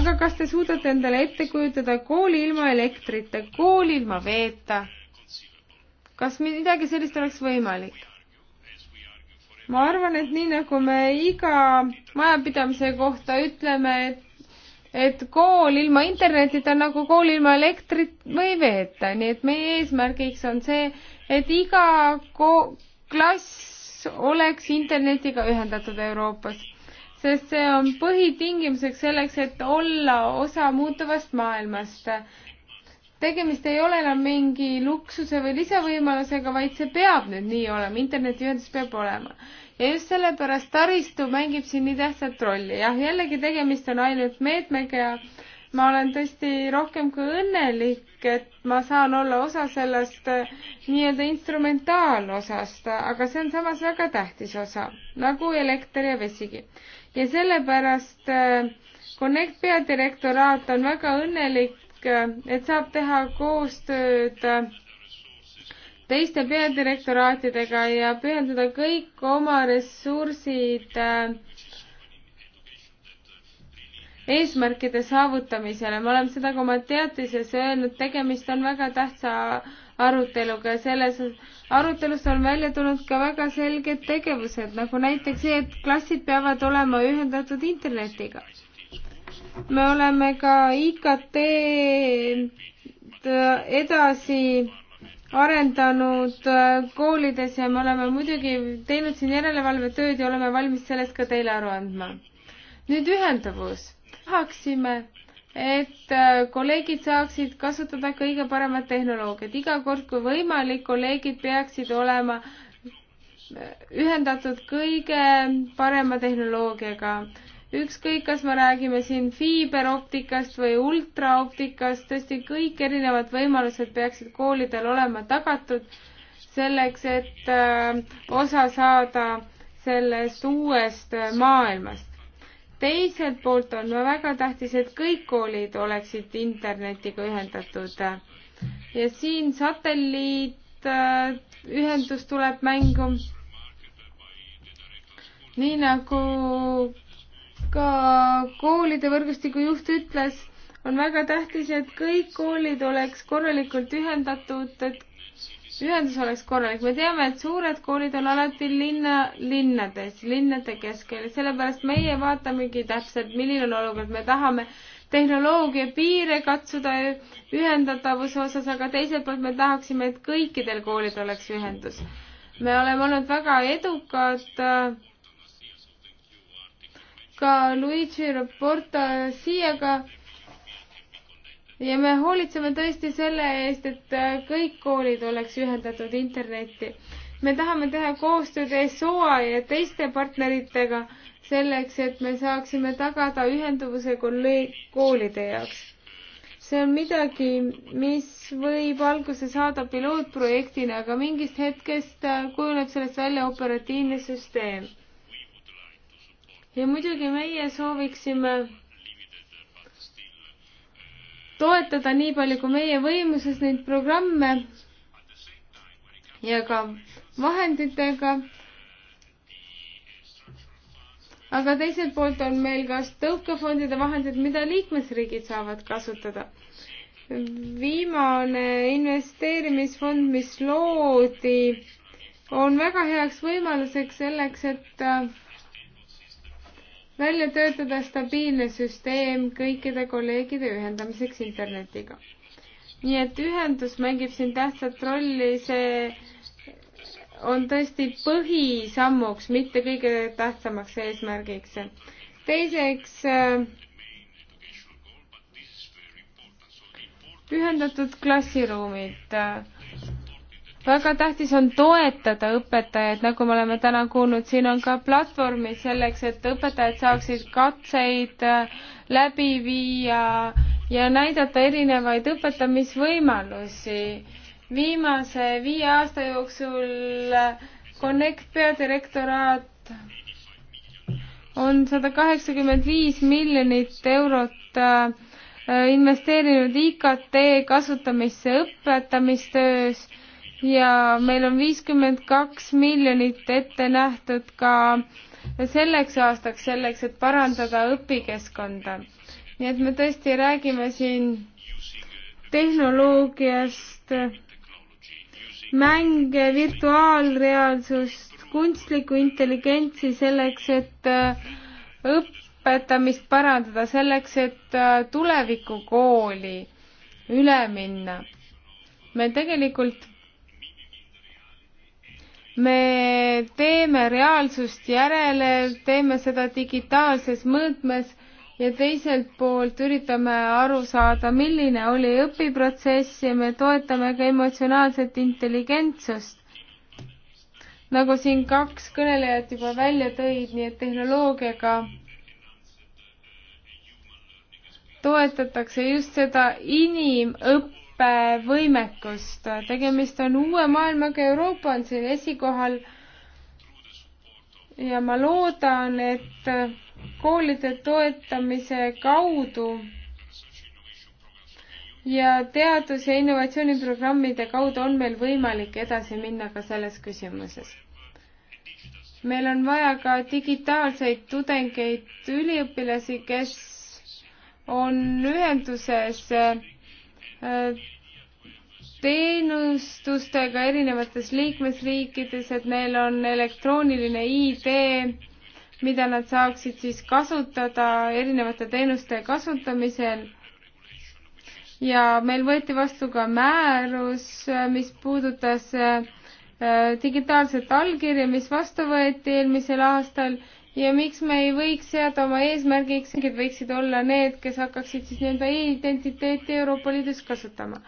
aga kas te suudate endale ette kujutada kooli ilma elektrita, kooli ilma veeta, kas midagi sellist oleks võimalik? ma arvan, et nii nagu me iga majapidamise kohta ütleme, et et kool ilma internetita on nagu kool ilma elektrit või veeta, nii et meie eesmärgiks on see, et iga klass oleks internetiga ühendatud Euroopas, sest see on põhitingimuseks selleks, et olla osa muutuvast maailmast tegemist ei ole enam mingi luksuse või lisavõimalusega, vaid see peab nüüd nii olema, internetiühendus peab olema. ja just sellepärast taristu mängib siin nii tähtsat rolli, jah, jällegi tegemist on ainult meetmega ja ma olen tõesti rohkem kui õnnelik, et ma saan olla osa sellest äh, nii-öelda instrumentaalosast, aga see on samas väga tähtis osa, nagu elekter ja vesigi. ja sellepärast äh, Connect peadirektoraat on väga õnnelik Eh, et saab teha koostööd teiste peadirektoraatidega ja pühendada kõik oma ressursid eh, eesmärkide saavutamisele. me oleme seda ka oma teatises öelnud, tegemist on väga tähtsa aruteluga ja selles arutelus on välja tulnud ka väga selged tegevused, nagu näiteks see, et klassid peavad olema ühendatud internetiga me oleme ka IKT-d äh, edasi arendanud äh, koolides ja me oleme muidugi teinud siin järelevalvetööd ja oleme valmis sellest ka teile aru andma. nüüd ühendavus. tahaksime, et äh, kolleegid saaksid kasutada kõige paremat tehnoloogiat. iga kord, kui võimalik, kolleegid peaksid olema ühendatud kõige parema tehnoloogiaga ükskõik, kas me räägime siin fiiberoptikast või ultraoptikast, tõesti kõik erinevad võimalused peaksid koolidel olema tagatud selleks, et äh, osa saada sellest uuest äh, maailmast. teiselt poolt on väga tähtis, et kõik koolid oleksid internetiga ühendatud ja siin satelliitühendus äh, tuleb mängu. nii nagu ka koolide võrgustiku juht ütles, on väga tähtis, et kõik koolid oleks korralikult ühendatud, et ühendus oleks korralik. me teame, et suured koolid on alati linna, linnades, linnade keskel, sellepärast meie vaatamegi täpselt, milline on olukord, me tahame tehnoloogia piire katsuda ühendatavuse osas, aga teiselt poolt me tahaksime, et kõikidel koolidel oleks ühendus. me oleme olnud väga edukad äh, ka Luigi Roporta siiaga ja me hoolitseme tõesti selle eest, et kõik koolid oleks ühendatud internetti. me tahame teha koostööd SOA ja teiste partneritega selleks, et me saaksime tagada ühenduvuse kolleeg-, koolide jaoks. see on midagi, mis võib alguse saada pilootprojektina, aga mingist hetkest kujuneb sellest välja operatiivne süsteem ja muidugi meie sooviksime toetada nii palju kui meie võimuses neid programme ja ka vahenditega. aga teiselt poolt on meil ka tõukefondide vahendid, mida liikmesriigid saavad kasutada. viimane investeerimisfond, mis loodi, on väga heaks võimaluseks selleks, et välja töötada stabiilne süsteem kõikide kolleegide ühendamiseks internetiga. nii et ühendus mängib siin tähtsat rolli, see on tõesti põhisammuks, mitte kõige tähtsamaks eesmärgiks. teiseks äh, ühendatud klassiruumid väga tähtis on toetada õpetajaid, nagu me oleme täna kuulnud, siin on ka platvormid selleks, et õpetajad saaksid katseid äh, läbi viia ja näidata erinevaid õpetamisvõimalusi. viimase viie aasta jooksul äh, Connect peadirektoraat on sada kaheksakümmend viis miljonit eurot äh, investeerinud IKT kasutamisse õpetamistöös ja meil on viiskümmend kaks miljonit ette nähtud ka selleks aastaks, selleks, et parandada õpikeskkonda. nii et me tõesti räägime siin tehnoloogiast, mänge, virtuaalreaalsust, kunstlikku intelligentsi selleks, et äh, õpetamist parandada, selleks, et äh, tulevikukooli üle minna. me tegelikult me teeme reaalsust järele, teeme seda digitaalses mõõtmes ja teiselt poolt üritame aru saada, milline oli õpiprotsess ja me toetame ka emotsionaalset intelligentsust. nagu siin kaks kõnelejat juba välja tõid, nii et tehnoloogiaga toetatakse just seda inimõppi õppevõimekust. tegemist on uue maailmaga, Euroopa on siin esikohal. ja ma loodan, et koolide toetamise kaudu ja teadus- ja innovatsiooniprogrammide kaudu on meil võimalik edasi minna ka selles küsimuses. meil on vaja ka digitaalseid tudengeid, üliõpilasi, kes on ühenduses teenustustega erinevates liikmesriikides, et neil on elektrooniline ID, mida nad saaksid siis kasutada erinevate teenuste kasutamisel. ja meil võeti vastu ka määrus, mis puudutas äh, digitaalset allkirja, mis vastu võeti eelmisel aastal ja miks me ei võiks seada oma eesmärgiks, et võiksid olla need, kes hakkaksid siis nii-öelda e-identiteeti Euroopa Liidus kasutama.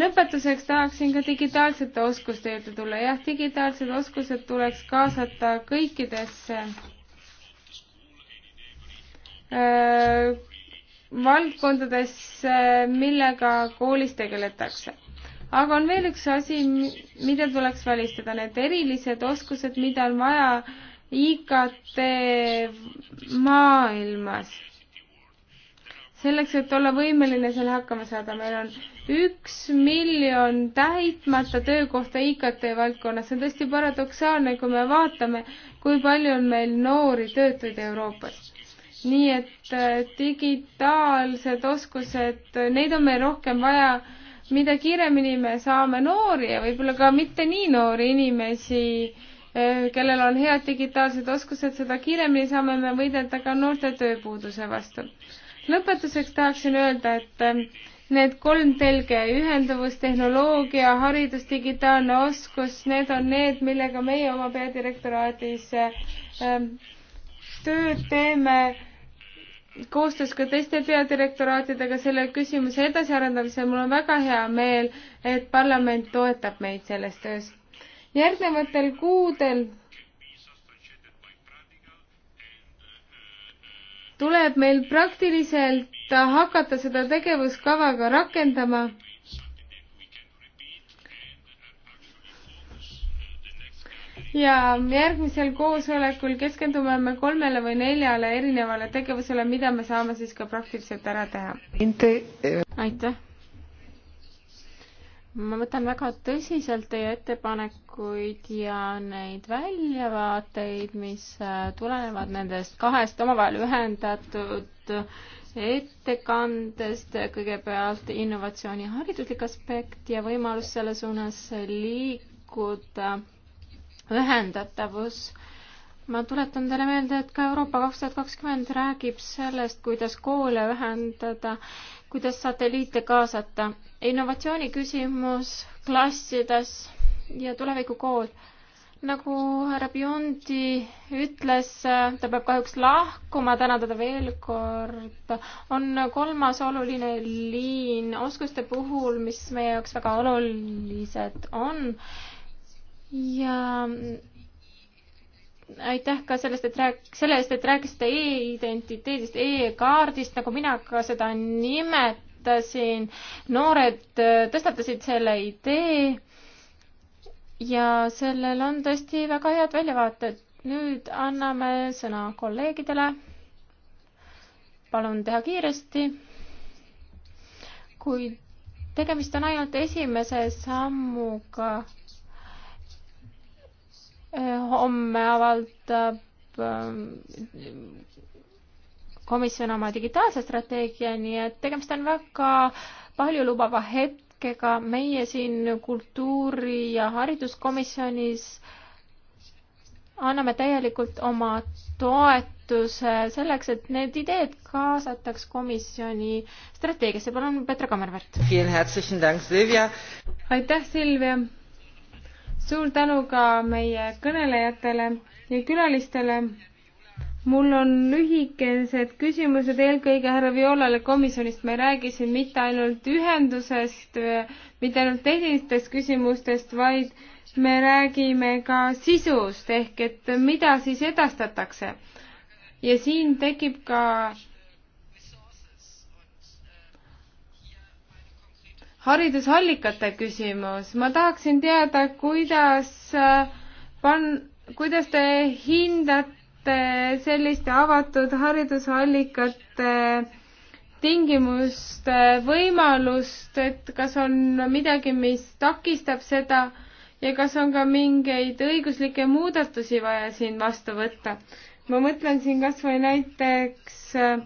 lõpetuseks tahaksin ka digitaalsete oskuste juurde tulla. jah, digitaalsed oskused tuleks kaasata kõikidesse äh, valdkondadesse, millega koolis tegeletakse aga on veel üks asi, mida tuleks välistada, need erilised oskused, mida on vaja IKT maailmas. selleks, et olla võimeline seal hakkama saada, meil on üks miljon täitmata töökohta IKT valdkonnas, see on tõesti paradoksaalne, kui me vaatame, kui palju on meil noori töötuid Euroopas. nii et äh, digitaalsed oskused, neid on meil rohkem vaja, mida kiiremini me saame noori ja võib-olla ka mitte nii noori inimesi äh, Äh, kellel on head digitaalsed oskused, seda kiiremini saame me võidelda ka noorte tööpuuduse vastu. lõpetuseks tahaksin öelda, et ähm, need kolm telge, ühenduvus, tehnoloogia, haridus, digitaalne oskus, need on need, millega meie oma peadirektoraadis äh, ähm, tööd teeme koostöös ka teiste peadirektoraatidega selle küsimuse edasiarendamisel. mul on väga hea meel, et parlament toetab meid selles töös järgnevatel kuudel tuleb meil praktiliselt hakata seda tegevuskava ka rakendama. ja järgmisel koosolekul keskendume me kolmele või neljale erinevale tegevusele, mida me saame siis ka praktiliselt ära teha. aitäh! ma võtan väga tõsiselt teie ettepanekuid ja neid väljavaateid, mis äh, tulenevad nendest kahest omavahel ühendatud ettekandest, kõigepealt innovatsiooni hariduslik aspekt ja võimalus selle suunas liikuda, ühendatavus ma tuletan teile meelde, et ka Euroopa kaks tuhat kakskümmend räägib sellest, kuidas koole ühendada, kuidas satelliite kaasata. innovatsiooni küsimus klassides ja tulevikukool. nagu härra Biondi ütles, ta peab kahjuks lahkuma, täna teda veel kord, on kolmas oluline liin oskuste puhul, mis meie jaoks väga olulised on ja aitäh ka sellest, et rääk-, selle eest, et rääkisite e-identiteedist e, e-kaardist, nagu mina ka seda nimetasin. noored äh, tõstatasid selle idee ja sellel on tõesti väga head väljavaated. nüüd anname sõna kolleegidele. palun teha kiiresti. kui tegemist on ainult esimese sammuga, homme avaldab ähm, komisjon oma digitaalse strateegia, nii et tegemist on väga paljulubava hetkega. meie siin kultuuri- ja hariduskomisjonis anname täielikult oma toetuse selleks, et need ideed kaasataks komisjoni strateegiasse. palun, Petra Kammervert. aitäh, Silvia suur tänu ka meie kõnelejatele ja külalistele. mul on lühikesed küsimused eelkõige härra Violale komisjonist. me ei räägi siin mitte ainult ühendusest, mitte ainult tehnilistest küsimustest, vaid me räägime ka sisust ehk et mida siis edastatakse. ja siin tekib ka haridusallikate küsimus, ma tahaksin teada, kuidas äh, pan-, kuidas te hindate selliste avatud haridusallikate tingimuste võimalust, et kas on midagi, mis takistab seda ja kas on ka mingeid õiguslikke muudatusi vaja siin vastu võtta? ma mõtlen siin kas või näiteks äh,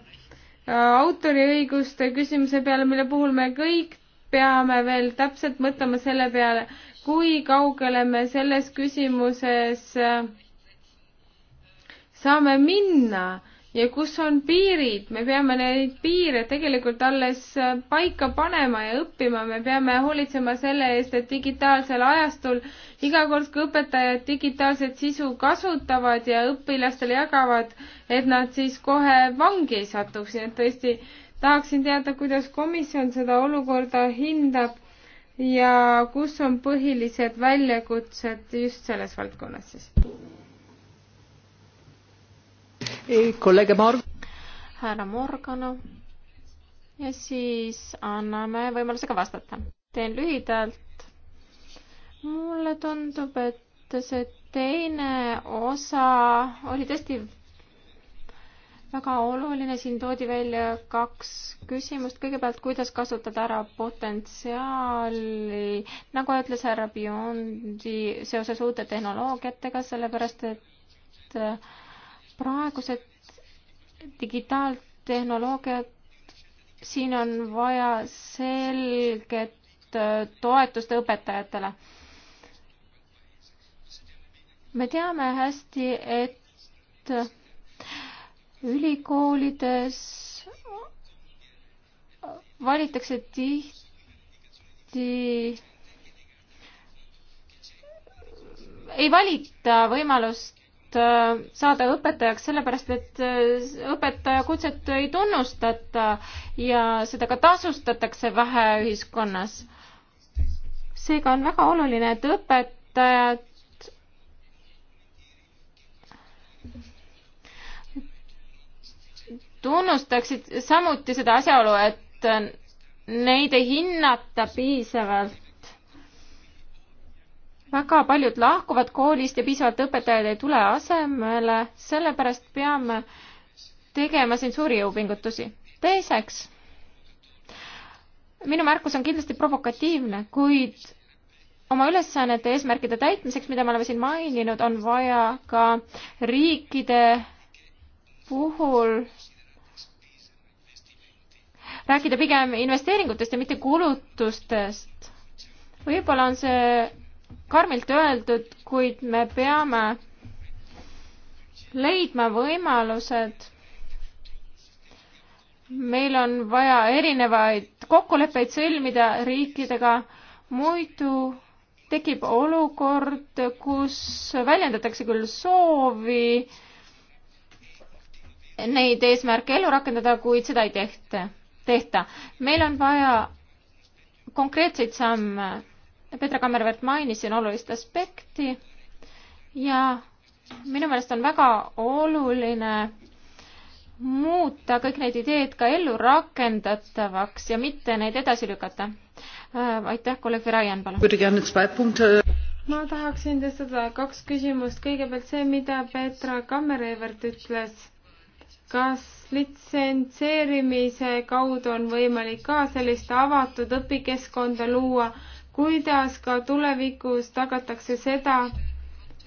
autoriõiguste küsimuse peale, mille puhul me kõik peame veel täpselt mõtlema selle peale, kui kaugele me selles küsimuses äh, saame minna ja kus on piirid, me peame neid piire tegelikult alles äh, paika panema ja õppima, me peame hoolitsema selle eest, et digitaalsel ajastul iga kord, kui õpetajad digitaalset sisu kasutavad ja õpilastele jagavad, et nad siis kohe vangi ei satuks, nii et tõesti tahaksin teada, kuidas komisjon seda olukorda hindab ja kus on põhilised väljakutsed just selles valdkonnas siis? kolleeg Morg-. härra Morgana. ja siis anname võimaluse ka vastata. teen lühidalt. mulle tundub, et see teine osa oli tõesti väga oluline, siin toodi välja kaks küsimust, kõigepealt, kuidas kasutada ära potentsiaali, nagu ütles härra Biondi seoses uute tehnoloogiatega, sellepärast et äh, praegused digitaaltehnoloogiad, siin on vaja selget äh, toetust õpetajatele. me teame hästi, et ülikoolides valitakse tihti ei valita võimalust äh, saada õpetajaks sellepärast, et äh, õpetajakutset ei tunnustata ja seda ka tasustatakse vähe ühiskonnas. seega on väga oluline, et õpetajad tunnustaksid samuti seda asjaolu, et neid ei hinnata piisavalt. väga paljud lahkuvad koolist ja piisavalt õpetajaid ei tule asemele, sellepärast peame tegema siin suuri jõupingutusi. teiseks, minu märkus on kindlasti provokatiivne, kuid oma ülesannete eesmärkide täitmiseks, mida me oleme siin maininud, on vaja ka riikide puhul rääkida pigem investeeringutest ja mitte kulutustest. võib-olla on see karmilt öeldud, kuid me peame leidma võimalused. meil on vaja erinevaid kokkuleppeid sõlmida riikidega, muidu tekib olukord, kus väljendatakse küll soovi neid eesmärke ellu rakendada, kuid seda ei tehta tehta. meil on vaja konkreetseid samme. Petra Kammervert mainis siin olulist aspekti ja minu meelest on väga oluline muuta kõik need ideed ka ellu rakendatavaks ja mitte neid edasi lükata. Äh, aitäh, kolleeg Virajan, palun. ma tahaksin tõstada kaks küsimust. kõigepealt see, mida Petra Kammerevert ütles kas litsenseerimise kaudu on võimalik ka sellist avatud õpikeskkonda luua, kuidas ka tulevikus tagatakse seda,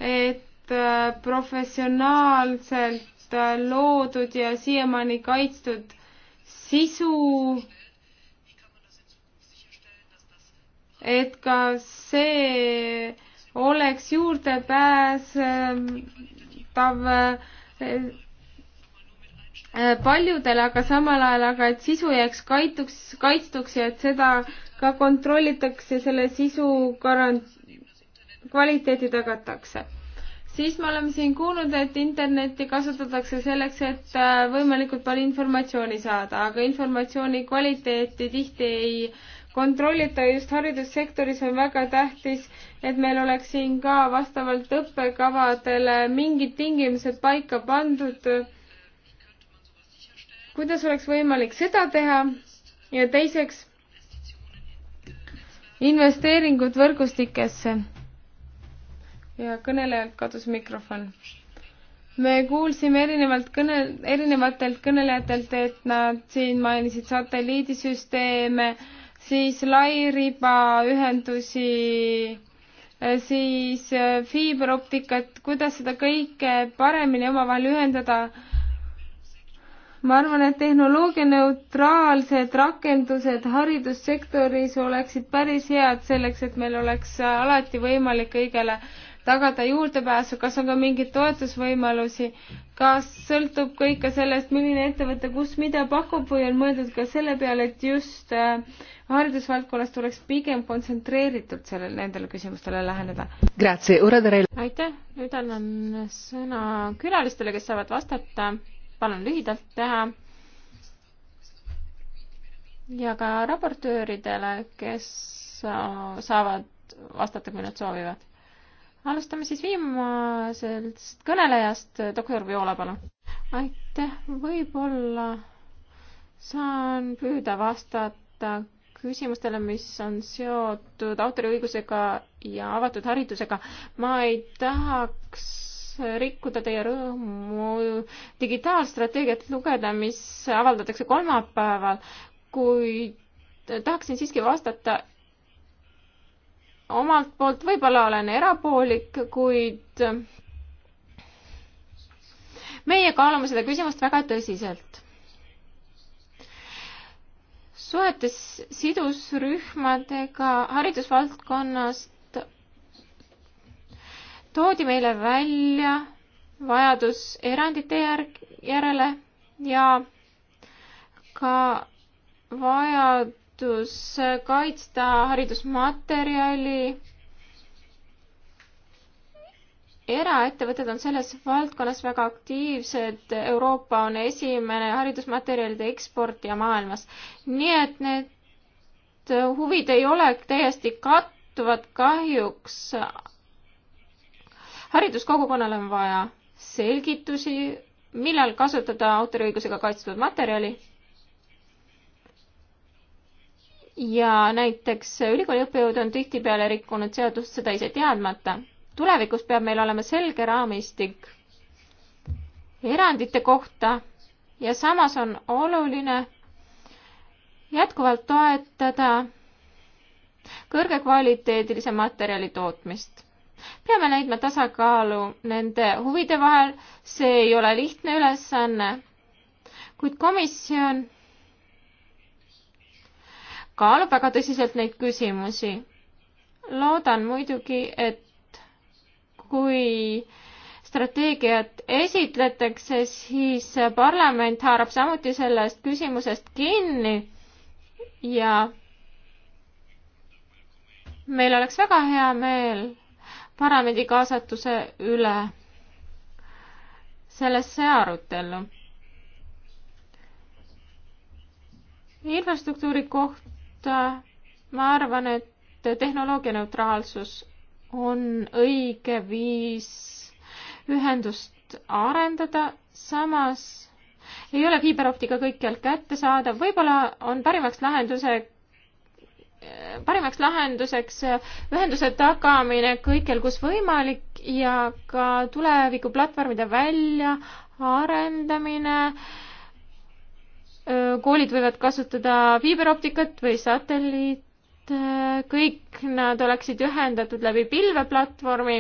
et äh, professionaalselt äh, loodud ja siiamaani kaitstud sisu, et ka see oleks juurdepääsetav äh, Äh, paljudele, aga samal ajal, aga et sisu jääks kaituks, kaitstuks ja et seda ka kontrollitakse, selle sisu garant-, kvaliteeti tagatakse. siis me oleme siin kuulnud, et internetti kasutatakse selleks, et äh, võimalikult palju informatsiooni saada, aga informatsiooni kvaliteeti tihti ei kontrollita just haridussektoris on väga tähtis, et meil oleks siin ka vastavalt õppekavadele mingid tingimused paika pandud kuidas oleks võimalik seda teha ja teiseks investeeringud võrgustikesse. ja kõnelejalt kadus mikrofon. me kuulsime erinevalt kõne, erinevatelt kõnelejatelt, et nad siin mainisid satelliidisüsteeme, siis lairibaühendusi, siis fiiberoptikat, kuidas seda kõike paremini omavahel ühendada ma arvan, et tehnoloogianeutraalsed rakendused haridussektoris oleksid päris head selleks, et meil oleks alati võimalik kõigele tagada juurdepääsu, kas on ka mingeid toetusvõimalusi, kas sõltub kõik ka sellest, milline ettevõte kus mida pakub või on mõeldud ka selle peale, et just äh, haridusvaldkonnas tuleks pigem kontsentreeritult sellele, nendele küsimustele läheneda. aitäh, nüüd annan sõna külalistele, kes saavad vastata palun lühidalt teha. ja ka raportööridele, kes saavad vastata, kui nad soovivad. alustame siis viimasest kõnelejast, doktor Viola, palun. aitäh, võib-olla saan püüda vastata küsimustele, mis on seotud autoriõigusega ja avatud haridusega. ma ei tahaks rikkuda teie rõõmu digitaalstrateegiat lugeda, mis avaldatakse kolmapäeval, kuid tahaksin siiski vastata omalt poolt, võib-olla olen erapoolik, kuid meie kaalume seda küsimust väga tõsiselt. suhetes sidusrühmadega haridusvaldkonnas toodi meile välja vajadus erandite järg, järele ja ka vajadus kaitsta haridusmaterjali. eraettevõtted on selles valdkonnas väga aktiivsed, Euroopa on esimene haridusmaterjalide eksportija maailmas, nii et need huvid ei ole täiesti kattuvad kahjuks, hariduskogukonnal on vaja selgitusi, millal kasutada autoriõigusega kaitstud materjali. ja näiteks ülikooli õppejõud on tihtipeale rikkunud seadust seda ise teadmata. tulevikus peab meil olema selge raamistik erandite kohta ja samas on oluline jätkuvalt toetada kõrgekvaliteedilise materjali tootmist peame leidma tasakaalu nende huvide vahel, see ei ole lihtne ülesanne, kuid komisjon kaalub väga tõsiselt neid küsimusi. loodan muidugi, et kui strateegiat esitletakse, siis parlament haarab samuti sellest küsimusest kinni ja meil oleks väga hea meel, parlamendi kaasatuse üle sellesse arutellu. infrastruktuuri kohta ma arvan, et tehnoloogianeutraalsus on õige viis ühendust arendada, samas ei ole fiiberoptika kõikjal kättesaadav, võib-olla on parimaks lahenduseks parimaks lahenduseks ühenduse tagamine kõikjal, kus võimalik ja ka tulevikuplatvormide väljaarendamine. koolid võivad kasutada fiiberoptikat või satelliit, kõik nad oleksid ühendatud läbi pilveplatvormi.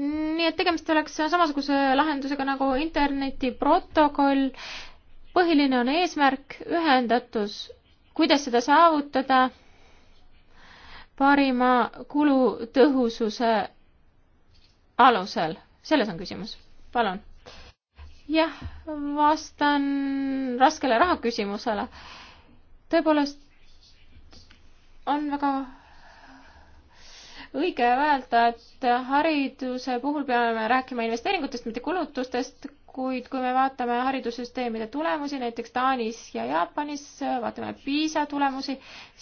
nii et tegemist oleks samasuguse lahendusega nagu internetiprotokoll. põhiline on eesmärk, ühendatus kuidas seda saavutada parima kulutõhususe alusel, selles on küsimus, palun. jah, vastan raskele rahaküsimusele. tõepoolest on väga õige öelda, et hariduse puhul peame rääkima investeeringutest, mitte kulutustest kuid kui me vaatame haridussüsteemide tulemusi, näiteks Taanis ja Jaapanis, vaatame PISA tulemusi,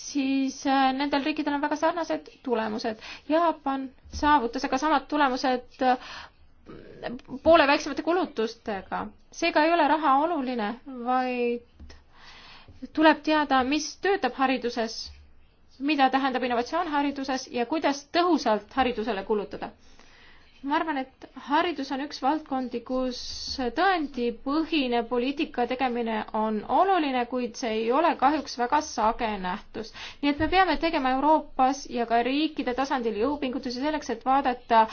siis äh, nendel riikidel on väga sarnased tulemused. Jaapan saavutas aga samad tulemused äh, poole väiksemate kulutustega. seega ei ole raha oluline, vaid tuleb teada, mis töötab hariduses, mida tähendab innovatsioon hariduses ja kuidas tõhusalt haridusele kulutada ma arvan, et haridus on üks valdkondi, kus tõendipõhine poliitika tegemine on oluline, kuid see ei ole kahjuks väga sage nähtus. nii et me peame tegema Euroopas ja ka riikide tasandil jõupingutusi selleks, et vaadata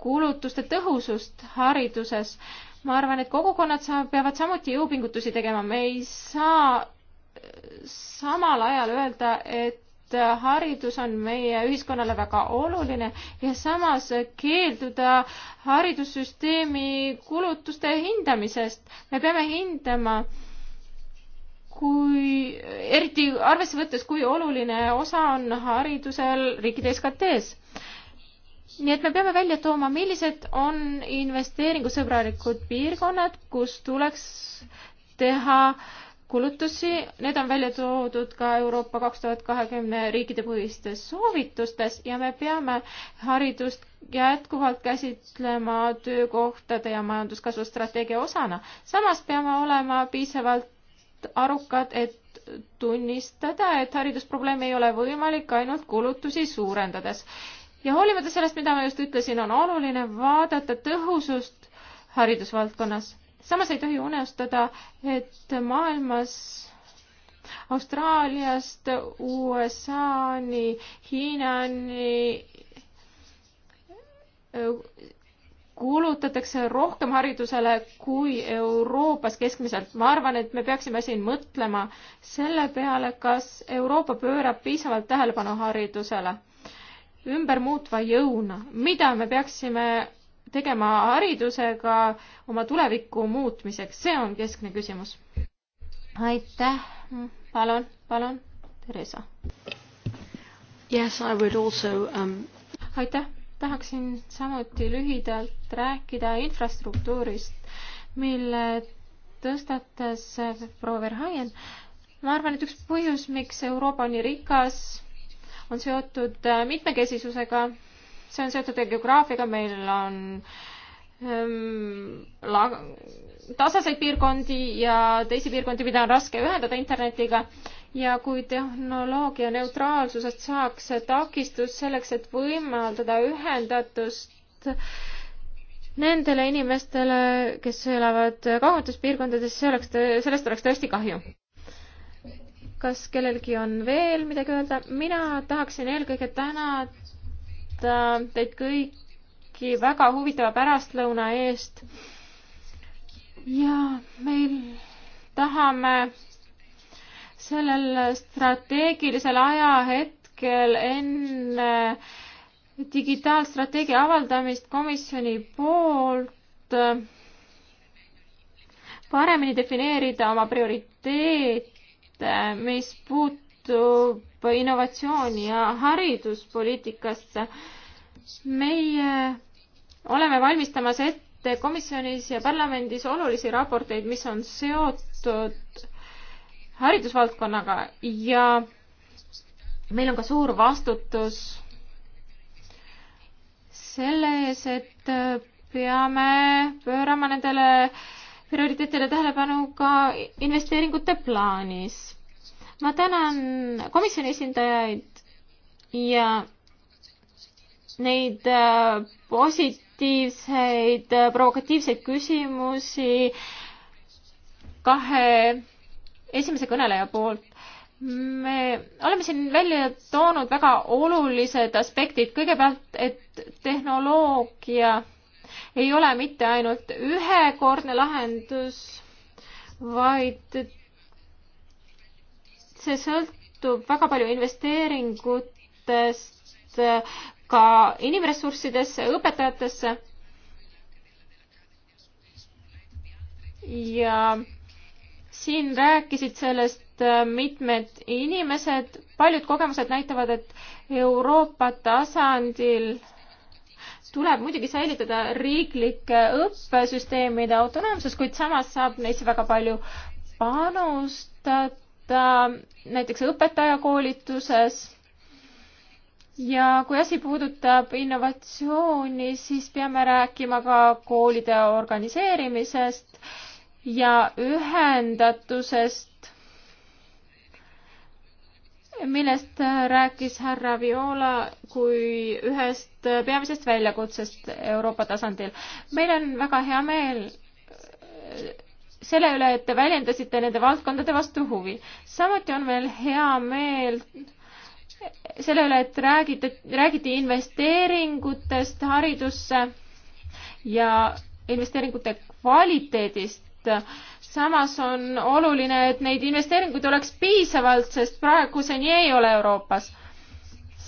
kulutuste tõhusust hariduses. ma arvan, et kogukonnad saab, peavad samuti jõupingutusi tegema, me ei saa samal ajal öelda, et et haridus on meie ühiskonnale väga oluline ja samas keelduda haridussüsteemi kulutuste hindamisest. me peame hindama, kui, eriti arvesse võttes, kui oluline osa on haridusel riikide SKT-s nii et me peame välja tooma, millised on investeeringusõbralikud piirkonnad, kus tuleks teha äh, kulutusi, need on välja toodud ka Euroopa kaks tuhat kahekümne riikidepõhistes soovitustes ja me peame haridust jätkuvalt käsitlema töökohtade ja majanduskasvu strateegia osana. samas peame olema piisavalt arukad, et tunnistada, et haridusprobleem ei ole võimalik ainult kulutusi suurendades. ja hoolimata sellest, mida ma just ütlesin, on oluline vaadata tõhusust haridusvaldkonnas samas ei tohi unustada, et maailmas Austraaliast USA-ni, Hiinani kulutatakse rohkem haridusele kui Euroopas keskmiselt. ma arvan, et me peaksime siin mõtlema selle peale, kas Euroopa pöörab piisavalt tähelepanu haridusele ümbermuutva jõuna, mida me peaksime tegema haridusega oma tuleviku muutmiseks, see on keskne küsimus. aitäh, palun, palun, Theresa. Yes, I would also um.... aitäh, tahaksin samuti lühidalt rääkida infrastruktuurist, mille tõstatas proua Verhaien. ma arvan, et üks põhjus, miks Euroopa on nii rikas, on seotud mitmekesisusega see on seotud geograafiaga, meil on ähm, la-, tasaseid piirkondi ja teisi piirkondi, mida on raske ühendada internetiga ja kui tehnoloogia neutraalsusest saaks takistus selleks, et võimaldada ühendatust nendele inimestele, kes elavad kaubanduspiirkondades, see oleks, sellest oleks tõesti kahju. kas kellelgi on veel midagi öelda? mina tahaksin eelkõige tänada Äh, teid kõiki väga huvitava pärastlõuna eest. ja meil tahame sellel strateegilisel ajahetkel enne digitaalstrateegia avaldamist komisjoni poolt äh, paremini defineerida oma prioriteete, mis puutub innovatsiooni ja hariduspoliitikasse. meie oleme valmistamas ette komisjonis ja parlamendis olulisi raporteid, mis on seotud haridusvaldkonnaga ja meil on ka suur vastutus selle ees, et peame pöörama nendele prioriteetidele tähelepanu ka investeeringute plaanis ma tänan komisjoni esindajaid ja neid äh, positiivseid, äh, provokatiivseid küsimusi kahe esimese kõneleja poolt. me oleme siin välja toonud väga olulised aspektid, kõigepealt, et tehnoloogia ei ole mitte ainult ühekordne lahendus, vaid see sõltub väga palju investeeringutest, ka inimressurssidesse, õpetajatesse. ja siin rääkisid sellest äh, mitmed inimesed, paljud kogemused näitavad, et Euroopa tasandil tuleb muidugi säilitada riiklike õppesüsteemide autonoomsus, kuid samas saab neisse väga palju panustada võtta äh, näiteks õpetajakoolituses. ja kui asi puudutab innovatsiooni, siis peame rääkima ka koolide organiseerimisest ja ühendatusest, millest rääkis härra Viola kui ühest peamisest väljakutsest Euroopa tasandil. meil on väga hea meel selle üle, et te väljendasite nende valdkondade vastu huvi. samuti on meil hea meel selle üle, et räägite, räägiti investeeringutest haridusse ja investeeringute kvaliteedist. samas on oluline, et neid investeeringuid oleks piisavalt, sest praegu see nii ei ole Euroopas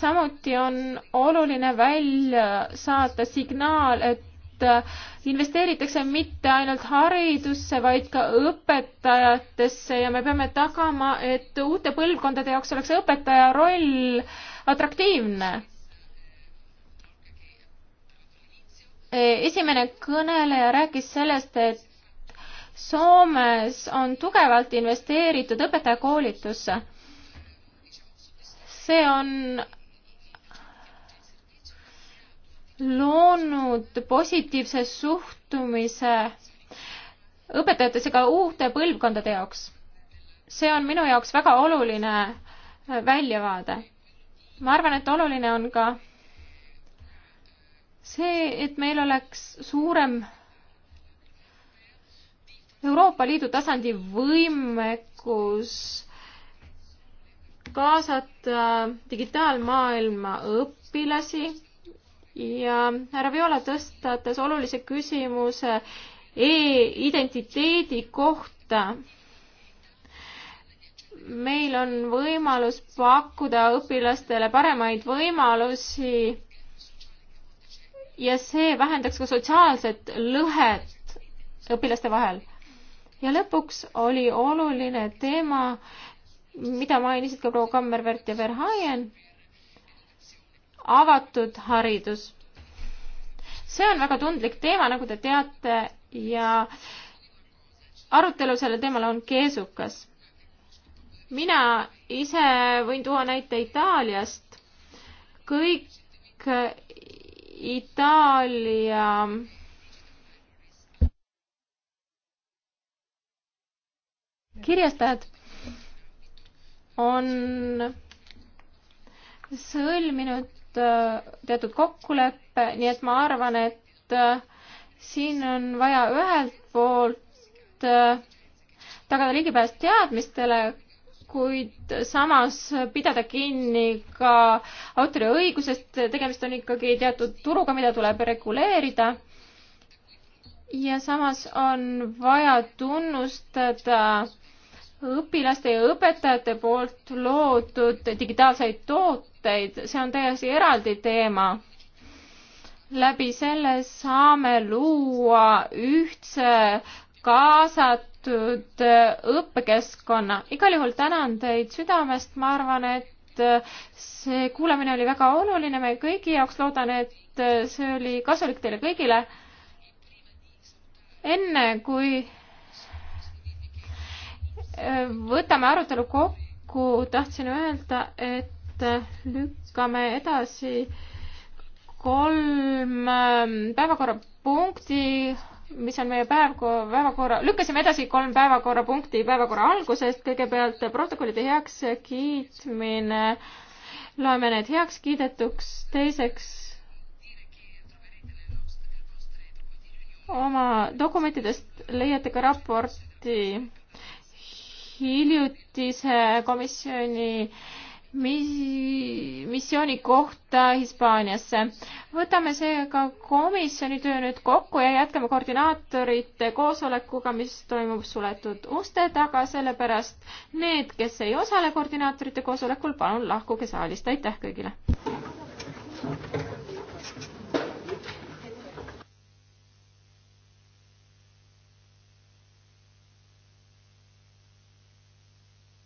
samuti on oluline välja saata signaal, et et äh, investeeritakse mitte ainult haridusse, vaid ka õpetajatesse ja me peame tagama, et uute põlvkondade jaoks oleks õpetaja roll atraktiivne e, esimene kõneleja rääkis sellest, et Soomes on tugevalt investeeritud õpetajakoolitusse. see on loonud positiivse suhtumise õpetajatesse ka uute põlvkondade jaoks. see on minu jaoks väga oluline äh, väljavaade. ma arvan, et oluline on ka see, et meil oleks suurem Euroopa Liidu tasandi võimekus kaasata digitaalmaailma õpilasi ja härra Viola tõstatas olulise küsimuse e-identiteedi kohta meil on võimalus pakkuda õpilastele paremaid võimalusi ja see vähendaks ka sotsiaalset lõhet õpilaste vahel. ja lõpuks oli oluline teema, mida mainisid ka proua Kammervert ja Verhaien avatud haridus. see on väga tundlik teema, nagu te teate ja arutelu sellel teemal on keesukas. mina ise võin tuua näite Itaaliast. kõik Itaalia kirjastajad on sõlminud Äh, teatud kokkulepe, nii et ma arvan, et äh, siin on vaja ühelt poolt äh, tagada ligipääs teadmistele, kuid samas pidada kinni ka autoriõigusest, tegemist on ikkagi teatud turuga, mida tuleb reguleerida. ja samas on vaja tunnustada õpilaste ja õpetajate poolt loodud digitaalseid tooteid, tooteid, see on täiesti eraldi teema. läbi selle saame luua ühtse kaasatud õppekeskkonna. igal juhul tänan teid südamest, ma arvan, et see kuulamine oli väga oluline meie kõigi jaoks, loodan, et see oli kasulik teile kõigile. enne kui võtame arutelu kokku, tahtsin öelda, et et lükkame edasi kolm ähm, päevakorrapunkti, mis on meie päevko-, päevakorra, lükkasime edasi kolm päevakorrapunkti päevakorra algusest, kõigepealt protokollide heakskiitmine, loeme need heakskiidetuks, teiseks oma dokumentidest leiate ka raporti hiljutise komisjoni äh, mis-, missiooni kohta Hispaaniasse. võtame seega komisjoni töö nüüd kokku ja jätkame koordinaatorite koosolekuga, mis toimub suletud uste taga, sellepärast need, kes ei osale koordinaatorite koosolekul, palun lahkuge saalist, aitäh kõigile!